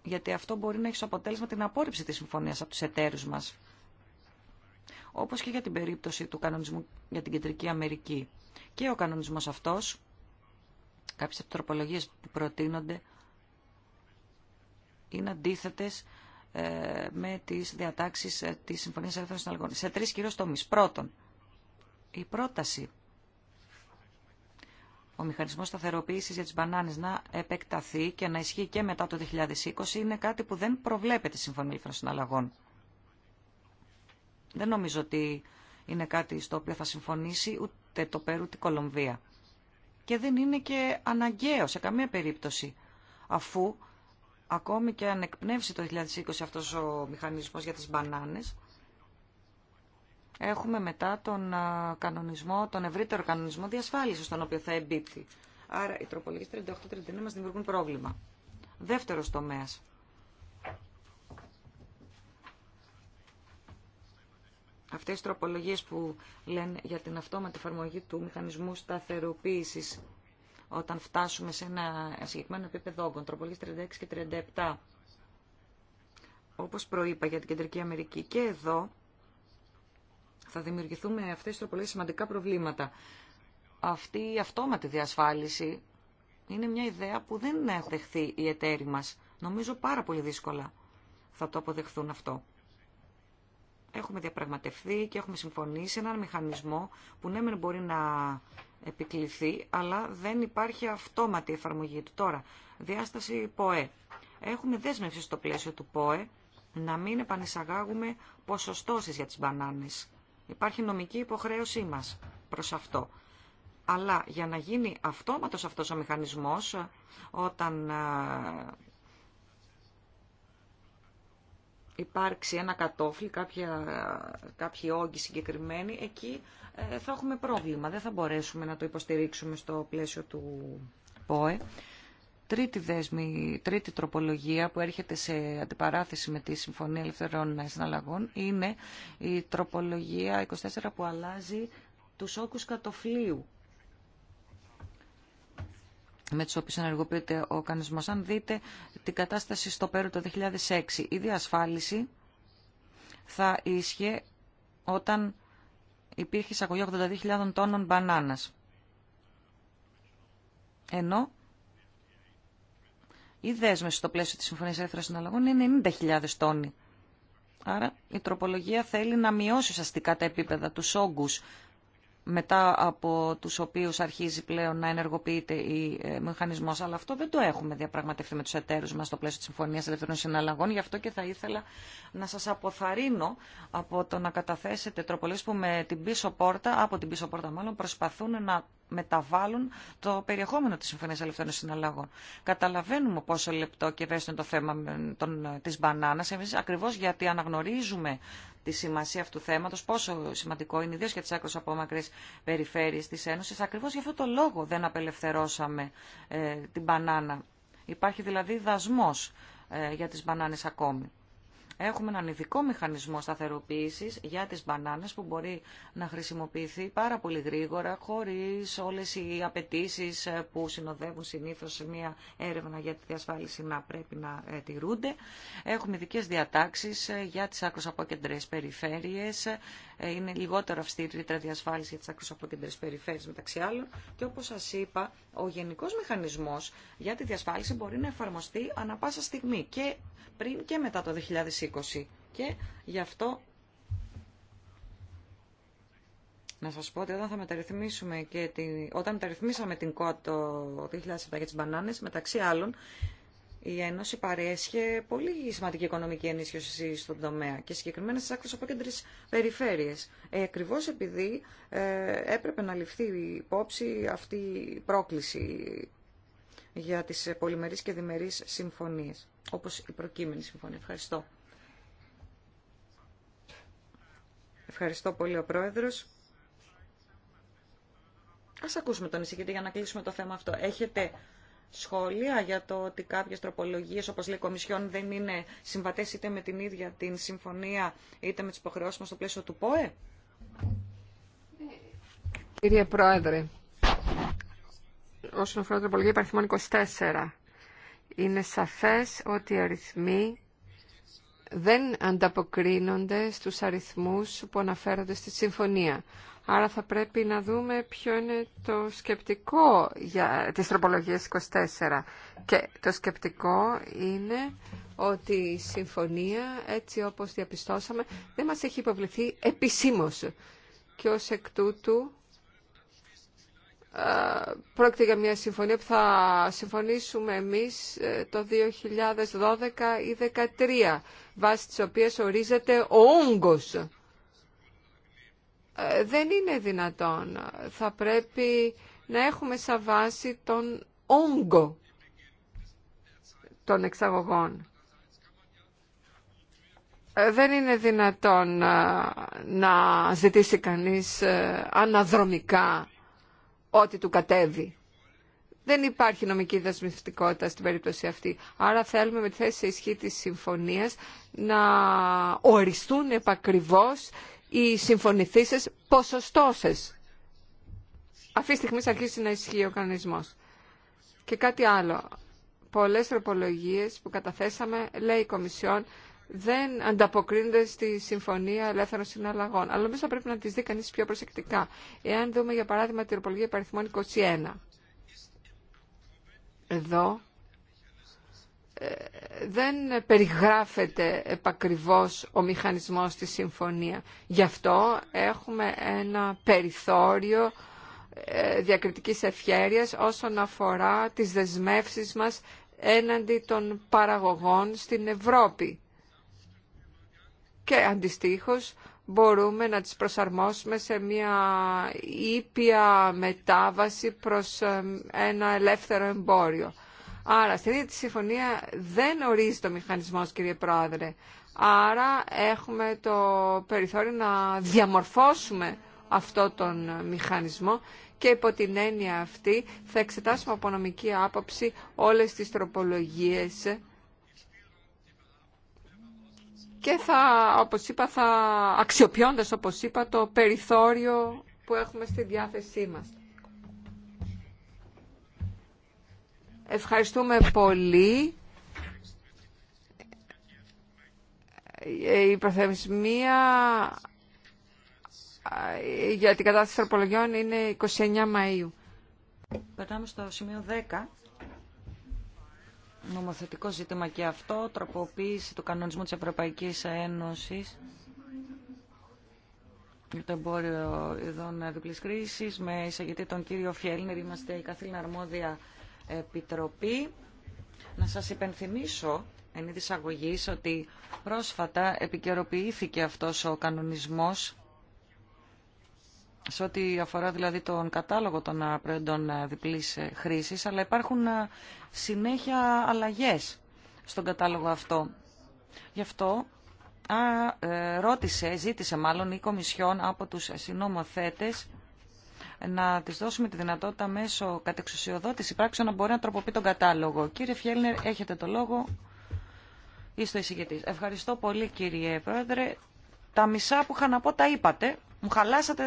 Γιατί αυτό μπορεί να έχει στο αποτέλεσμα την απόρριψη της Συμφωνίας από τους εταίρους μας. Όπως και για την περίπτωση του κανονισμού για την Κεντρική Αμερική. Και ο κανονισμός αυτός, κάποιες τροπολογίες που προτείνονται, είναι αντίθετες ε, με τις διατάξεις ε, της Συμφωνίας Ελεύθερων Συναλλαγών. Σε τρεις κυρίως τομείς. Πρώτον, η πρόταση ο μηχανισμός σταθεροποίησης για τις μπανάνες να επεκταθεί και να ισχύει και μετά το 2020 είναι κάτι που δεν προβλέπεται η Συμφωνία Ελεύθερων Συναλλαγών. Δεν νομίζω ότι είναι κάτι στο οποίο θα συμφωνήσει ούτε το Περού, ούτε η Κολομβία. Και δεν είναι και αναγκαίο σε καμία περίπτωση, αφού ακόμη και αν εκπνεύσει το 2020 αυτός ο μηχανισμός για τις μπανάνες, έχουμε μετά τον κανονισμό, τον ευρύτερο κανονισμό διασφάλισης, στον οποίο θα εμπίπτει. Άρα οι τροπολογίες 38-39 μας δημιουργούν πρόβλημα. Δεύτερος τομέας. Αυτές οι τροπολογίες που λένε για την αυτόματη εφαρμογή του μηχανισμού σταθεροποίησης όταν φτάσουμε σε ένα συγκεκριμένο επίπεδο όγκων, 36 και 37. Όπως προείπα για την Κεντρική Αμερική και εδώ θα δημιουργηθούν με αυτές τις τροπολές σημαντικά προβλήματα. Αυτή η αυτόματη διασφάλιση είναι μια ιδέα που δεν έχουν δεχθεί οι εταίροι μας. Νομίζω πάρα πολύ δύσκολα θα το αποδεχθούν αυτό. Έχουμε διαπραγματευτεί και έχουμε συμφωνήσει έναν μηχανισμό που ναι μπορεί να επικληθεί, αλλά δεν υπάρχει αυτόματη εφαρμογή του. Τώρα, διάσταση ΠΟΕ. Έχουμε δέσμευση στο πλαίσιο του ΠΟΕ να μην επανεισαγάγουμε ποσοστώσεις για τις μπανάνες. Υπάρχει νομική υποχρέωσή μας προς αυτό. Αλλά για να γίνει αυτόματος αυτός ο μηχανισμός, όταν ε, υπάρξει ένα κατόφλι, κάποια, κάποιοι συγκεκριμένη, συγκεκριμένοι, εκεί ε, θα έχουμε πρόβλημα. Δεν θα μπορέσουμε να το υποστηρίξουμε στο πλαίσιο του ΠΟΕ. Τρίτη, δέσμη, τρίτη τροπολογία που έρχεται σε αντιπαράθεση με τη Συμφωνία Ελευθερών Συναλλαγών είναι η τροπολογία 24 που αλλάζει τους όγκους κατοφλίου με τους οποίες ενεργοποιείται ο κανονισμός. Αν δείτε την κατάσταση στο Πέρου το 2006, η διασφάλιση θα ίσχυε όταν υπήρχε εισαγωγή 82.000 τόνων μπανάνας. Ενώ η δέσμευση στο πλαίσιο της Συμφωνίας Έθρας Συναλλαγών είναι 90.000 τόνοι. Άρα η τροπολογία θέλει να μειώσει ουσιαστικά τα επίπεδα, του όγκους μετά από τους οποίους αρχίζει πλέον να ενεργοποιείται η ε, μηχανισμός, αλλά αυτό δεν το έχουμε διαπραγματευτεί με τους εταίρους μας στο πλαίσιο της Συμφωνίας Ελεύθερων Συναλλαγών, γι' αυτό και θα ήθελα να σας αποθαρρύνω από το να καταθέσετε τροπολίες που με την πίσω πόρτα, από την πίσω πόρτα μάλλον, προσπαθούν να μεταβάλουν το περιεχόμενο της Συμφωνίας Ελευθερών Συναλλαγών. Καταλαβαίνουμε πόσο λεπτό και ευαίσθητο είναι το θέμα των, της μπανάνας, εμείς ακριβώς γιατί αναγνωρίζουμε τη σημασία αυτού του θέματος, πόσο σημαντικό είναι, ιδίως για τις από απόμακρες περιφέρειες της Ένωσης, ακριβώς για αυτό το λόγο δεν απελευθερώσαμε ε, την μπανάνα. Υπάρχει δηλαδή δασμός ε, για τις μπανάνες ακόμη. Έχουμε έναν ειδικό μηχανισμό σταθεροποίησης για τις μπανάνες που μπορεί να χρησιμοποιηθεί πάρα πολύ γρήγορα χωρίς όλες οι απαιτήσει που συνοδεύουν σε μια έρευνα για τη διασφάλιση να πρέπει να ε, τηρούνται. Έχουμε ειδικέ διατάξεις ε, για τις άκρως αποκεντρές περιφέρειες. Ε, είναι λιγότερο αυστηρή ρήτρα διασφάλιση για τις άκρως αποκεντρές περιφέρειες μεταξύ άλλων. Και όπως σας είπα, ο γενικός μηχανισμός για τη διασφάλιση μπορεί να εφαρμοστεί ανα πάσα στιγμή και πριν και μετά το 2020 και γι' αυτό να σας πω ότι όταν θα μεταρρυθμίσουμε και την... όταν μεταρρυθμίσαμε την ΚΟΑ το 2007 για τις μπανάνες, μεταξύ άλλων, η Ένωση παρέσχε πολύ σημαντική οικονομική ενίσχυση στον τομέα και συγκεκριμένα στις άκρες απόκεντρες περιφέρειες. Ε, ακριβώς επειδή ε, έπρεπε να ληφθεί υπόψη αυτή η πρόκληση για τις πολυμερείς και διμερείς συμφωνίες, όπως η προκείμενη συμφωνία. Ευχαριστώ. Ευχαριστώ πολύ ο Πρόεδρος. Ας ακούσουμε τον εισηγητή για να κλείσουμε το θέμα αυτό. Έχετε σχόλια για το ότι κάποιες τροπολογίες, όπως λέει η Κομισιόν, δεν είναι συμβατές είτε με την ίδια την συμφωνία, είτε με τις υποχρεώσεις μας στο πλαίσιο του ΠΟΕ. Κύριε Πρόεδρε, όσον αφορά την τροπολογία υπαριθμών 24, είναι σαφές ότι οι αριθμοί δεν ανταποκρίνονται στους αριθμούς που αναφέρονται στη συμφωνία. Άρα θα πρέπει να δούμε ποιο είναι το σκεπτικό για τις τροπολογίες 24. Και το σκεπτικό είναι ότι η συμφωνία, έτσι όπως διαπιστώσαμε, δεν μας έχει υποβληθεί επισήμως. Και ως εκ τούτου ε, πρόκειται για μια συμφωνία που θα συμφωνήσουμε εμείς ε, το 2012 ή 2013, βάσει της οποίας ορίζεται ο όγκος. Ε, δεν είναι δυνατόν. Θα πρέπει να έχουμε σαν βάση τον όγκο των εξαγωγών. Δεν είναι δυνατόν να ζητήσει κανείς αναδρομικά ό,τι του κατέβει. Δεν υπάρχει νομική δεσμευτικότητα στην περίπτωση αυτή. Άρα θέλουμε με τη θέση σε ισχύ της συμφωνίας να οριστούν επακριβώς οι συμφωνηθήσεις ποσοστώσες. Αυτή τη στιγμή αρχίσει να ισχύει ο κανονισμός. Και κάτι άλλο. Πολλές τροπολογίες που καταθέσαμε, λέει η Κομισιόν, δεν ανταποκρίνονται στη Συμφωνία Ελεύθερων Συναλλαγών. Αλλά νομίζω θα πρέπει να τις δει κανείς πιο προσεκτικά. Εάν δούμε για παράδειγμα τη Ροπολογία Παριθμών 21. Εδώ ε, δεν περιγράφεται επακριβώς ο μηχανισμός στη συμφωνία. Γι' αυτό έχουμε ένα περιθώριο ε, διακριτικής ευχέρειας όσον αφορά τις δεσμεύσεις μας έναντι των παραγωγών στην Ευρώπη και αντιστοίχως μπορούμε να τις προσαρμόσουμε σε μια ήπια μετάβαση προς ε, ένα ελεύθερο εμπόριο. Άρα, στην ίδια τη συμφωνία δεν ορίζει το μηχανισμός, κύριε Πρόεδρε. Άρα, έχουμε το περιθώριο να διαμορφώσουμε αυτό τον μηχανισμό και υπό την έννοια αυτή θα εξετάσουμε από νομική άποψη όλες τις τροπολογίες και θα, όπως είπα, θα αξιοποιώντας, όπως είπα, το περιθώριο που έχουμε στη διάθεσή μας. Ευχαριστούμε πολύ. Η προθεσμία για την κατάσταση τροπολογιών είναι 29 Μαΐου. Περνάμε στο σημείο 10 νομοθετικό ζήτημα και αυτό, τροποποίηση του κανονισμού της Ευρωπαϊκής Ένωσης για το εμπόριο ειδών διπλής κρίσης με εισαγητή τον κύριο Φιέλνερ, είμαστε η καθήλυνα αρμόδια επιτροπή. Να σας υπενθυμίσω εν είδης αγωγής ότι πρόσφατα επικαιροποιήθηκε αυτός ο κανονισμός σε ό,τι αφορά δηλαδή τον κατάλογο των ε, προϊόντων ε, διπλής ε, χρήσης, αλλά υπάρχουν συνέχεια αλλαγές στον κατάλογο αυτό. Γι' αυτό α, ρώτησε, ζήτησε μάλλον η Κομισιόν από τους συνομοθέτες να τη δώσουμε τη δυνατότητα μέσω κατεξουσιοδότηση πράξεων να μπορεί να τροποποιεί τον κατάλογο. Κύριε Φιέλνερ, έχετε το λόγο. Είστε εισηγητής. Ευχαριστώ πολύ κύριε Πρόεδρε. Τα μισά που είχα να πω τα είπατε. Μου χαλάσατε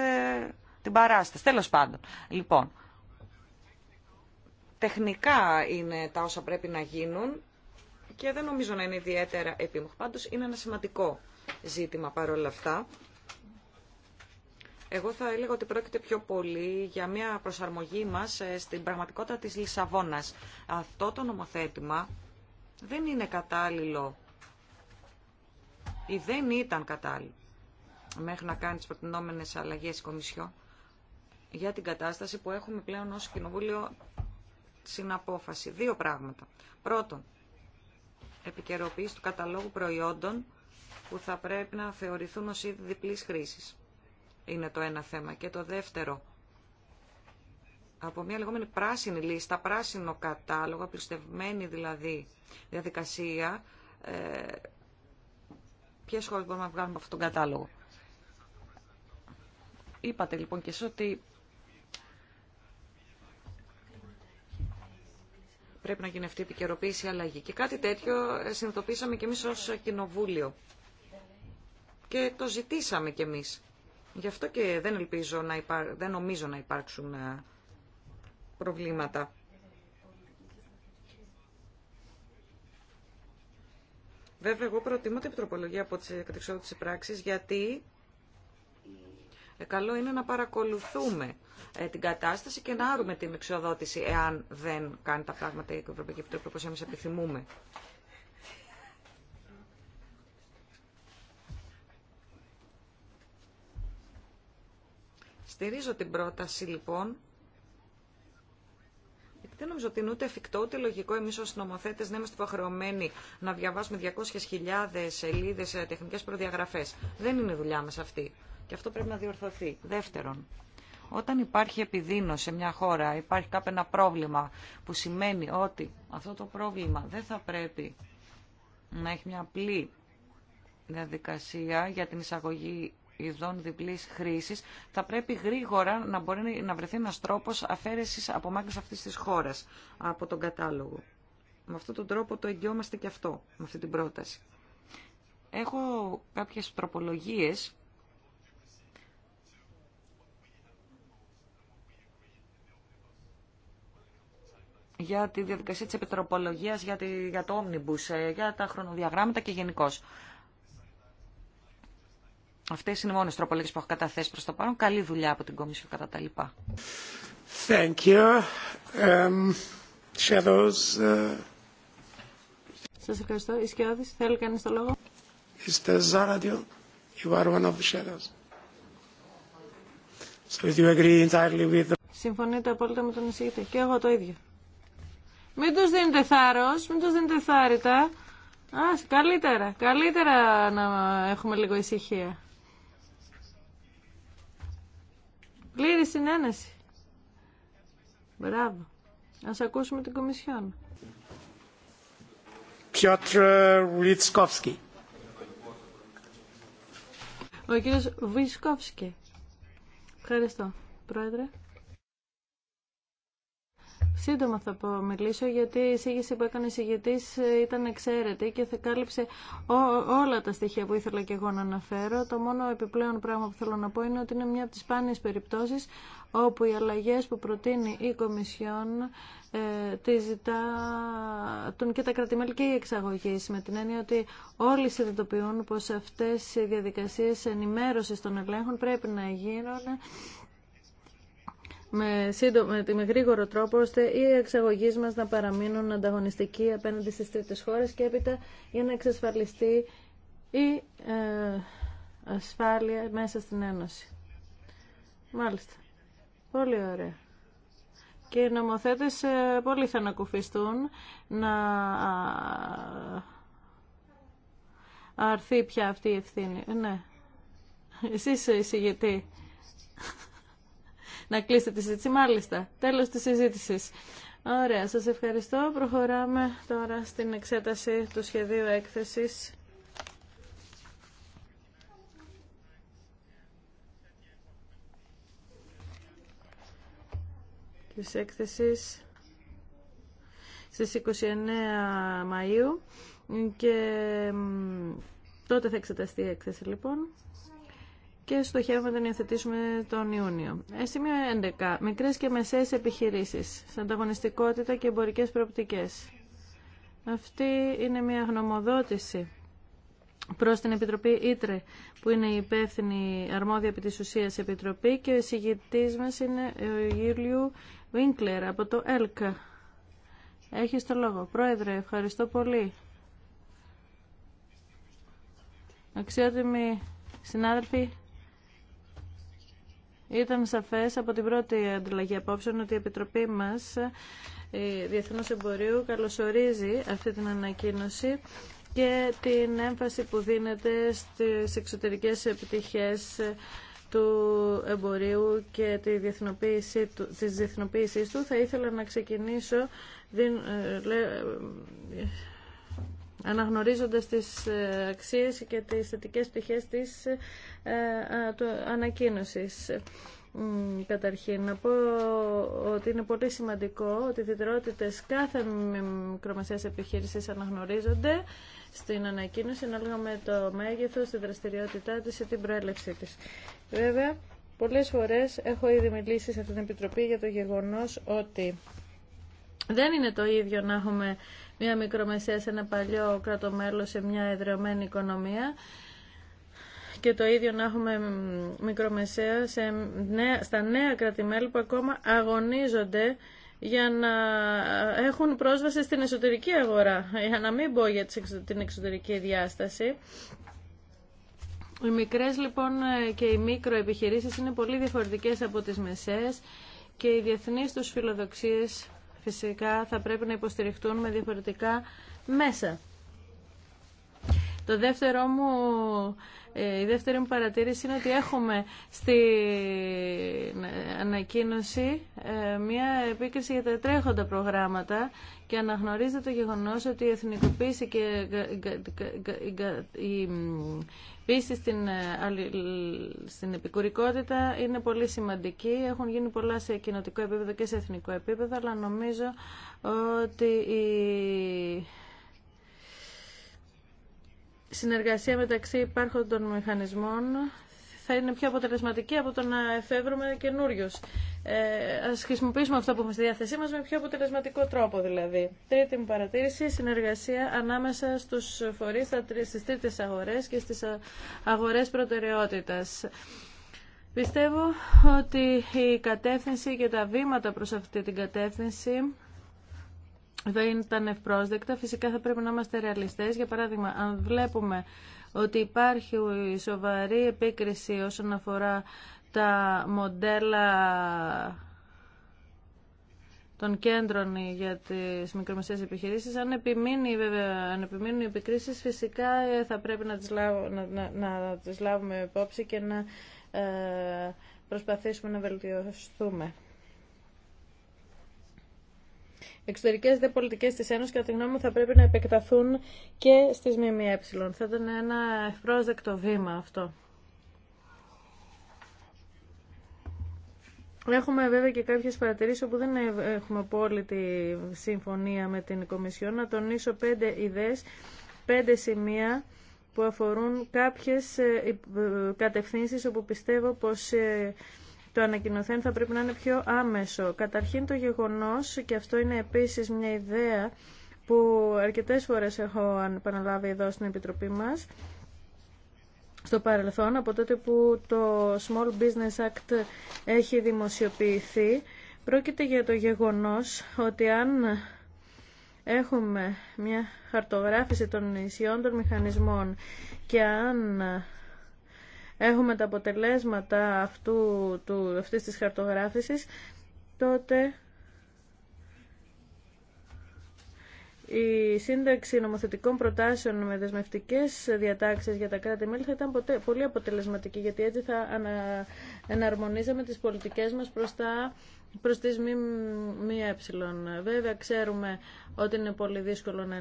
την παράσταση. Τέλος πάντων. Λοιπόν, τεχνικά είναι τα όσα πρέπει να γίνουν και δεν νομίζω να είναι ιδιαίτερα επίμοχο. Πάντως είναι ένα σημαντικό ζήτημα παρόλα αυτά. Εγώ θα έλεγα ότι πρόκειται πιο πολύ για μια προσαρμογή μας ε, στην πραγματικότητα της Λισαβόνας. Αυτό το νομοθέτημα δεν είναι κατάλληλο ή δεν ήταν κατάλληλο μέχρι να κάνει τις προτινόμενε αλλαγές η Κομισιό για την κατάσταση που έχουμε πλέον ως Κοινοβούλιο στην απόφαση. Δύο πράγματα. Πρώτον, επικαιροποίηση του καταλόγου προϊόντων που θα πρέπει να θεωρηθούν ως ήδη διπλής χρήσης. Είναι το ένα θέμα. Και το δεύτερο, από μια λεγόμενη πράσινη λίστα, πράσινο κατάλογο, απλουστευμένη δηλαδή διαδικασία, ε, ποιες μπορούμε να βγάλουμε από αυτόν τον κατάλογο. Είπατε λοιπόν και εσείς ότι πρέπει να γίνει αυτή η επικαιροποίηση αλλαγή. Και κάτι τέτοιο συνειδητοποίησαμε και εμείς ως κοινοβούλιο. Και το ζητήσαμε κι εμείς. Γι' αυτό και δεν, ελπίζω να δεν νομίζω να υπάρξουν ε, προβλήματα. Βέβαια, εγώ προτιμώ την επιτροπολογία από τις κατεξόδου της γιατί ε, καλό είναι να παρακολουθούμε ε, την κατάσταση και να άρουμε την εξοδότηση εάν δεν κάνει τα πράγματα η Ευρωπαϊκή Επιτροπή όπως εμείς επιθυμούμε. Στηρίζω την πρόταση λοιπόν δεν νομίζω ότι είναι ούτε εφικτό ούτε λογικό εμεί ω νομοθέτε να είμαστε υποχρεωμένοι να διαβάσουμε 200.000 σελίδε τεχνικέ προδιαγραφέ. Δεν είναι δουλειά μα αυτή. Και αυτό πρέπει να διορθωθεί. Δεύτερον, όταν υπάρχει επιδείνωση σε μια χώρα, υπάρχει κάποιο ένα πρόβλημα που σημαίνει ότι αυτό το πρόβλημα δεν θα πρέπει να έχει μια απλή διαδικασία για την εισαγωγή ειδών διπλής χρήσης, θα πρέπει γρήγορα να μπορεί να βρεθεί ένας τρόπος αφαίρεσης απομάκρυνσης αυτής της χώρας από τον κατάλογο. Με αυτόν τον τρόπο το εγγυόμαστε και αυτό, με αυτή την πρόταση. Έχω κάποιες τροπολογίες για τη διαδικασία της επιτροπολογίας, για, τη, για το Omnibus, ε, για τα χρονοδιαγράμματα και γενικώ. Αυτές είναι οι μόνες τροπολογίες που έχω καταθέσει προς το παρόν. Καλή δουλειά από την Κομισιό κατά τα λοιπά. Thank you. Um, shadows, uh... Σας ευχαριστώ. Ισκιώδης, θέλει κανείς το λόγο. Mr. Zaradio, you are one of the shadows. So you agree entirely with... Συμφωνείτε απόλυτα με τον εισηγητή. Και εγώ το ίδιο. Μην του δίνετε θάρρο, μην του δίνετε θάρρητα. Ας, καλύτερα, καλύτερα να έχουμε λίγο ησυχία. Πλήρη συνένεση. Μπράβο. Ας ακούσουμε την Κομισιόν. Πιότρ Ριτσκόφσκι. Ο κύριος Βισκόφσκι. Ευχαριστώ, Πρόεδρε. Σύντομα θα πω, μιλήσω γιατί η εισήγηση που έκανε η ε, ήταν εξαίρετη και θα κάλυψε όλα τα στοιχεία που ήθελα και εγώ να αναφέρω. Το μόνο επιπλέον πράγμα που θέλω να πω είναι ότι είναι μια από τις σπάνιες περιπτώσεις όπου οι αλλαγές που προτείνει η Κομισιόν ε, τη ζητά τον και τα κρατημέλη και με την έννοια ότι όλοι συνειδητοποιούν πως αυτές οι διαδικασίες ενημέρωσης των ελέγχων πρέπει να γίνουν με, με γρήγορο τρόπο ώστε οι εξαγωγείς μας να παραμείνουν ανταγωνιστικοί απέναντι στις τρίτες χώρες και έπειτα για να εξασφαλιστεί η ε, ασφάλεια μέσα στην Ένωση. Μάλιστα. Πολύ ωραία. Και οι νομοθέτες ε, πολύ θα ανακουφιστούν να αρθεί πια αυτή η ευθύνη. Ε, ναι. Εσείς εισηγητή να κλείσετε τη συζήτηση. Μάλιστα, τέλος της συζήτησης. Ωραία, σας ευχαριστώ. Προχωράμε τώρα στην εξέταση του σχεδίου έκθεσης. Της έκθεσης στις 29 Μαΐου και τότε θα εξεταστεί η έκθεση λοιπόν και στοχεύουμε να τον υιοθετήσουμε τον Ιούνιο. Ε, σημείο 11. Μικρές και μεσαίες επιχειρήσεις, ανταγωνιστικότητα και εμπορικές προοπτικές. Αυτή είναι μια γνωμοδότηση προς την Επιτροπή Ήτρε, που είναι η υπεύθυνη αρμόδια επί της ουσίας Επιτροπή και ο εισηγητής μας είναι ο Γιούλιου Βίνκλερ από το ΕΛΚΑ. Έχεις το λόγο. Πρόεδρε, ευχαριστώ πολύ. Αξιότιμοι συνάδελφοι, ήταν σαφές από την πρώτη αντιλαγή απόψεων ότι η Επιτροπή μας η Διεθνούς Εμπορίου καλωσορίζει αυτή την ανακοίνωση και την έμφαση που δίνεται στις εξωτερικές επιτυχίες του εμπορίου και τη διεθνοποίηση του, της διεθνοποίησης του. Θα ήθελα να ξεκινήσω ε, αναγνωρίζοντας τις ε, αξίες και τις θετικές πτυχές της ε, ανακοίνωσης. Καταρχήν, να πω ότι είναι πολύ σημαντικό ότι οι κάθε μικρομεσαίας επιχείρησης αναγνωρίζονται στην ανακοίνωση ανάλογα με το μέγεθος, τη δραστηριότητά της ή την προέλευσή της. Βέβαια, πολλές φορές έχω ήδη μιλήσει σε την Επιτροπή για το γεγονός ότι δεν είναι το ίδιο να έχουμε μια μικρομεσαία σε ένα παλιό κρατομέλο σε μια εδρεωμένη οικονομία και το ίδιο να έχουμε μικρομεσαία σε στα νέα κρατημέλη που ακόμα αγωνίζονται για να έχουν πρόσβαση στην εσωτερική αγορά, για να μην πω για την εξωτερική διάσταση. Οι μικρές λοιπόν και οι μικροεπιχειρήσεις είναι πολύ διαφορετικές από τις μεσαίες και οι διεθνείς τους φιλοδοξίες φυσικά θα πρέπει να υποστηριχτούν με διαφορετικά μέσα. Το δεύτερο μου, ε, η δεύτερη μου παρατήρηση είναι ότι έχουμε στην ανακοίνωση ε, μια επίκριση για τα τρέχοντα προγράμματα και αναγνωρίζεται το γεγονός ότι η εθνικοποίηση και η πίστη στην, ε, στην επικουρικότητα είναι πολύ σημαντική. Έχουν γίνει πολλά σε κοινοτικό επίπεδο και σε εθνικό επίπεδο, αλλά νομίζω ότι συνεργασία μεταξύ υπάρχοντων μηχανισμών θα είναι πιο αποτελεσματική από το να εφεύρουμε καινούριου. Ε, Α χρησιμοποιήσουμε αυτό που έχουμε στη διάθεσή μα με πιο αποτελεσματικό τρόπο δηλαδή. Τρίτη μου παρατήρηση, συνεργασία ανάμεσα στου φορεί στι τρίτε αγορέ και στι αγορέ προτεραιότητα. Πιστεύω ότι η κατεύθυνση και τα βήματα προς αυτή την κατεύθυνση δεν ήταν ευπρόσδεκτα. Φυσικά θα πρέπει να είμαστε ρεαλιστές. Για παράδειγμα, αν βλέπουμε ότι υπάρχει σοβαρή επίκριση όσον αφορά τα μοντέλα των κέντρων για τις μικρομεσαίες επιχειρήσεις. Αν, αν επιμείνουν οι επικρίσεις, φυσικά ε, θα πρέπει να τις, λάβουμε υπόψη και να ε, προσπαθήσουμε να βελτιωθούμε εξωτερικές δε πολιτικές της Ένωσης κατά τη γνώμη μου θα πρέπει να επεκταθούν και στις ΜΜΕ. Θα ήταν ένα ευπρόσδεκτο βήμα αυτό. Έχουμε βέβαια και κάποιες παρατηρήσεις όπου δεν έχουμε απόλυτη συμφωνία με την Κομισιόν. Να τονίσω πέντε ιδέες, πέντε σημεία που αφορούν κάποιες ε, ε, κατευθύνσεις όπου πιστεύω πως ε, το ανακοινωθέν θα πρέπει να είναι πιο άμεσο. Καταρχήν το γεγονός, και αυτό είναι επίσης μια ιδέα που αρκετές φορές έχω επαναλάβει εδώ στην Επιτροπή μας, στο παρελθόν, από τότε που το Small Business Act έχει δημοσιοποιηθεί, πρόκειται για το γεγονός ότι αν έχουμε μια χαρτογράφηση των ισιών των μηχανισμών και αν έχουμε τα αποτελέσματα αυτού, του, αυτής της χαρτογράφησης, τότε η σύνταξη νομοθετικών προτάσεων με δεσμευτικέ διατάξει για τα κράτη-μέλη θα ήταν ποτέ, πολύ αποτελεσματική, γιατί έτσι θα ανα, εναρμονίζαμε τι πολιτικέ μα προ τα προς τις ε. Βέβαια ξέρουμε ότι είναι πολύ δύσκολο να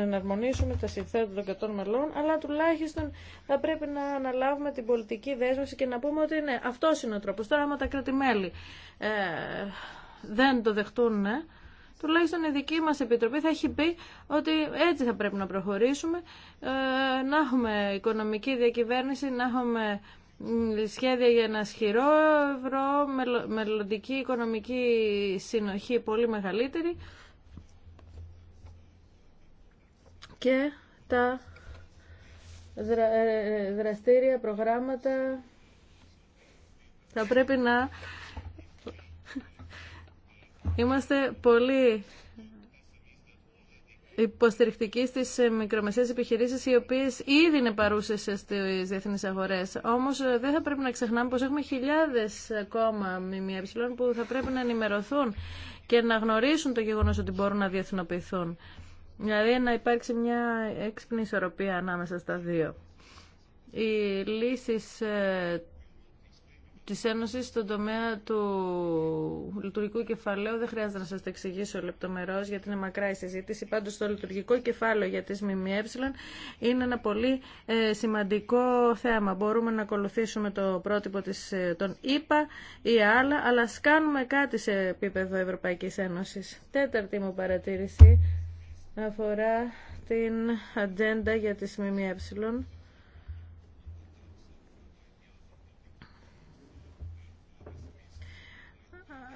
εναρμονίσουμε τα συμφέροντα των κρατών μελών, αλλά τουλάχιστον θα πρέπει να αναλάβουμε την πολιτική δέσμευση και να πούμε ότι ναι, αυτός είναι ο τρόπος. Τώρα άμα τα κράτη-μέλη ε, δεν το δεχτούν, τουλάχιστον η δική μας Επιτροπή θα έχει πει ότι έτσι θα πρέπει να προχωρήσουμε, ε, να έχουμε οικονομική διακυβέρνηση, να έχουμε σχέδια για ένα σχηρό ευρώ, μελλοντική οικονομική συνοχή πολύ μεγαλύτερη και τα ε, ε, δραστήρια προγράμματα θα πρέπει να Είμαστε πολύ υποστηρικτικοί στις ε, μικρομεσαίες επιχειρήσει, οι οποίες ήδη είναι παρούσε ε, στις διεθνεί αγορές. Όμω ε, δεν θα πρέπει να ξεχνάμε πως έχουμε χιλιάδες ακόμα ΜΜΕ που θα πρέπει να ενημερωθούν και να γνωρίσουν το γεγονός ότι μπορούν να διεθνοποιηθούν. Δηλαδή να υπάρξει μια έξυπνη ισορροπία ανάμεσα στα δύο. Οι λύσεις Τη Ένωση, στον τομέα του λειτουργικού κεφαλαίου. Δεν χρειάζεται να σας το εξηγήσω λεπτομερώς γιατί είναι μακρά η συζήτηση. Πάντως το λειτουργικό κεφάλαιο για τις ΜΜΕ είναι ένα πολύ ε, σημαντικό θέμα. Μπορούμε να ακολουθήσουμε το πρότυπο της, ε, των ΙΠΑ ή άλλα, αλλά α κάνουμε κάτι σε επίπεδο Ευρωπαϊκής Ένωση. Τέταρτη μου παρατήρηση αφορά την ατζέντα για τις ΜΜΕ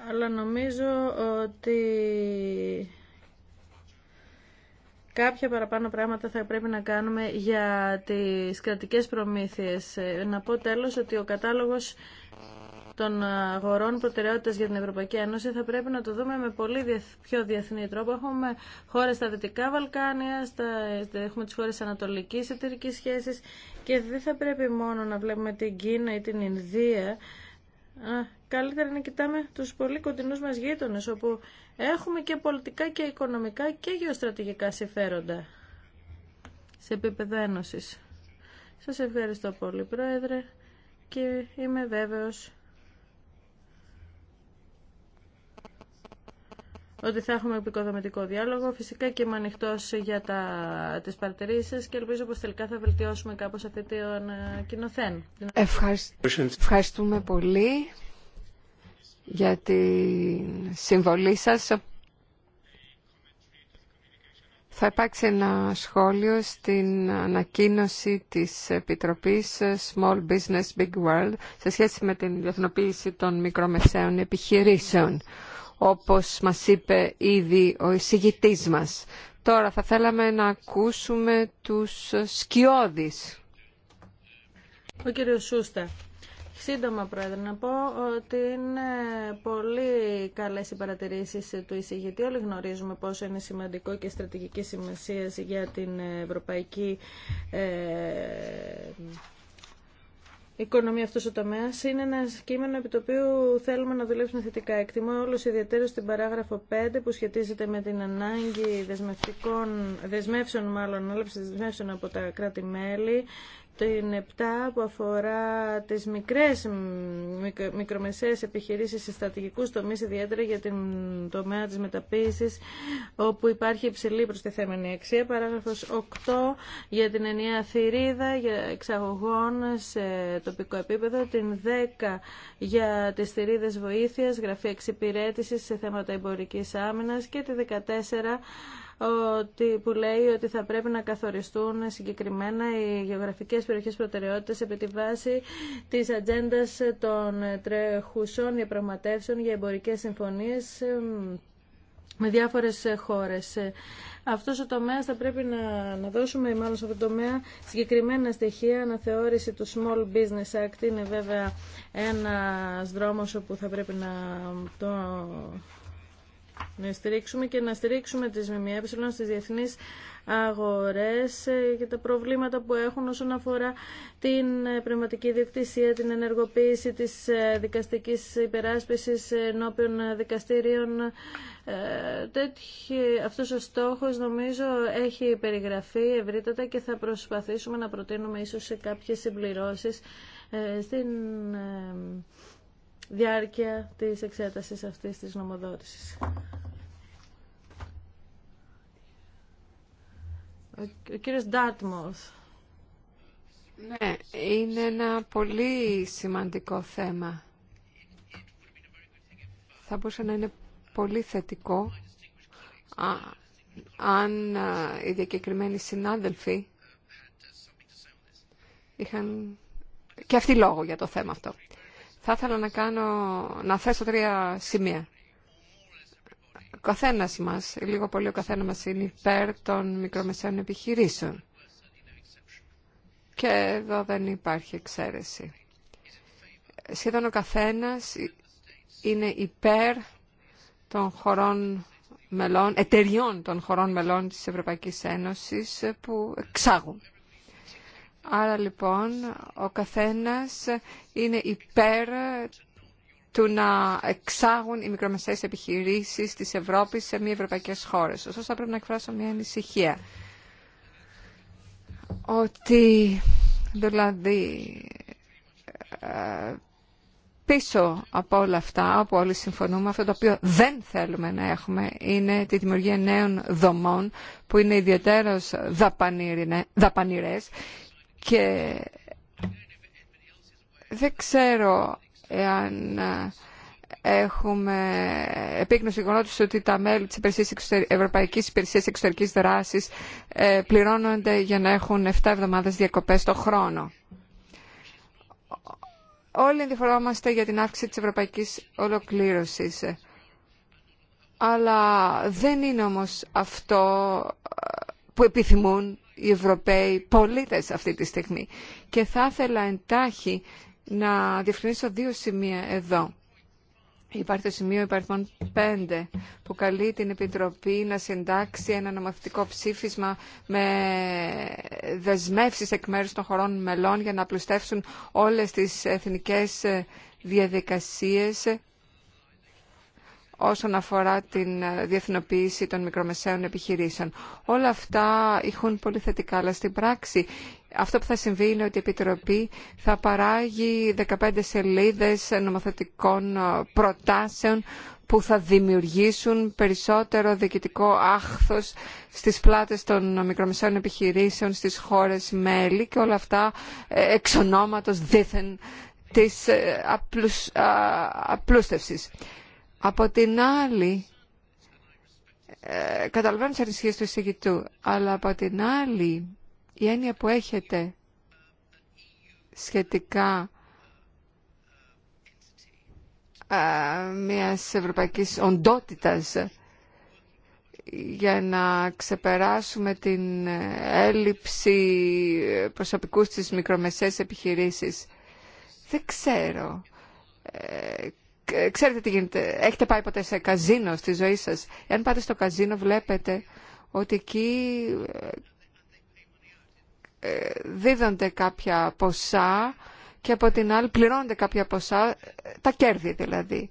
αλλά νομίζω ότι κάποια παραπάνω πράγματα θα πρέπει να κάνουμε για τις κρατικές προμήθειες. Ε, να πω τέλος ότι ο κατάλογος των αγορών προτεραιότητα για την Ευρωπαϊκή Ένωση θα πρέπει να το δούμε με πολύ πιο διεθνή τρόπο. Έχουμε χώρε στα Δυτικά Βαλκάνια, στα, ε, έχουμε τι χώρε Ανατολική Εταιρική Σχέση και δεν θα πρέπει μόνο να βλέπουμε την Κίνα ή την Ινδία καλύτερα να κοιτάμε τους πολύ κοντινούς μας γείτονες, όπου έχουμε και πολιτικά και οικονομικά και γεωστρατηγικά συμφέροντα σε επίπεδο ένωση. Σας ευχαριστώ πολύ, Πρόεδρε, και είμαι βέβαιος ότι θα έχουμε επικοδομητικό διάλογο. Φυσικά και είμαι ανοιχτό για τα, τις παρατηρήσεις και ελπίζω πως τελικά θα βελτιώσουμε κάπως αυτή την ε, κοινοθέν. Ευχαριστούμε πολύ για τη συμβολή σας. Θα υπάρξει ένα σχόλιο στην ανακοίνωση της Επιτροπής Small Business Big World σε σχέση με την διεθνοποίηση των μικρομεσαίων επιχειρήσεων, όπως μας είπε ήδη ο εισηγητής μας. Τώρα θα θέλαμε να ακούσουμε τους σκιώδεις. Ο κύριος Σούστα. Σύντομα, Πρόεδρε, να πω ότι είναι πολύ καλέ οι παρατηρήσει του εισηγητή. Όλοι γνωρίζουμε πόσο είναι σημαντικό και στρατηγική σημασία για την ευρωπαϊκή ε, οικονομία αυτό ο τομέα είναι ένα κείμενο επί το οποίο θέλουμε να δουλέψουμε θετικά. Εκτιμώ όλου ιδιαίτερω στην παράγραφο 5 που σχετίζεται με την ανάγκη δεσμεύσεων, μάλλον δεσμεύσεων από τα κράτη-μέλη την 7 που αφορά τις μικρές μικρομεσαίες επιχειρήσεις σε στρατηγικούς τομείς ιδιαίτερα για την τομέα της μεταποίησης όπου υπάρχει υψηλή προστιθέμενη αξία παράγραφος 8 για την ενιαία θηρίδα για εξαγωγών σε τοπικό επίπεδο την 10 για τις θηρίδες βοήθειας γραφή εξυπηρέτησης σε θέματα εμπορικής άμυνας και τη 14 ότι, που λέει ότι θα πρέπει να καθοριστούν συγκεκριμένα οι γεωγραφικές περιοχές προτεραιότητες επί τη βάση της ατζέντα των τρέχουσων διαπραγματεύσεων για εμπορικές συμφωνίες με διάφορες χώρες. Αυτό ο τομέας θα πρέπει να, να δώσουμε, μάλλον σε αυτό το τομέα, συγκεκριμένα στοιχεία. Αναθεώρηση του Small Business Act είναι βέβαια ένα δρόμο όπου θα πρέπει να το να στηρίξουμε και να στηρίξουμε τις ΜΜΕ στις διεθνείς αγορές και ε, τα προβλήματα που έχουν όσον αφορά την ε, πνευματική διοκτησία, την ενεργοποίηση της ε, δικαστικής υπεράσπισης ενώπιων δικαστηρίων. Τέτοι, αυτός ο στόχος νομίζω έχει περιγραφεί ευρύτατα και θα προσπαθήσουμε να προτείνουμε ίσως σε κάποιες συμπληρώσεις στην διάρκεια της εξέτασης αυτής της νομοδότησης. Ο κύριος Ντάρτμος. Ναι, είναι ένα πολύ σημαντικό θέμα. Θα μπορούσε να είναι πολύ θετικό α, αν οι διακεκριμένοι συνάδελφοι είχαν και αυτοί λόγο για το θέμα αυτό. Θα ήθελα να, κάνω, να θέσω τρία σημεία. Ο καθένας μας, λίγο πολύ ο καθένας μα είναι υπέρ των μικρομεσαίων επιχειρήσεων. Και εδώ δεν υπάρχει εξαίρεση. Σχεδόν ο καθένας είναι υπέρ των χωρών μελών, εταιριών των χωρών μελών της Ευρωπαϊκής Ένωσης που εξάγουν. Άρα λοιπόν ο καθένας είναι υπέρ του να εξάγουν οι μικρομεσαίες επιχειρήσεις της Ευρώπης σε μη ευρωπαϊκές χώρες. Ωστόσο, θα πρέπει να εκφράσω μια ανησυχία. Ότι, δηλαδή, ε, πίσω από όλα αυτά, όπου όλοι συμφωνούμε, αυτό το οποίο δεν θέλουμε να έχουμε είναι τη δημιουργία νέων δομών που είναι ιδιαίτερως δαπανηρές και δεν ξέρω εάν ε, έχουμε επίγνωση γεγονότος ότι τα μέλη της υπηρεσίας Ευρωπαϊκής Υπηρεσίας Εξωτερικής Δράσης ε, πληρώνονται για να έχουν 7 εβδομάδες διακοπές το χρόνο. Όλοι ενδιαφερόμαστε για την αύξηση της ευρωπαϊκής ολοκλήρωσης. Αλλά δεν είναι όμως αυτό ε, που επιθυμούν οι Ευρωπαίοι πολίτες αυτή τη στιγμή. Και θα ήθελα εντάχει να διευκρινίσω δύο σημεία εδώ. Υπάρχει το σημείο υπαρθμών 5 που καλεί την Επιτροπή να συντάξει ένα νομοθετικό ψήφισμα με δεσμεύσεις εκ μέρους των χωρών μελών για να απλουστεύσουν όλες τις εθνικές διαδικασίες όσον αφορά την διεθνοποίηση των μικρομεσαίων επιχειρήσεων. Όλα αυτά έχουν πολύ θετικά, αλλά στην πράξη αυτό που θα συμβεί είναι ότι η Επιτροπή θα παράγει 15 σελίδες νομοθετικών ε, προτάσεων που θα δημιουργήσουν περισσότερο διοικητικό άχθος στις πλάτες των μικρομεσαίων επιχειρήσεων στις χώρες μέλη και όλα αυτά ε, εξ ονόματος δίθεν της ε, απλούς, απλούστευσης. Από την άλλη, ε, καταλαβαίνω τις ανησυχίες του εισηγητού, αλλά από την άλλη η έννοια που έχετε σχετικά μιας ευρωπαϊκής οντότητας για να ξεπεράσουμε την έλλειψη προσωπικού της μικρομεσαίες επιχειρήσεις. Δεν ξέρω. Ε, ξέρετε τι γίνεται. Έχετε πάει ποτέ σε καζίνο στη ζωή σας. Εάν πάτε στο καζίνο βλέπετε ότι εκεί ε, δίδονται κάποια ποσά και από την άλλη πληρώνονται κάποια ποσά, ε, τα κέρδη δηλαδή.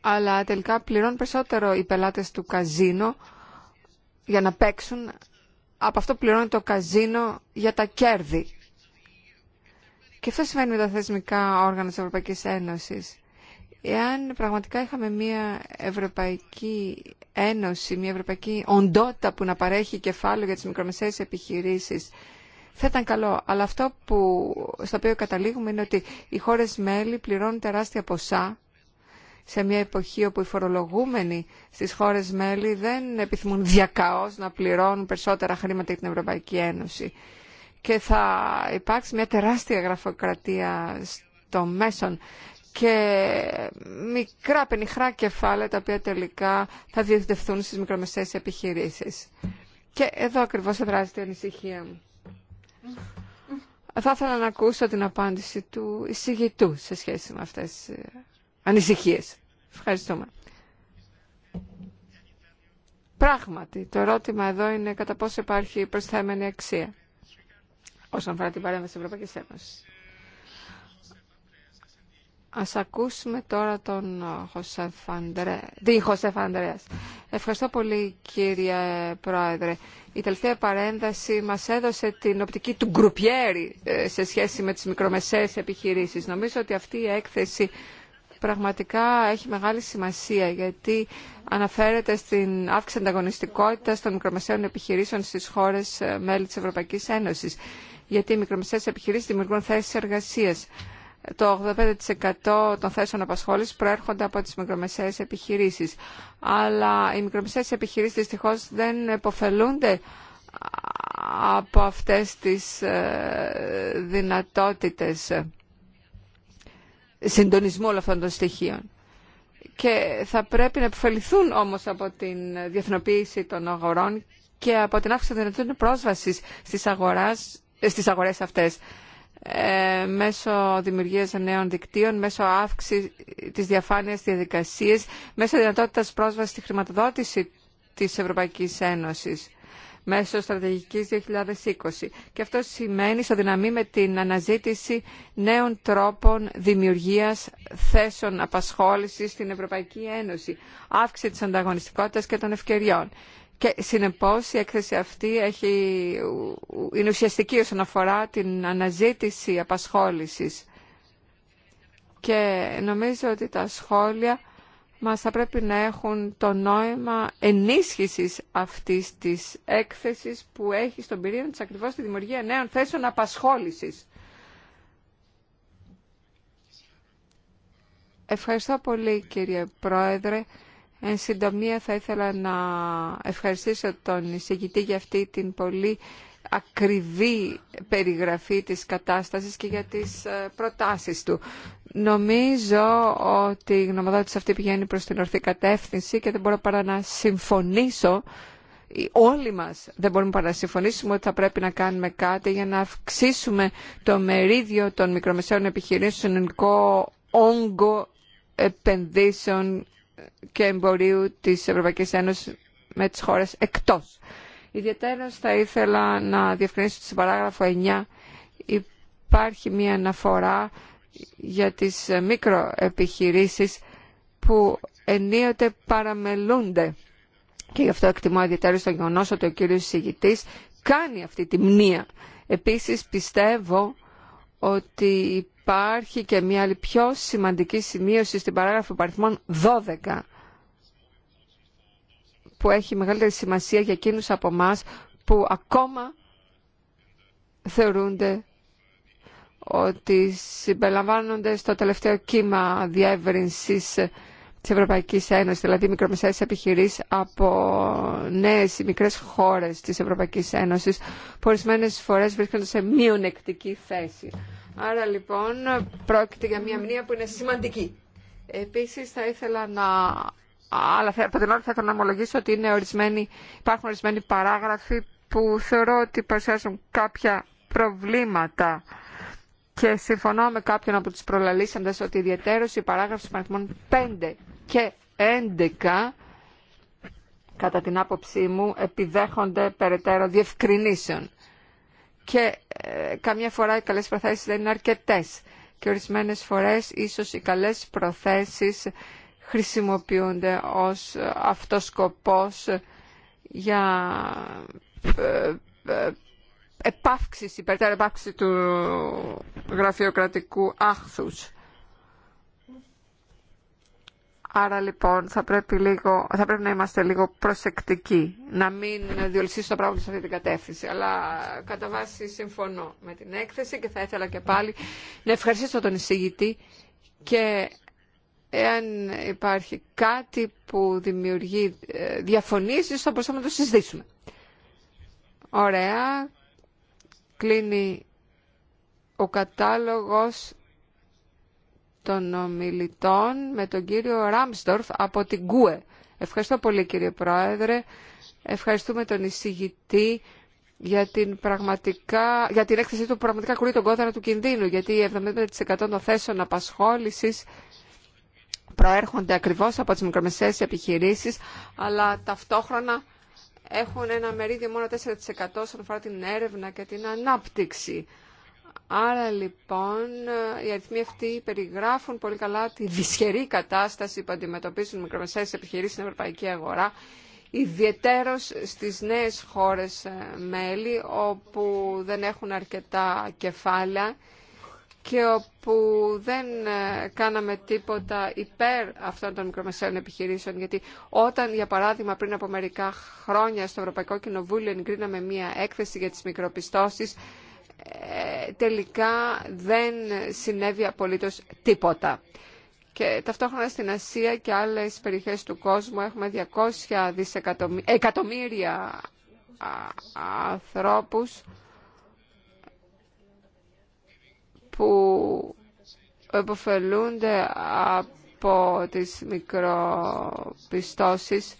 Αλλά τελικά πληρώνουν περισσότερο οι πελάτες του καζίνο για να παίξουν από αυτό πληρώνει το καζίνο για τα κέρδη. Και αυτό συμβαίνει με τα θεσμικά όργανα της Ευρωπαϊκής Ένωσης. Εάν πραγματικά είχαμε μια ευρωπαϊκή ένωση, μια ευρωπαϊκή οντότητα που να παρέχει κεφάλαιο για τις μικρομεσαίες επιχειρήσεις. Θα ήταν καλό, αλλά αυτό που, στο οποίο καταλήγουμε είναι ότι οι χώρες μέλη πληρώνουν τεράστια ποσά σε μια εποχή όπου οι φορολογούμενοι στις χώρες μέλη δεν επιθυμούν διακαώς να πληρώνουν περισσότερα χρήματα για την Ευρωπαϊκή Ένωση. Και θα υπάρξει μια τεράστια γραφοκρατία στο μέσον και μικρά πενιχρά κεφάλαια τα οποία τελικά θα διευθυνθούν στις μικρομεσαίες επιχειρήσεις. Και εδώ ακριβώς εδράζεται η ανησυχία μου. Θα ήθελα να ακούσω την απάντηση του εισηγητού σε σχέση με αυτές τις ανησυχίες. Ευχαριστούμε. Πράγματι, το ερώτημα εδώ είναι κατά πόσο υπάρχει προσθέμενη αξία όσον αφορά την παρέμβαση της Ευρωπαϊκής Ένωσης. Ας ακούσουμε τώρα τον ε, Χωσέφ Ανδρέας. Ευχαριστώ πολύ κύριε Πρόεδρε. Η τελευταία παρένταση μας έδωσε την οπτική του γκρουπιέρι ε, σε σχέση με τις μικρομεσαίες επιχειρήσεις. Νομίζω ότι αυτή η έκθεση πραγματικά έχει μεγάλη σημασία γιατί αναφέρεται στην αύξηση ανταγωνιστικότητας των μικρομεσαίων επιχειρήσεων στις χώρες ε, μέλη της Ευρωπαϊκής Ένωσης. Γιατί οι μικρομεσαίες επιχειρήσεις δημιουργούν θέσεις εργασίας το 85% των θέσεων απασχόλησης προέρχονται από τις μικρομεσαίες επιχειρήσεις. Αλλά οι μικρομεσαίες επιχειρήσεις δυστυχώς δεν υποφελούνται από αυτές τις ε, δυνατότητες συντονισμού όλων αυτών των στοιχείων. Και θα πρέπει να επωφεληθούν όμως από την διεθνοποίηση των αγορών και από την αύξηση των δυνατότητων πρόσβασης στις, αγοράς, ε, στις αγορές αυτές. Ε, μέσω δημιουργίας νέων δικτύων, μέσω αύξηση της διαφάνειας της μέσω δυνατότητας πρόσβασης στη χρηματοδότηση της Ευρωπαϊκής Ένωσης μέσω στρατηγικής 2020. Και αυτό σημαίνει στο δυναμή με την αναζήτηση νέων τρόπων δημιουργίας θέσεων απασχόλησης στην Ευρωπαϊκή Ένωση, αύξηση της ανταγωνιστικότητας και των ευκαιριών. Και συνεπώς η έκθεση αυτή έχει, είναι ουσιαστική όσον αφορά την αναζήτηση απασχόλησης. Και νομίζω ότι τα σχόλια μας θα πρέπει να έχουν το νόημα ενίσχυσης αυτής της έκθεσης που έχει στον πυρήνα της ακριβώς τη δημιουργία νέων θέσεων απασχόλησης. Ευχαριστώ πολύ κύριε Πρόεδρε. Εν συντομία θα ήθελα να ευχαριστήσω τον εισηγητή για αυτή την πολύ ακριβή περιγραφή της κατάστασης και για τις ε, προτάσεις του. Νομίζω ότι η γνωμοδότηση αυτή πηγαίνει προς την ορθή κατεύθυνση και δεν μπορώ παρά να συμφωνήσω όλοι μας δεν μπορούμε παρά να συμφωνήσουμε ότι θα πρέπει να κάνουμε κάτι για να αυξήσουμε το μερίδιο των μικρομεσαίων επιχειρήσεων στον ελληνικό όγκο επενδύσεων και εμπορίου της Ευρωπαϊκής Ένωσης με τις χώρες εκτός. Ιδιαίτερα θα ήθελα να διευκρινίσω ότι στην παράγραφο 9 υπάρχει μια αναφορά για τις μικροεπιχειρήσεις που ενίοτε παραμελούνται. Και γι' αυτό εκτιμώ ιδιαίτερα στο γεγονό ότι ο κύριος συγητής κάνει αυτή τη μνήα. Επίσης πιστεύω ότι υπάρχει και μια άλλη πιο σημαντική σημείωση στην παράγραφο παριθμών 12 που έχει μεγαλύτερη σημασία για εκείνους από εμά που ακόμα θεωρούνται ότι συμπεριλαμβάνονται στο τελευταίο κύμα διεύρυνσης τη Ευρωπαϊκή Ένωση, δηλαδή μικρομεσαίες επιχειρήσει από νέες ή μικρές χώρες της Ευρωπαϊκής Ένωσης, που ορισμένε φορέ βρίσκονται σε μειονεκτική θέση. Άρα λοιπόν πρόκειται για μια μνήμα που είναι σημαντική. Επίσης θα ήθελα να... Αλλά από την άλλη θα ήθελα να ομολογήσω ότι είναι ορισμένοι... υπάρχουν ορισμένοι παράγραφοι που θεωρώ ότι παρουσιάζουν κάποια προβλήματα και συμφωνώ με κάποιον από τους προλαλήσαντες ότι ιδιαίτερως η των παραγραφών 5 και 11 κατά την άποψή μου, επιδέχονται περαιτέρω διευκρινήσεων και ε, καμιά φορά οι καλές προθέσεις δεν είναι αρκετές και ορισμένες φορές ίσως οι καλές προθέσεις χρησιμοποιούνται ως ε, αυτοσκοπός για ε, επαύξηση, υπερτέρα επαύξηση του γραφειοκρατικού άχθους. Άρα λοιπόν θα πρέπει, λίγο, θα πρέπει να είμαστε λίγο προσεκτικοί, να μην διολυσίσω το πράγμα σε αυτή την κατεύθυνση. Αλλά κατά βάση συμφωνώ με την έκθεση και θα ήθελα και πάλι να ευχαριστήσω τον εισηγητή και εάν υπάρχει κάτι που δημιουργεί ε, διαφωνήσεις θα μπορούσαμε να το συζητήσουμε. Ωραία. Κλείνει ο κατάλογος των ομιλητών με τον κύριο Ράμστορφ από την ΚΟΕ. Ευχαριστώ πολύ κύριε Πρόεδρε. Ευχαριστούμε τον εισηγητή για την, πραγματικά, για την έκθεση του που πραγματικά κουρεί τον κόδωνα του κινδύνου, γιατί 70% των θέσεων απασχόληση προέρχονται ακριβώς από τις μικρομεσαίες επιχειρήσεις, αλλά ταυτόχρονα έχουν ένα μερίδιο μόνο 4% όσον αφορά την έρευνα και την ανάπτυξη. Άρα λοιπόν οι αριθμοί αυτοί περιγράφουν πολύ καλά τη δυσχερή κατάσταση που αντιμετωπίζουν οι μικρομεσαίες επιχειρήσεις στην ευρωπαϊκή αγορά ιδιαιτέρως στις νέες χώρες ε, μέλη όπου δεν έχουν αρκετά κεφάλαια και όπου δεν ε, κάναμε τίποτα υπέρ αυτών των μικρομεσαίων επιχειρήσεων. Γιατί όταν, για παράδειγμα, πριν από μερικά χρόνια στο Ευρωπαϊκό Κοινοβούλιο εγκρίναμε μία έκθεση για τις μικροπιστώσεις, ε, τελικά δεν συνέβη απολύτως τίποτα. Και ταυτόχρονα στην Ασία και άλλες περιοχές του κόσμου έχουμε 200 δισεκατομμύρια, εκατομμύρια ανθρώπους που επωφελούνται από τις μικροπιστώσεις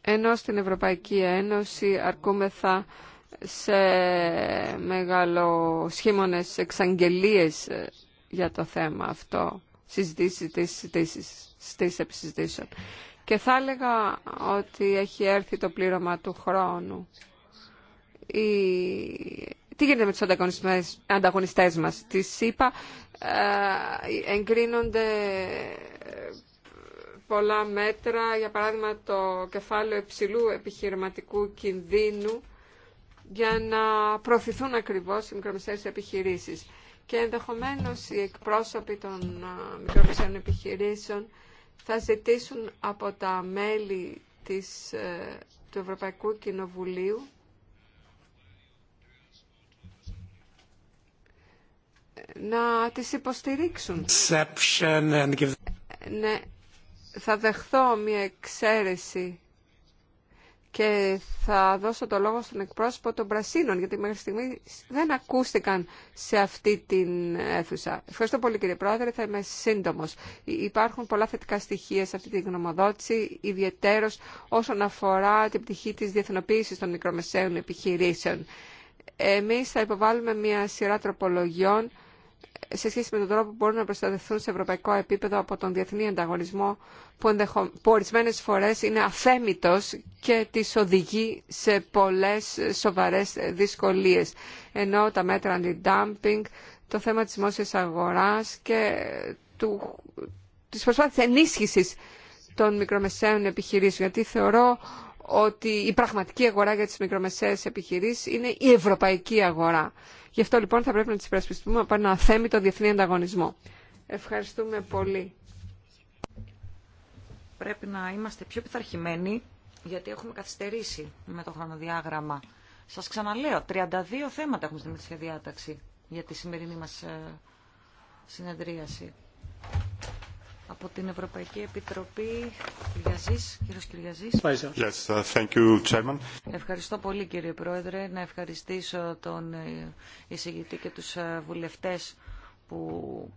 ενώ στην Ευρωπαϊκή Ένωση αρκούμεθα σε μεγαλοσχήμονες εξαγγελίες ε, για το θέμα αυτό, συζητήσεις, συζητήσεις, στις επισυζητήσεων. Και θα έλεγα ότι έχει έρθει το πλήρωμα του χρόνου. Η... Τι γίνεται με τους ανταγωνιστές, ανταγωνιστές μας. Τη είπα, ε, εγκρίνονται ε, πολλά μέτρα, για παράδειγμα το κεφάλαιο υψηλού επιχειρηματικού κινδύνου, για να προωθηθούν ακριβώς οι μικρομεσαίες επιχειρήσεις. Και ενδεχομένως οι εκπρόσωποι των μικρομεσαίων επιχειρήσεων θα ζητήσουν από τα μέλη της, ε, του Ευρωπαϊκού Κοινοβουλίου να τις υποστηρίξουν. Ναι, θα δεχθώ μια εξαίρεση και θα δώσω το λόγο στον εκπρόσωπο των Πρασίνων, γιατί μέχρι στιγμή δεν ακούστηκαν σε αυτή την αίθουσα. Ευχαριστώ πολύ κύριε Πρόεδρε, θα είμαι σύντομο. Υπάρχουν πολλά θετικά στοιχεία σε αυτή την γνωμοδότηση, ιδιαίτερω όσον αφορά την πτυχή τη διεθνοποίηση των μικρομεσαίων επιχειρήσεων. Εμεί θα υποβάλουμε μια σειρά τροπολογιών σε σχέση με τον τρόπο που μπορούν να προστατευτούν σε ευρωπαϊκό επίπεδο από τον διεθνή ανταγωνισμό που, ενδεχο... που ορισμένες φορές είναι αθέμητος και τις οδηγεί σε πολλές σοβαρές δυσκολίες. Ενώ τα μέτρα αντι-dumping, το θέμα της δημόσιας αγοράς και του... της προσπάθειας ενίσχυσης των μικρομεσαίων επιχειρήσεων. Γιατί θεωρώ ότι η πραγματική αγορά για τις μικρομεσαίες επιχειρήσεις είναι η ευρωπαϊκή αγορά. Γι' αυτό λοιπόν θα πρέπει να τις υπερασπιστούμε από ένα θέμητο διεθνή ανταγωνισμό. Ευχαριστούμε πολύ. Πρέπει να είμαστε πιο πειθαρχημένοι γιατί έχουμε καθυστερήσει με το χρονοδιάγραμμα. Σα ξαναλέω, 32 θέματα έχουμε στην διάταξη για τη σημερινή μας ε, συνεδρίαση από την Ευρωπαϊκή Επιτροπή. Κυριαζής, κύριος Κυριαζής. Yes, uh, thank you, Ευχαριστώ πολύ κύριε Πρόεδρε. Να ευχαριστήσω τον ε, εισηγητή και τους ε, βουλευτές που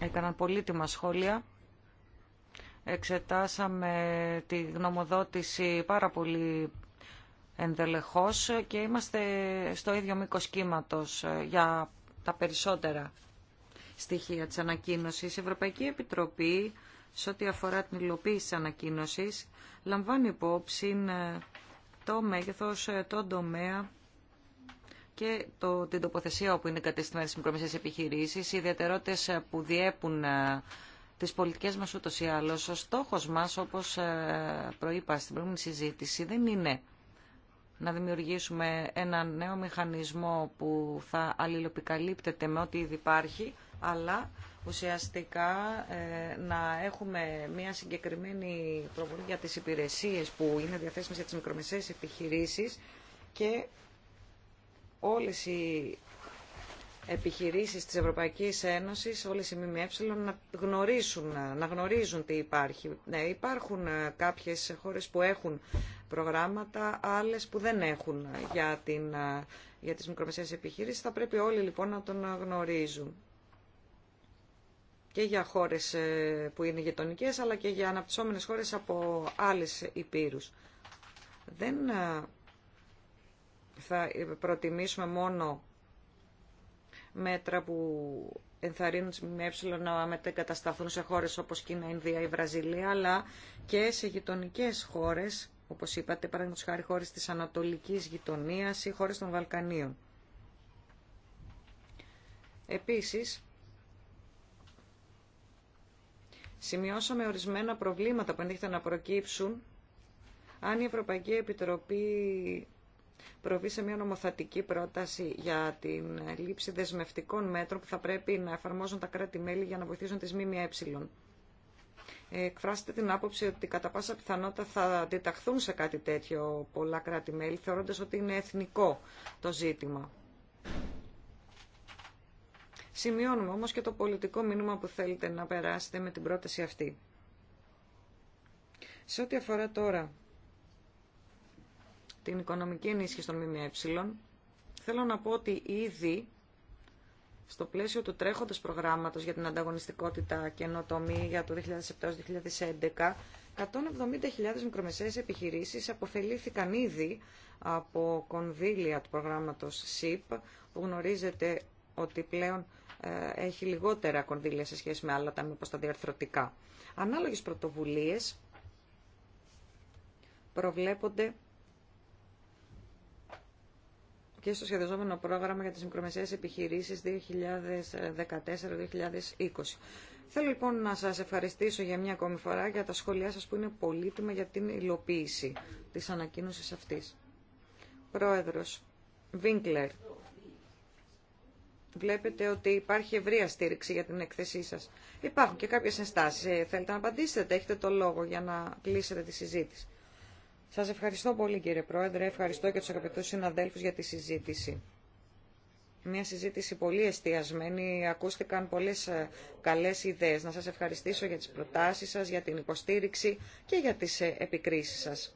έκαναν πολύτιμα σχόλια. Εξετάσαμε τη γνωμοδότηση πάρα πολύ ενδελεχώς και είμαστε στο ίδιο μήκος κύματος ε, για τα περισσότερα στοιχεία της ανακοίνωσης. Η Ευρωπαϊκή Επιτροπή, σε ό,τι αφορά την υλοποίηση της ανακοίνωσης, λαμβάνει υπόψη ε, το μέγεθος, ε, το τομέα και το, την τοποθεσία όπου είναι κατεστημένες μικρομεσαίες επιχειρήσεις, οι ιδιαιτερότητες ε, που διέπουν τις πολιτικές μας ούτως ή άλλως. Ο στόχος μας, όπως προείπα στην προηγούμενη συζήτηση, δεν είναι να δημιουργήσουμε ένα νέο μηχανισμό που θα αλληλοπικαλύπτεται με ό,τι ήδη υπάρχει, αλλά ουσιαστικά ε, να έχουμε μια συγκεκριμένη προβολή για τις υπηρεσίες που είναι διαθέσιμες για τις μικρομεσαίες επιχειρήσεις και όλες οι επιχειρήσεις της Ευρωπαϊκής Ένωσης, όλες οι ΜΜΕ, να, γνωρίσουν, να γνωρίζουν τι υπάρχει. Ναι, υπάρχουν ε, κάποιες χώρες που έχουν προγράμματα, άλλες που δεν έχουν για, την, ε, για τις μικρομεσαίες επιχειρήσεις. Θα πρέπει όλοι λοιπόν να τον γνωρίζουν και για χώρες ε, που είναι γειτονικέ, αλλά και για αναπτυσσόμενες χώρες από άλλες υπήρους. Δεν ε, θα προτιμήσουμε μόνο μέτρα που ενθαρρύνουν με έψιλο να μετεγκατασταθούν σε χώρες όπως Κίνα, Ινδία ή Βραζιλία, αλλά και σε γειτονικέ χώρες, όπως είπατε, παραδείγματος χάρη χώρες της Ανατολικής γειτονίας ή χώρες των Βαλκανίων. Επίσης, σημειώσαμε ορισμένα προβλήματα που ενδέχεται να προκύψουν αν η Ευρωπαϊκή Επιτροπή προβεί σε μια νομοθετική πρόταση για την λήψη δεσμευτικών μέτρων που θα πρέπει να εφαρμόζουν τα κράτη-μέλη για να βοηθήσουν τις ΜΜΕ. Εκφράσετε την άποψη ότι κατά πάσα πιθανότητα θα αντιταχθούν σε κάτι τέτοιο πολλά κράτη-μέλη, θεωρώντας ότι είναι εθνικό το ζήτημα. Σημειώνουμε όμως και το πολιτικό μήνυμα που θέλετε να περάσετε με την πρόταση αυτή. Σε ό,τι αφορά τώρα την οικονομική ενίσχυση των ΜΜΕ, θέλω να πω ότι ήδη στο πλαίσιο του τρέχοντος προγράμματος για την ανταγωνιστικότητα καινοτομή για το 2007-2011, 170.000 μικρομεσαίες επιχειρήσεις αποφελήθηκαν ήδη από κονδύλια του προγράμματος SIP, που γνωρίζετε ότι πλέον ε, έχει λιγότερα κονδύλια σε σχέση με άλλα ταμεία μήπω τα διαρθρωτικά. Ανάλογες πρωτοβουλίες προβλέπονται και στο σχεδιαζόμενο πρόγραμμα για τις μικρομεσαίες επιχειρήσεις 2014-2020. Θέλω λοιπόν να σας ευχαριστήσω για μια ακόμη φορά για τα σχόλιά σας που είναι πολύτιμα για την υλοποίηση της ανακοίνωσης αυτής. Πρόεδρος Βίνκλερ, Βλέπετε ότι υπάρχει ευρεία στήριξη για την εκθεσή σας. Υπάρχουν και κάποιες ενστάσεις. Ε, θέλετε να απαντήσετε, έχετε το λόγο για να κλείσετε τη συζήτηση. Σας ευχαριστώ πολύ κύριε Πρόεδρε, ευχαριστώ και τους αγαπητούς συναδέλφους για τη συζήτηση. Μια συζήτηση πολύ εστιασμένη, ακούστηκαν πολλές ε, καλές ιδέες. Να σας ευχαριστήσω για τις προτάσεις σας, για την υποστήριξη και για τις ε, επικρίσεις σας.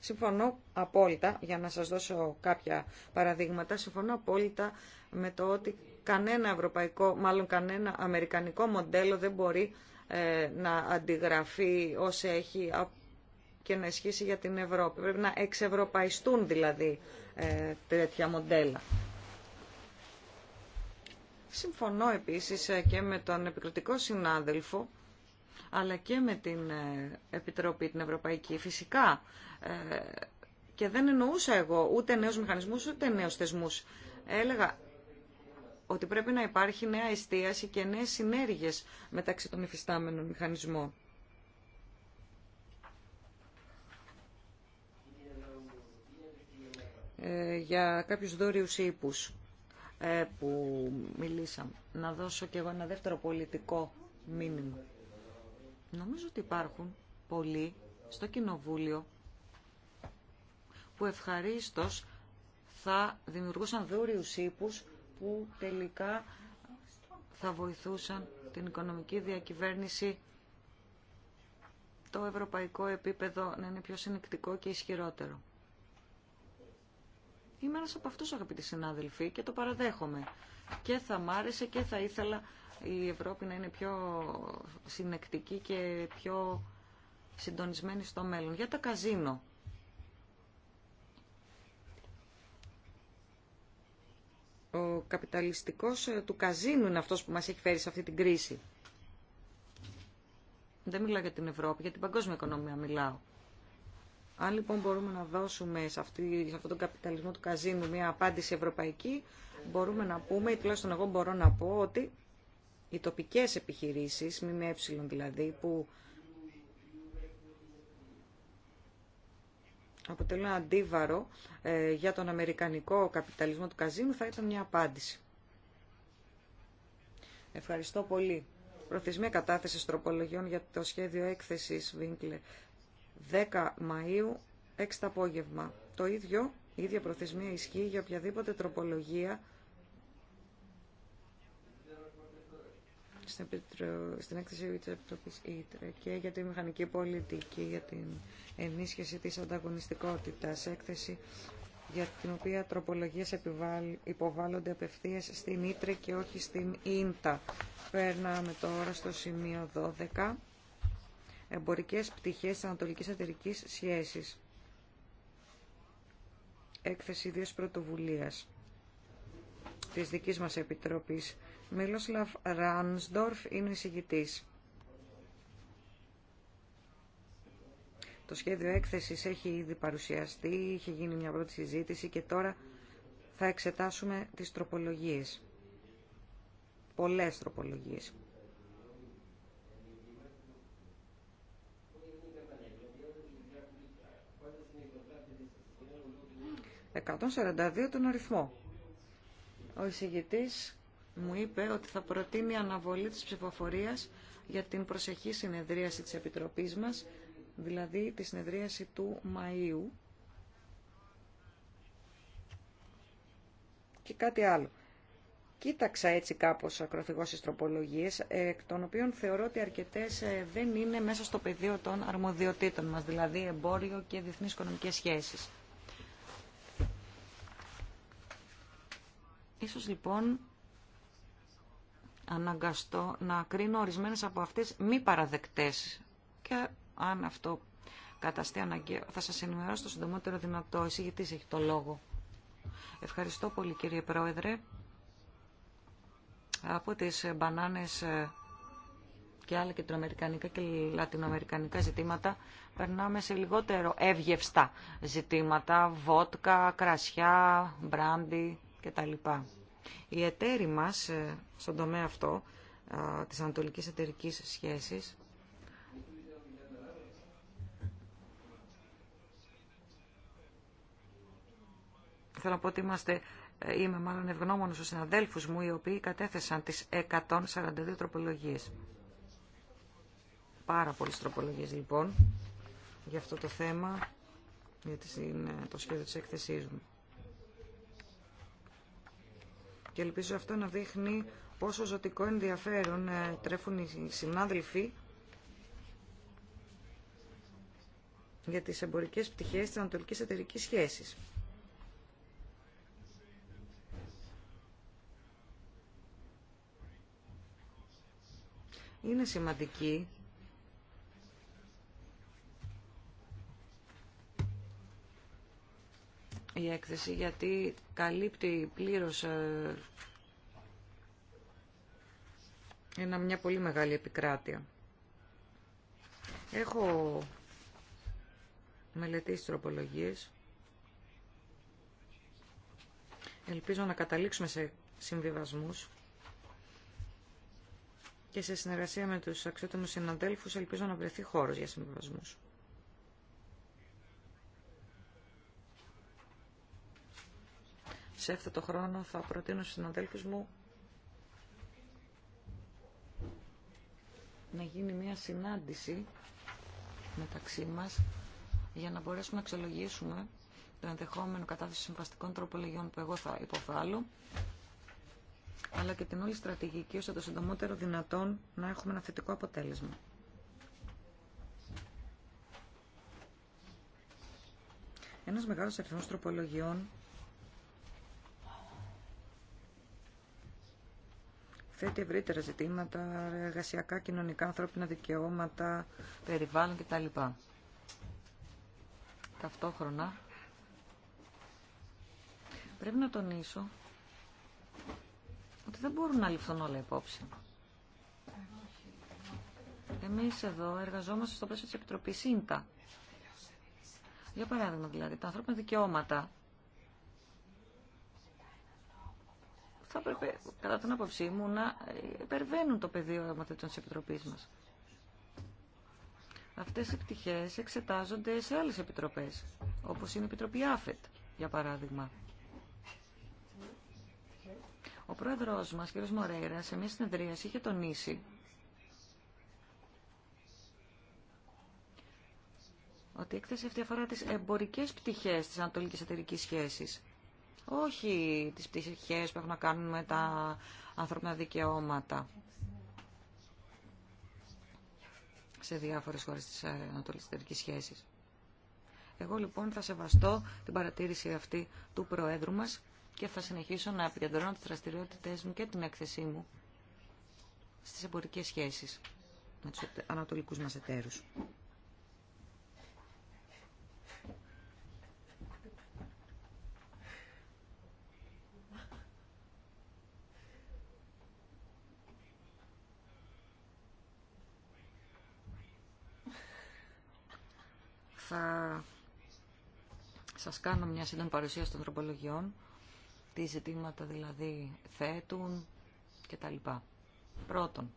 Συμφωνώ απόλυτα, για να σας δώσω κάποια παραδείγματα, συμφωνώ απόλυτα με το ότι κανένα ευρωπαϊκό, μάλλον κανένα αμερικανικό μοντέλο δεν μπορεί ε, να αντιγραφεί όσο έχει και να ισχύσει για την Ευρώπη. Πρέπει να εξευρωπαϊστούν δηλαδή ε, τέτοια μοντέλα. Συμφωνώ επίσης ε, και με τον επικριτικό συνάδελφο αλλά και με την Επιτροπή την Ευρωπαϊκή. Φυσικά ε, και δεν εννοούσα εγώ ούτε νέους μηχανισμούς ούτε νέους θεσμούς. Έλεγα ότι πρέπει να υπάρχει νέα εστίαση και νέες συνέργειες μεταξύ των υφιστάμενων μηχανισμών. Ε, για κάποιους δόριους ύπους ε, που μιλήσαμε. Να δώσω και εγώ ένα δεύτερο πολιτικό μήνυμα. Νομίζω ότι υπάρχουν πολλοί στο Κοινοβούλιο που ευχαρίστως θα δημιουργούσαν δούριους ύπους που τελικά θα βοηθούσαν την οικονομική διακυβέρνηση το ευρωπαϊκό επίπεδο να είναι πιο συνεκτικό και ισχυρότερο. Είμαι ένας από αυτούς αγαπητοί συνάδελφοι και το παραδέχομαι. Και θα μ' άρεσε και θα ήθελα η Ευρώπη να είναι πιο συνεκτική και πιο συντονισμένη στο μέλλον. Για τα καζίνο Ο καπιταλιστικός ε, του καζίνου είναι αυτός που μας έχει φέρει σε αυτή την κρίση. Δεν μιλάω για την Ευρώπη, για την παγκόσμια οικονομία μιλάω. Αν λοιπόν μπορούμε να δώσουμε σε, αυτή, σε αυτόν τον καπιταλισμό του καζίνου μια απάντηση ευρωπαϊκή, μπορούμε να πούμε, ή τουλάχιστον εγώ μπορώ να πω, ότι οι τοπικές επιχειρήσεις, έψιλον δηλαδή, που αποτελούν αντίβαρο ε, για τον αμερικανικό καπιταλισμό του καζίνου θα ήταν μια απάντηση. Ευχαριστώ πολύ. Προθεσμία κατάθεση τροπολογιών για το σχέδιο έκθεσης Βίνκλε 10 Μαΐου 6 το απόγευμα. Το ίδιο, η ίδια προθεσμία ισχύει για οποιαδήποτε τροπολογία στην, Επιτρο... στην έκθεση τη ΙΤΡΕ και για τη μηχανική πολιτική, για την ενίσχυση της ανταγωνιστικότητας, έκθεση για την οποία τροπολογίες επιβάλλ... υποβάλλονται απευθείας στην ΙΤΡΕ και όχι στην ΙΝΤΑ. Παίρναμε τώρα στο σημείο 12, εμπορικές πτυχές της ανατολικής εταιρικής σχέσης. Έκθεση ιδίω πρωτοβουλίας της δικής μας Επιτροπής Μίλοσλαβ Ράνσντορφ είναι ο εισηγητής. Το σχέδιο έκθεσης έχει ήδη παρουσιαστεί, είχε γίνει μια πρώτη συζήτηση και τώρα θα εξετάσουμε τις τροπολογίες. Πολλές τροπολογίες. ...142 τον αριθμό. Ο εισηγητής μου είπε ότι θα προτείνει αναβολή της ψηφοφορίας για την προσεχή συνεδρίαση της Επιτροπής μας, δηλαδή τη συνεδρίαση του Μαΐου. Και κάτι άλλο. Κοίταξα έτσι κάπως ακροθυγώς τις τροπολογίες, εκ των οποίων θεωρώ ότι αρκετές ε, δεν είναι μέσα στο πεδίο των αρμοδιοτήτων μας, δηλαδή εμπόριο και διεθνείς οικονομικές σχέσεις. Ίσως λοιπόν αναγκαστώ να κρίνω ορισμένες από αυτές μη παραδεκτές. Και αν αυτό καταστεί αναγκαίο, θα σας ενημερώσω το συντομότερο δυνατό. Εισηγητής έχει το λόγο. Ευχαριστώ πολύ κύριε Πρόεδρε. Από τις μπανάνες ε, και άλλα κεντροαμερικανικά και λατινοαμερικανικά ζητήματα, περνάμε σε λιγότερο εύγευστα ζητήματα, βότκα, κρασιά, μπράντι κτλ. Οι εταίροι μας ε, στον τομέα αυτό της ανατολικής εταιρικής σχέσης θέλω να πω ότι είμαστε, ε, είμαι μάλλον ευγνώμων στους συναδέλφους μου οι οποίοι κατέθεσαν τις 142 τροπολογίες. Πάρα πολλέ τροπολογίες λοιπόν για αυτό το θέμα, για ε, το σχέδιο της έκθεσής μου και ελπίζω αυτό να δείχνει πόσο ζωτικό ενδιαφέρον ε, τρέφουν οι συνάδελφοι για τις εμπορικές πτυχές της ανατολικής εταιρικής σχέσης. Είναι σημαντική η έκθεση γιατί καλύπτει πλήρως ε, ένα μια πολύ μεγάλη επικράτεια. Έχω μελετήσει τροπολογίες. Ελπίζω να καταλήξουμε σε συμβιβασμούς και σε συνεργασία με τους αξιότιμους συναντέλφους ελπίζω να βρεθεί χώρος για συμβιβασμούς. σε αυτό το χρόνο θα προτείνω στους συναδέλφους μου να γίνει μια συνάντηση μεταξύ μας για να μπορέσουμε να αξιολογήσουμε το ενδεχόμενο κατάθεση συμβαστικών τροπολογιών που εγώ θα υποβάλω αλλά και την όλη στρατηγική ώστε το συντομότερο δυνατόν να έχουμε ένα θετικό αποτέλεσμα. Ένας μεγάλος αριθμός τροπολογιών θέτει ευρύτερα ζητήματα, εργασιακά, κοινωνικά, ανθρώπινα δικαιώματα, περιβάλλον κτλ. Ταυτόχρονα πρέπει να τονίσω ότι δεν μπορούν να ληφθούν όλα υπόψη. Εμείς εδώ εργαζόμαστε στο πλαίσιο της Επιτροπής ΣΥΝΤΑ. Για παράδειγμα δηλαδή, τα ανθρώπινα δικαιώματα θα έπρεπε, κατά την άποψή μου, να υπερβαίνουν το πεδίο αρμοθετών τη Επιτροπή μα. Αυτέ οι πτυχέ εξετάζονται σε άλλε επιτροπέ, όπω είναι η Επιτροπή ΑΦΕΤ, για παράδειγμα. Ο πρόεδρό μα, κ. Μορέιρα, σε μια συνεδρία είχε τονίσει ότι η έκθεση αυτή αφορά τι εμπορικέ πτυχέ τη ανατολική εταιρική σχέση όχι τις πτυχές που έχουν να κάνουν με τα ανθρώπινα δικαιώματα σε διάφορες χώρες της ε, ανατολικής σχέσης. Εγώ λοιπόν θα σεβαστώ την παρατήρηση αυτή του Προέδρου μας και θα συνεχίσω να επικεντρώνω τις δραστηριότητες μου και την έκθεσή μου στις εμπορικές σχέσεις με τους ανατολικούς μας εταίρους. Θα σας κάνω μια σύντομη παρουσίαση των τροπολογιών, τι ζητήματα δηλαδή θέτουν και τα λοιπά Πρώτον,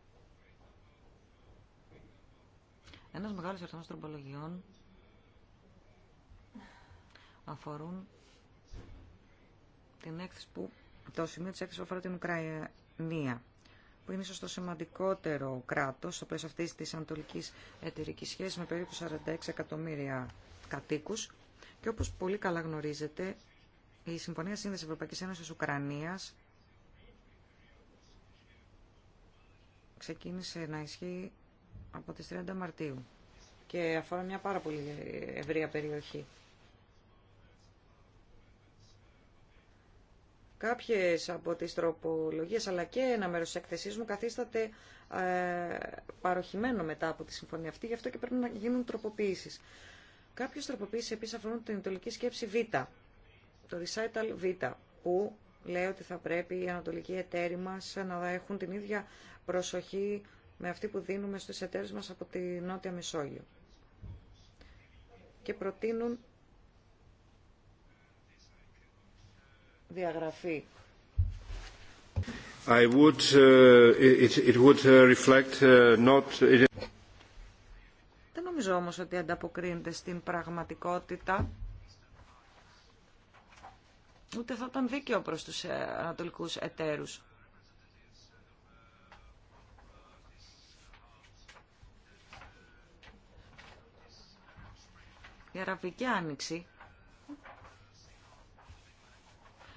ένας μεγάλος αριθμός τροπολογιών αφορούν την έκθεση που το σημείο της έκθεσης αφορά την Ουκρανία που είναι ίσως το σημαντικότερο κράτος στο πλαίσιο αυτής της ανατολικής εταιρικής σχέσης με περίπου 46 εκατομμύρια κατοίκους και όπως πολύ καλά γνωρίζετε η Συμφωνία Σύνδεσης Ευρωπαϊκής Ένωσης Ουκρανίας ξεκίνησε να ισχύει από τις 30 Μαρτίου και αφορά μια πάρα πολύ ευρεία περιοχή. Κάποιες από τις τροπολογίες αλλά και ένα μέρος της εκθεσής μου καθίσταται ε, παροχημένο μετά από τη συμφωνία αυτή, γι' αυτό και πρέπει να γίνουν τροποποίησεις. Κάποιες τροποποίησεις επίσης αφορούν την ανατολική σκέψη Β, το recital Β, που λέει ότι θα πρέπει οι ανατολικοί εταίροι μας να έχουν την ίδια προσοχή με αυτή που δίνουμε στους εταίρους μας από τη Νότια Μεσόγειο. Και προτείνουν Διαγραφή. I not... Δεν νομίζω όμως ότι ανταποκρίνεται στην πραγματικότητα. Ούτε θα ήταν δίκαιο προς τους ε, ανατολικούς εταίρους. Η Αραβική Άνοιξη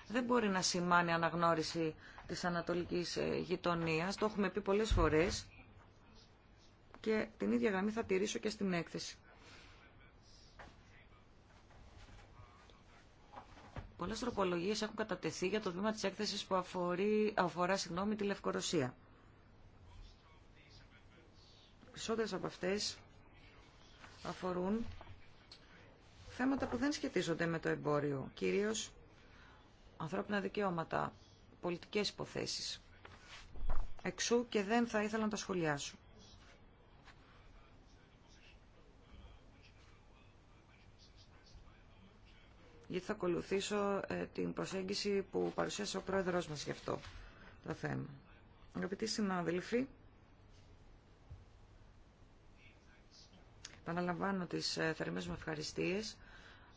δεν μπορεί να σημάνει αναγνώριση της ανατολικής ε, γειτονίας. Το έχουμε πει πολλές φορές και την ίδια γραμμή θα τηρήσω και στην έκθεση. Πολλές τροπολογίες έχουν κατατεθεί για το βήμα της έκθεσης που αφορεί, αφορά συγγνώμη, τη Λευκορωσία. Περισσότερες από αυτές αφορούν θέματα που δεν σχετίζονται με το εμπόριο, κυρίως ανθρώπινα δικαιώματα, πολιτικές υποθέσεις. Εξού και δεν θα ήθελα να τα σχολιάσω. γιατί θα ακολουθήσω ε, την προσέγγιση που παρουσίασε ο πρόεδρός μας γι' αυτό το θέμα. Αγαπητοί συνάδελφοι, επαναλαμβάνω τις ε, θερμές μου ευχαριστίες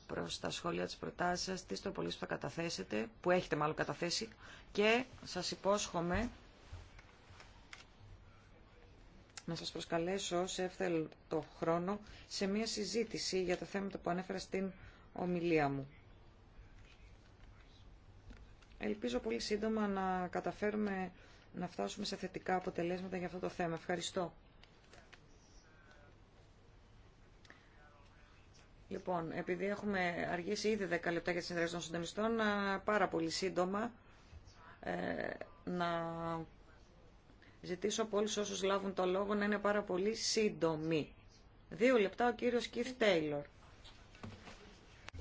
προ τα σχόλια της προτάσεως, τις τροπολίε που θα καταθέσετε, που έχετε μάλλον καταθέσει και σας υπόσχομαι να σας προσκαλέσω σε το χρόνο σε μια συζήτηση για τα θέματα που ανέφερα στην ομιλία μου. Ελπίζω πολύ σύντομα να καταφέρουμε να φτάσουμε σε θετικά αποτελέσματα για αυτό το θέμα. Ευχαριστώ. Λοιπόν, επειδή έχουμε αργήσει ήδη 10 λεπτά για τη συνδράση των συντονιστών, πάρα πολύ σύντομα ε, να ζητήσω από όλους όσους λάβουν το λόγο να είναι πάρα πολύ σύντομοι. Δύο λεπτά ο κύριος Κιθ Τέιλορ.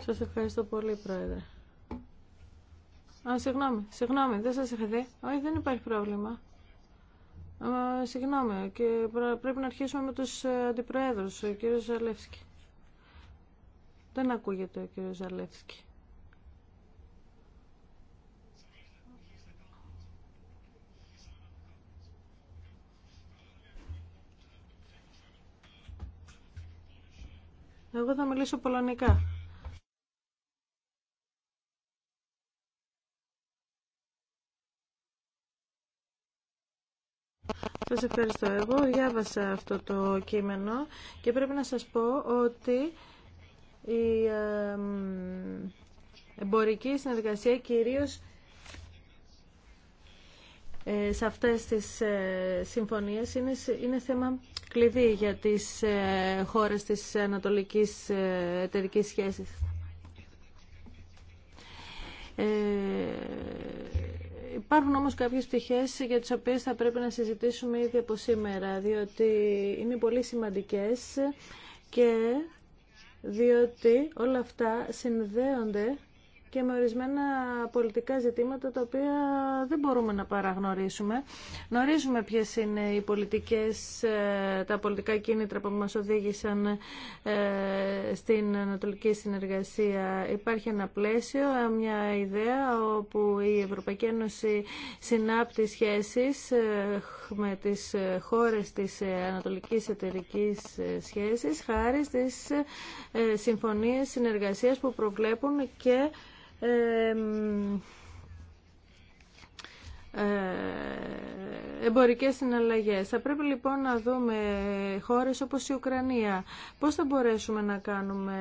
Σας ευχαριστώ πολύ, Πρόεδρε. Α, συγγνώμη, συγγνώμη, δεν σας είχα δει. Όχι, δεν υπάρχει πρόβλημα. Α, συγγνώμη, και πρέπει να αρχίσουμε με τους ε, αντιπροέδρους, ο κύριος Ζαλεύσκη. Δεν ακούγεται ο κύριος Ζαλεύσκη. Εγώ θα μιλήσω πολωνικά. Σας ευχαριστώ. Εγώ διάβασα αυτό το κείμενο και πρέπει να σας πω ότι η εμπορική συνεργασία κυρίως ε, σε αυτές τις ε, συμφωνίες είναι, θέμα κλειδί για τις ε, χώρες της ανατολικής εταιρικής σχέσης. Ε, υπάρχουν όμως κάποιες πτυχές για τις οποίες θα πρέπει να συζητήσουμε ήδη από σήμερα, διότι είναι πολύ σημαντικές και διότι όλα αυτά συνδέονται και με ορισμένα πολιτικά ζητήματα τα οποία δεν μπορούμε να παραγνωρίσουμε. Γνωρίζουμε ποιε είναι οι πολιτικές, ε, τα πολιτικά κίνητρα που μας οδήγησαν ε, στην Ανατολική Συνεργασία. Υπάρχει ένα πλαίσιο, μια ιδέα όπου η Ευρωπαϊκή Ένωση συνάπτει σχέσεις ε, με τις χώρες της Ανατολικής Εταιρικής Σχέσης χάρη στι συμφωνίε συνεργασίας που προβλέπουν και ε, ε, εμπορικές συναλλαγές. Θα πρέπει λοιπόν να δούμε χώρες όπως η Ουκρανία. Πώς θα μπορέσουμε να κάνουμε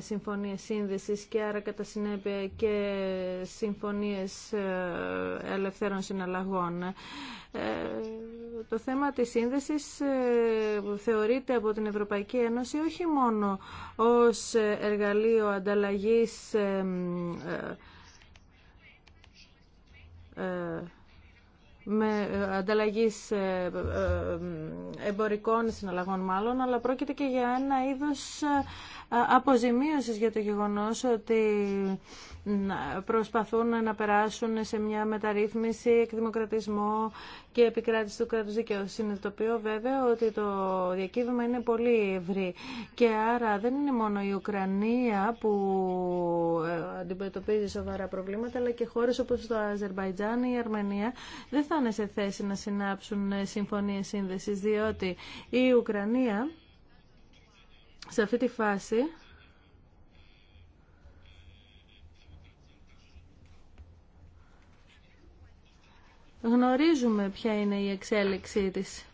συμφωνίες σύνδεσης και άρα κατά συνέπεια και συμφωνίες ε, ελευθέρων συναλλαγών. Ε, το θέμα της σύνδεσης θεωρείται από την Ευρωπαϊκή Ένωση όχι μόνο ως εργαλείο ανταλλαγής με ε, ανταλλαγής ε, ε, εμπορικών συναλλαγών μάλλον, αλλά πρόκειται και για ένα είδος αποζημίωσης για το γεγονός ότι προσπαθούν να περάσουν σε μια μεταρρύθμιση, εκδημοκρατισμό και επικράτηση του κράτους δικαίου. Συνειδητοποιώ βέβαια ότι το διακύβημα είναι πολύ ευρύ και άρα δεν είναι μόνο η Ουκρανία που ε, αντιμετωπίζει σοβαρά προβλήματα αλλά και χώρες όπως το Αζερβαϊτζάν ή η Αρμενία δεν θα είναι σε θέση να συνάψουν ε, συμφωνίες σύνδεσης διότι η Ουκρανία σε αυτή τη φάση γνωρίζουμε ποια είναι η εξέλιξή της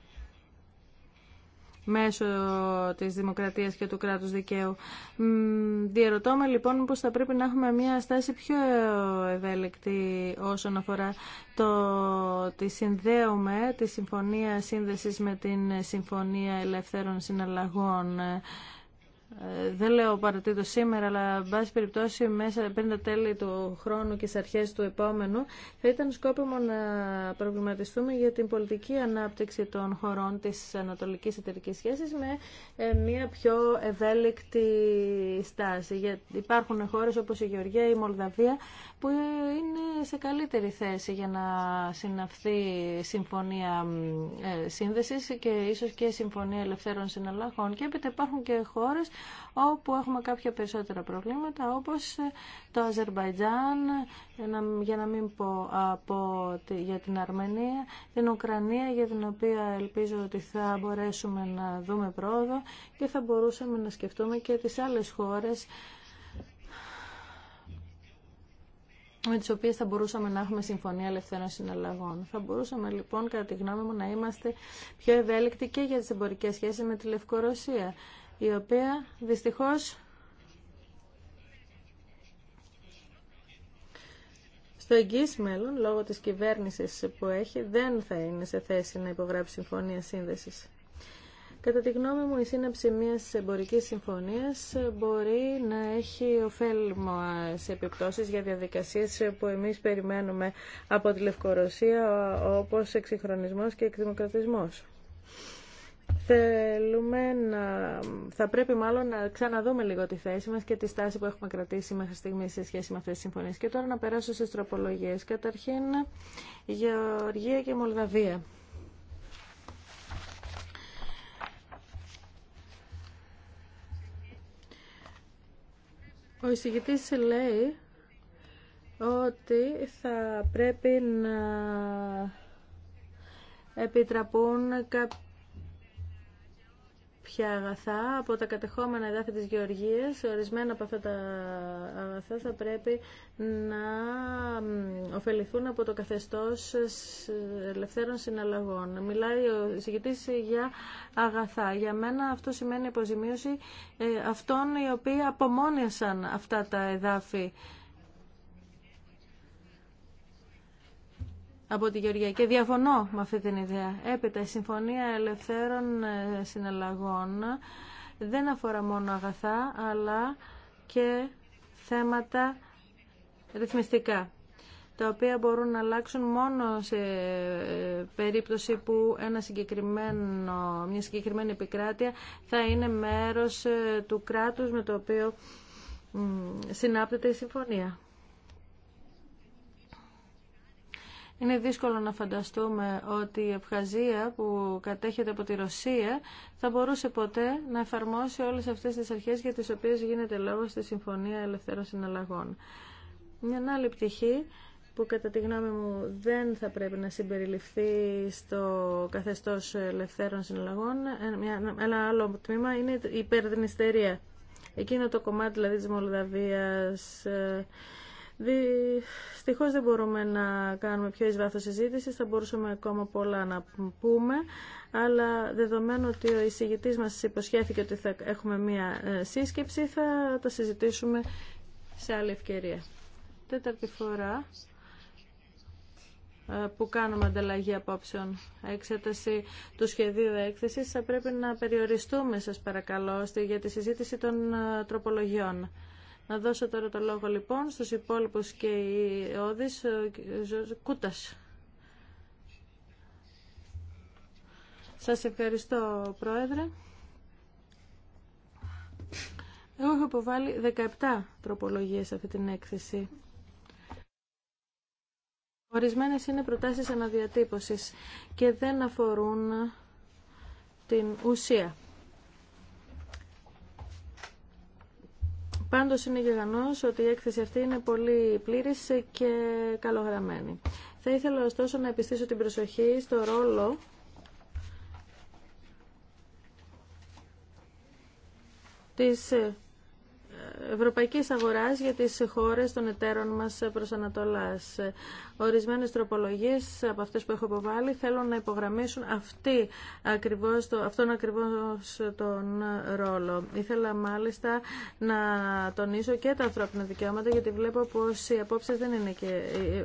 μέσω της δημοκρατίας και του κράτους δικαίου. Διερωτώμε λοιπόν πως θα πρέπει να έχουμε μια στάση πιο ευέλικτη όσον αφορά το ότι συνδέουμε τη Συμφωνία Σύνδεσης με την Συμφωνία Ελευθέρων Συναλλαγών ε, δεν λέω παρατήτω σήμερα, αλλά εν πάση περιπτώσει μέσα πριν τα τέλη του χρόνου και στις αρχές του επόμενου, θα ήταν σκόπιμο να προβληματιστούμε για την πολιτική ανάπτυξη των χωρών της Ανατολικής Εταιρικής Σχέσης με ε, μια πιο ευέλικτη στάση. Για υπάρχουν χώρες όπως η Γεωργία, η Μολδαβία, που είναι σε καλύτερη θέση για να συναυθεί συμφωνία ε, σύνδεσης και ίσως και συμφωνία ελευθέρων συναλλαγών. Και έπειτα υπάρχουν και χώρες όπου έχουμε κάποια περισσότερα προβλήματα όπως ε, το Αζερβαϊτζάν, για να μην πω για την Αρμενία, την Ουκρανία για την οποία ελπίζω ότι θα μπορέσουμε να δούμε πρόοδο και θα μπορούσαμε να σκεφτούμε και τις άλλες χώρες με τις οποίες θα μπορούσαμε να έχουμε συμφωνία ελευθερών συναλλαγών. Θα μπορούσαμε λοιπόν κατά τη γνώμη μου να είμαστε πιο ευέλικτοι και για τις εμπορικές σχέσεις με τη Λευκορωσία η οποία δυστυχώς στο εγγύς μέλλον, λόγω της κυβέρνησης που έχει, δεν θα είναι σε θέση να υπογράψει συμφωνία σύνδεσης. Κατά τη γνώμη μου, η σύναψη μιας εμπορικής συμφωνίας μπορεί να έχει ωφέλιμο σε επιπτώσεις για διαδικασίες που εμείς περιμένουμε από τη Λευκορωσία, όπως εξυγχρονισμός και εκδημοκρατισμός. Θέλουμε να... Θα πρέπει μάλλον να ξαναδούμε λίγο τη θέση μας και τη στάση που έχουμε κρατήσει μέχρι στιγμή σε σχέση με αυτές τις συμφωνίες. Και τώρα να περάσω στις τροπολογίες. Καταρχήν, Γεωργία και Μολδαβία. Ο εισηγητής λέει ότι θα πρέπει να επιτραπούν κάποιοι κάποια αγαθά από τα κατεχόμενα εδάφη της Γεωργίας. Ορισμένα από αυτά τα αγαθά θα πρέπει να ωφεληθούν από το καθεστώς ελευθέρων συναλλαγών. Μιλάει ο συγκεκριτής για αγαθά. Για μένα αυτό σημαίνει αποζημίωση ε, αυτών οι οποίοι απομόνιασαν αυτά τα εδάφη από τη Γεωργία και διαφωνώ με αυτή την ιδέα. Έπειτα, η Συμφωνία Ελευθέρων ε, Συναλλαγών δεν αφορά μόνο αγαθά, αλλά και θέματα ρυθμιστικά τα οποία μπορούν να αλλάξουν μόνο σε ε, περίπτωση που ένα συγκεκριμένο, μια συγκεκριμένη επικράτεια θα είναι μέρος ε, του κράτους με το οποίο συνάπτεται η συμφωνία. Είναι δύσκολο να φανταστούμε ότι η Αυχαζία που κατέχεται από τη Ρωσία θα μπορούσε ποτέ να εφαρμόσει όλες αυτές τις αρχές για τις οποίες γίνεται λόγος στη Συμφωνία Ελευθέρων Συναλλαγών. Μια άλλη πτυχή που κατά τη γνώμη μου δεν θα πρέπει να συμπεριληφθεί στο καθεστώς ελευθέρων συναλλαγών. Ένα άλλο τμήμα είναι η υπερδνηστερία. Εκείνο το κομμάτι δηλαδή της Μολδαβίας, ε, Δυστυχώ δεν μπορούμε να κάνουμε πιο εις βάθος συζήτηση, θα μπορούσαμε ακόμα πολλά να πούμε, αλλά δεδομένου ότι ο εισηγητή μα υποσχέθηκε ότι θα έχουμε μία ε, σύσκεψη, θα τα συζητήσουμε σε άλλη ευκαιρία. Τέταρτη φορά ε, που κάνουμε ανταλλαγή απόψεων έξεταση του σχεδίου έκθεσης θα πρέπει να περιοριστούμε σας παρακαλώ για τη συζήτηση των ε, τροπολογιών. Να δώσω τώρα το λόγο λοιπόν στους υπόλοιπους και οι Όδης Κούτας. Σας ευχαριστώ Πρόεδρε. Εγώ έχω υποβάλει 17 τροπολογίες σε αυτή την έκθεση. Ορισμένες είναι προτάσεις αναδιατύπωσης και δεν αφορούν την ουσία. Πάντω είναι γεγονό ότι η έκθεση αυτή είναι πολύ πλήρης και καλογραμμένη. Θα ήθελα ωστόσο να επιστήσω την προσοχή στο ρόλο της ευρωπαϊκής αγοράς για τις χώρες των εταίρων μας προς Ανατολάς. Ορισμένες τροπολογίες από αυτές που έχω υποβάλει θέλουν να υπογραμμίσουν αυτή, ακριβώς, το, αυτόν ακριβώς τον ρόλο. Ήθελα μάλιστα να τονίσω και τα ανθρώπινα δικαιώματα γιατί βλέπω πως οι απόψεις δεν είναι και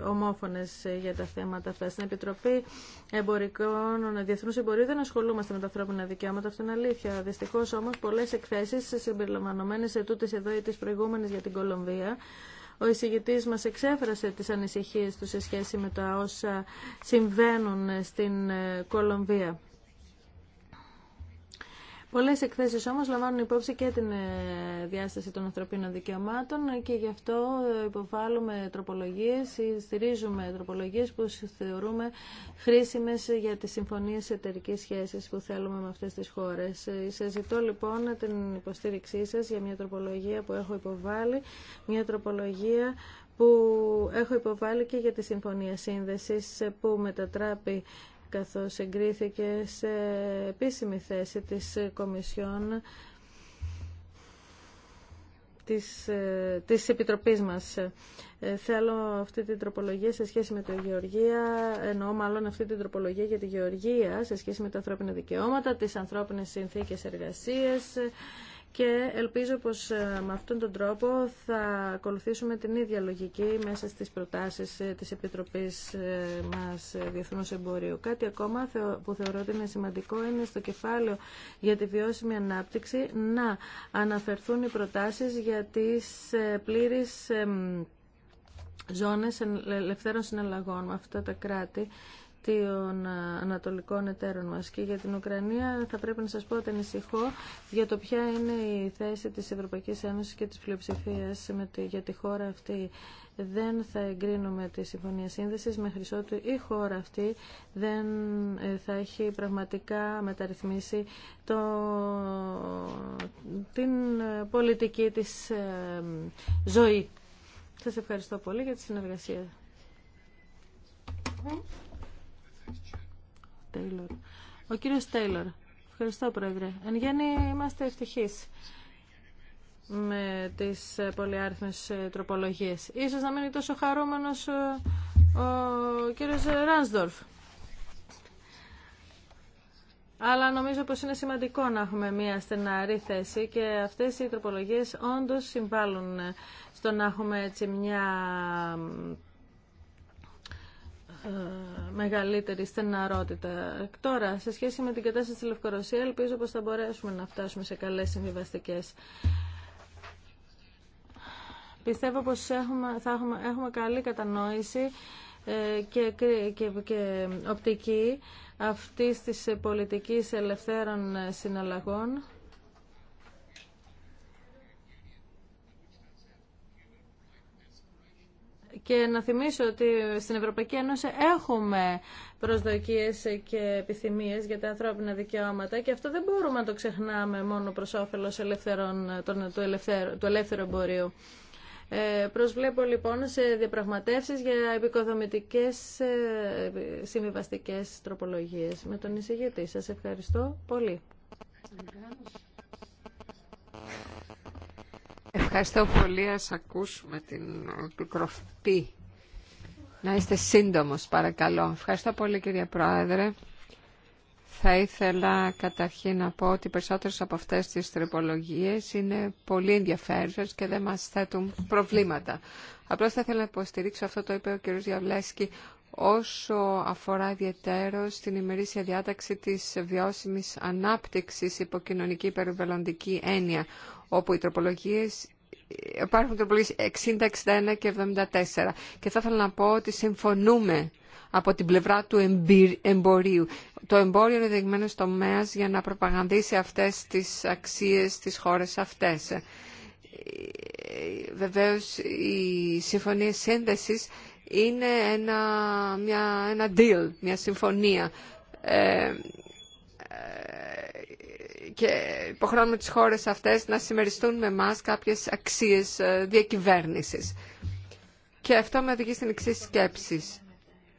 ομόφωνες για τα θέματα αυτά. Στην Επιτροπή Εμπορικών Διεθνούς Εμπορίου δεν ασχολούμαστε με τα ανθρώπινα δικαιώματα. Αυτό είναι αλήθεια. Δυστυχώς όμως πολλές εκθέσεις συμπεριλαμβανομένες σε τούτες εδώ τις προηγούμενες για την Κολομβία. Ο εισηγητής μας εξέφρασε τις ανησυχίες του σε σχέση με τα όσα συμβαίνουν στην ε, Κολομβία. Πολλέ εκθέσει όμω λαμβάνουν υπόψη και την ε, διάσταση των ανθρωπίνων δικαιωμάτων και γι' αυτό ε, υποβάλλουμε τροπολογίε ή στηρίζουμε τροπολογίε που θεωρούμε χρήσιμε για τι συμφωνίε εταιρική σχέση που θέλουμε με αυτέ τι χώρε. Ε, σα ζητώ λοιπόν την υποστήριξή σα για μια τροπολογία που έχω υποβάλει, μια τροπολογία που έχω υποβάλει και για τη Συμφωνία σύνδεση που μετατράπει καθώς εγκρίθηκε σε επίσημη θέση της Κομισιόν της, ε, της Επιτροπής μας. Ε, θέλω αυτή την τροπολογία σε σχέση με τη Γεωργία, εννοώ μάλλον αυτή την τροπολογία για τη Γεωργία σε σχέση με τα ανθρώπινα δικαιώματα, τις ανθρώπινες συνθήκες εργασίας, και ελπίζω πως ε, με αυτόν τον τρόπο θα ακολουθήσουμε την ίδια λογική μέσα στις προτάσεις ε, της Επιτροπής ε, μας Διεθνούς Εμπορίου. Κάτι ακόμα που θεωρώ ότι είναι σημαντικό είναι στο κεφάλαιο για τη βιώσιμη ανάπτυξη να αναφερθούν οι προτάσεις για τις πλήρεις ζώνες ελευθέρων συναλλαγών με αυτά τα κράτη των ε, ανατολικών εταίρων μας. Και για την Ουκρανία θα πρέπει να σας πω ότι ανησυχώ για το ποια είναι η θέση της Ευρωπαϊκής Ένωσης και της πλειοψηφίας για τη χώρα αυτή. Δεν θα εγκρίνουμε τη Συμφωνία Σύνδεσης μέχρι ότου η χώρα αυτή δεν ε, θα έχει πραγματικά μεταρρυθμίσει το... την ε, πολιτική της ζωή. Σας ευχαριστώ πολύ για τη συνεργασία. Τέιλορ. Ο κύριος Τέιλορ. Ευχαριστώ, Πρόεδρε. Εν γέννη είμαστε ευτυχείς με τις πολυάριθμες ε, τροπολογίες. Ίσως να μείνει τόσο χαρούμενος ε, ο κύριος Ράνσδορφ. Αλλά νομίζω πως είναι σημαντικό να έχουμε μια στεναρή θέση και αυτές οι τροπολογίες όντως συμβάλλουν στο να έχουμε μια ε, μεγαλύτερη στεναρότητα. Τώρα, σε σχέση με την κατάσταση στη Λευκορωσία, ελπίζω πως θα μπορέσουμε να φτάσουμε σε καλές συμβιβαστικές. Πιστεύω πως έχουμε, θα έχουμε, έχουμε καλή κατανόηση ε, και, και, και οπτική αυτής της πολιτικής ελευθέρων συναλλαγών Και να θυμίσω ότι στην Ευρωπαϊκή Ένωση έχουμε προσδοκίες και επιθυμίες για τα ανθρώπινα δικαιώματα και αυτό δεν μπορούμε να το ξεχνάμε μόνο προς όφελος ελευθερών, του, ελευθέρου, του ελεύθερου εμπορίου. Ε, προσβλέπω λοιπόν σε διαπραγματεύσεις για επικοδομητικές ε, συμβιβαστικές τροπολογίες με τον εισηγητή. Σας ευχαριστώ πολύ. Ευχαριστώ πολύ. Α ακούσουμε την πικροφτή. Να είστε σύντομος, παρακαλώ. Ευχαριστώ πολύ, κύριε Πρόεδρε. Θα ήθελα καταρχήν να πω ότι περισσότερες από αυτές τις τροπολογίες είναι πολύ ενδιαφέρουσες και δεν μας θέτουν προβλήματα. Απλώς θα ήθελα να υποστηρίξω αυτό το είπε ο κ. Διαβλέσκη όσο αφορά ιδιαίτερο την ημερήσια διάταξη της βιώσιμης ανάπτυξης υποκοινωνική περιβαλλοντική έννοια, όπου οι τροπολογίες υπάρχουν τροπολογίε 60, 61 και 74. Και θα ήθελα να πω ότι συμφωνούμε από την πλευρά του εμπορίου. Το εμπόριο είναι δεγμένο τομέα για να προπαγανδίσει αυτές τις αξίες της χώρες αυτές. Ε, βεβαίως η συμφωνία σύνδεσης είναι ένα, μια, ένα deal, μια συμφωνία. Ε, ε και υποχρεώνουμε τις χώρες αυτές να συμμεριστούν με μας κάποιες αξίες ε, διακυβέρνησης. Και αυτό με οδηγεί στην εξή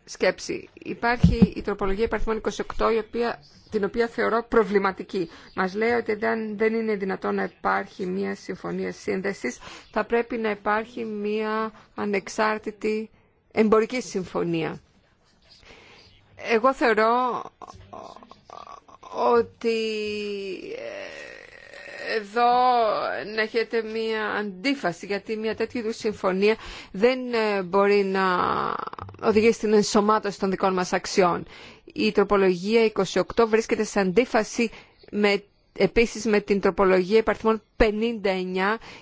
σκέψη. Υπάρχει η τροπολογία υπαρθμών 28, η οποία, την οποία θεωρώ προβληματική. Μας λέει ότι δεν, δεν είναι δυνατόν να υπάρχει μια συμφωνία σύνδεσης, θα πρέπει να υπάρχει μια ανεξάρτητη εμπορική συμφωνία. Εγώ θεωρώ ότι ε, εδώ να έχετε μία αντίφαση, γιατί μία τέτοιου είδου συμφωνία δεν ε, μπορεί να οδηγήσει στην ενσωμάτωση των δικών μας αξιών. Η τροπολογία 28 βρίσκεται σε αντίφαση με, επίσης με την τροπολογία υπαρθμών 59,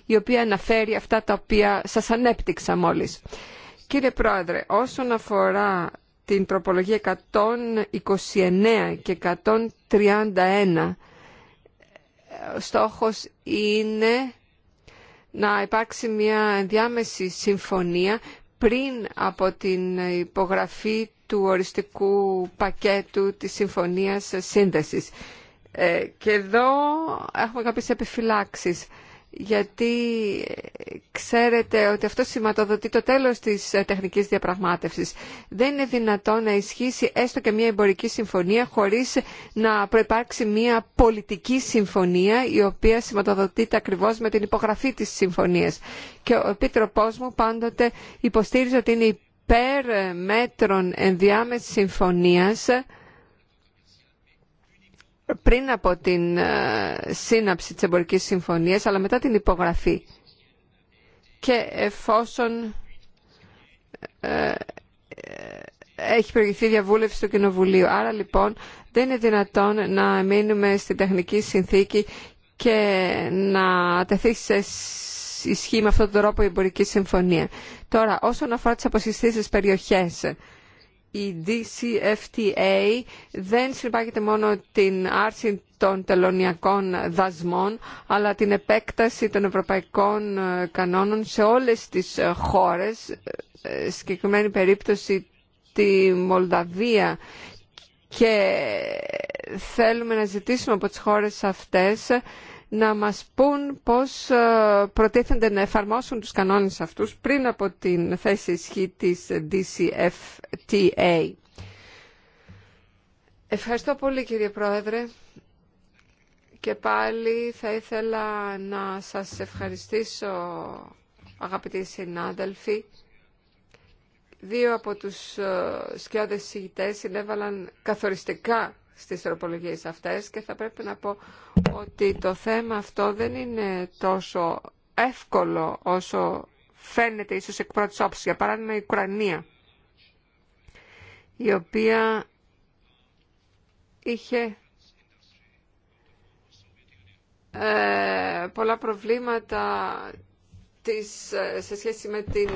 η οποία αναφέρει αυτά τα οποία σας ανέπτυξα μόλις. Κύριε Πρόεδρε, όσον αφορά την τροπολογία 129 και 130, 31. Ο στόχος είναι να υπάρξει μια διάμεση συμφωνία πριν από την υπογραφή του οριστικού πακέτου της Συμφωνίας Σύνδεσης. Ε, και εδώ έχουμε κάποιες επιφυλάξεις, γιατί ξέρετε ότι αυτό σηματοδοτεί το τέλος της ε, τεχνικής διαπραγμάτευσης. Δεν είναι δυνατόν να ισχύσει έστω και μια εμπορική συμφωνία χωρίς να προϋπάρξει μια πολιτική συμφωνία η οποία σηματοδοτείται ακριβώς με την υπογραφή της συμφωνίας. Και ο Επίτροπός μου πάντοτε υποστήριζε ότι είναι υπέρ μέτρων ενδιάμεσης συμφωνίας πριν από την ε, σύναψη της εμπορικής συμφωνίας αλλά μετά την υπογραφή και εφόσον ε, ε, έχει προηγηθεί διαβούλευση του Κοινοβουλίου. Άρα λοιπόν δεν είναι δυνατόν να μείνουμε στην τεχνική συνθήκη και να τεθεί σε ισχύ με αυτόν τον τρόπο η εμπορική συμφωνία. Τώρα, όσον αφορά τις αποσυστήσεις περιοχές, η DCFTA δεν συμπάγεται μόνο την άρση των τελωνιακών δασμών, αλλά την επέκταση των ευρωπαϊκών ε, κανόνων σε όλες τις ε, χώρες, ε, συγκεκριμένη περίπτωση τη Μολδαβία και θέλουμε να ζητήσουμε από τις χώρες αυτές να μας πούν πώς ε, προτίθενται να εφαρμόσουν τους κανόνες αυτούς πριν από την θέση ισχύ της DCFTA. Ευχαριστώ πολύ κύριε Πρόεδρε και πάλι θα ήθελα να σας ευχαριστήσω αγαπητοί συνάδελφοι. Δύο από τους ε, σκιάδες συγητές συνέβαλαν καθοριστικά στις τροπολογίες αυτές και θα πρέπει να πω ότι το θέμα αυτό δεν είναι τόσο εύκολο όσο φαίνεται ίσως εκ πρώτης όψης. Για παράδειγμα η Ουκρανία, η οποία είχε ε, πολλά προβλήματα ε, σε σχέση με την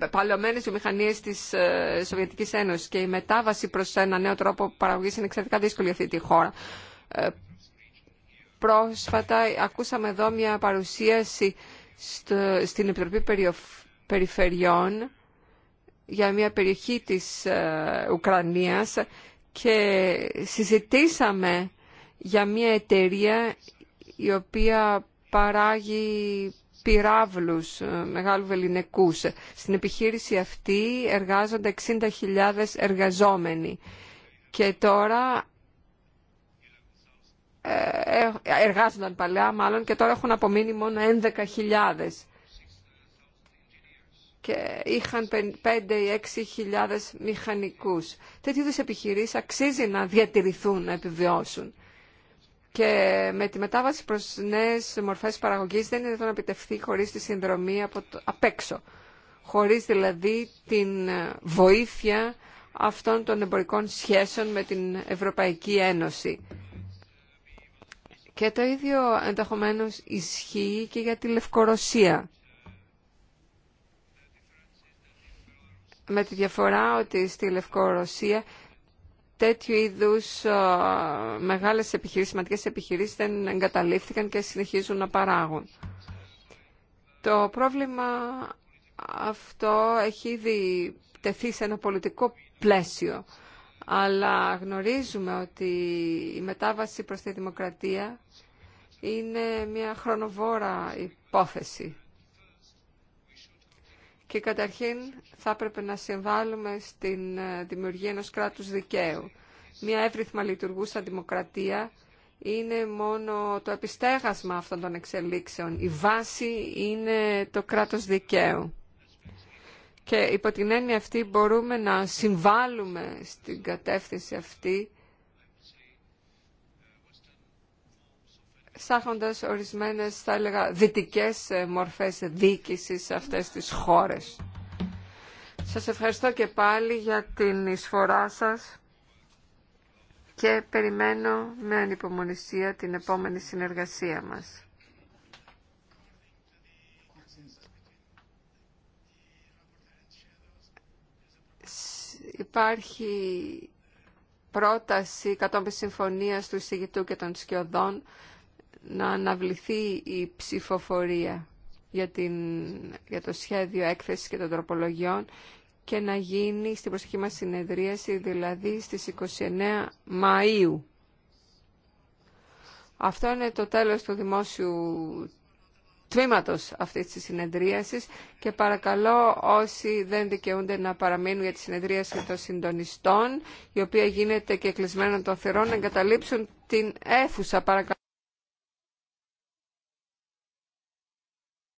ε, παλαιωμένες βιομηχανίες της ε, Σοβιετικής Ένωσης και η μετάβαση προς ένα νέο τρόπο παραγωγής είναι εξαιρετικά δύσκολη αυτή τη χώρα. Πρόσφατα ακούσαμε εδώ μια παρουσίαση στην Επιτροπή Περιφερειών για μια περιοχή της Ουκρανίας και συζητήσαμε για μια εταιρεία η οποία παράγει πυράβλους ε, μεγάλου βεληνικούς. Στην επιχείρηση αυτή εργάζονται 60.000 εργαζόμενοι και τώρα ε, ε, εργάζονταν παλιά μάλλον και τώρα έχουν απομείνει μόνο 11.000 και είχαν 5 ή 6.000 μηχανικούς. Τέτοιου είδους επιχειρήσεις αξίζει να διατηρηθούν, να επιβιώσουν. Και με τη μετάβαση προς νέες μορφές παραγωγής δεν είναι να επιτευχθεί χωρίς τη συνδρομή από το, απ' έξω. Χωρίς δηλαδή την ε, βοήθεια αυτών των εμπορικών σχέσεων με την Ευρωπαϊκή Ένωση. Και το ίδιο ενδεχομένω ισχύει και για τη Λευκορωσία. Με τη διαφορά ότι στη Λευκορωσία τέτοιου είδους μεγάλες επιχειρήσει σημαντικέ επιχειρήσεις δεν εγκαταλείφθηκαν και συνεχίζουν να παράγουν. Το πρόβλημα αυτό έχει ήδη τεθεί σε ένα πολιτικό πλαίσιο, αλλά γνωρίζουμε ότι η μετάβαση προς τη δημοκρατία είναι μια χρονοβόρα υπόθεση. Και καταρχήν θα έπρεπε να συμβάλλουμε στην ε, δημιουργία ενός κράτους δικαίου. Μια εύρυθμα λειτουργούσα δημοκρατία είναι μόνο το επιστέγασμα αυτών των εξελίξεων. Η βάση είναι το κράτος δικαίου. Και υπό την έννοια αυτή μπορούμε να συμβάλλουμε στην κατεύθυνση αυτή ψάχνοντας ορισμένες, θα έλεγα, δυτικές ε, μορφές διοίκησης σε αυτές τις χώρες. Σας ευχαριστώ και πάλι για την εισφορά σας και περιμένω με ανυπομονησία την επόμενη συνεργασία μας. Υπάρχει πρόταση κατόπιν συμφωνίας του εισηγητού και των σκιωδών να αναβληθεί η ψηφοφορία για, την, για το σχέδιο έκθεσης και των τροπολογιών και να γίνει στην προσοχή μας συνεδρίαση, δηλαδή στις 29 Μαΐου. Αυτό είναι το τέλος του δημόσιου τμήματος αυτής της συνεδρίασης και παρακαλώ όσοι δεν δικαιούνται να παραμείνουν για τη συνεδρίαση των συντονιστών, η οποία γίνεται και κλεισμένων των θερών, να εγκαταλείψουν την αίθουσα. Παρακαλώ.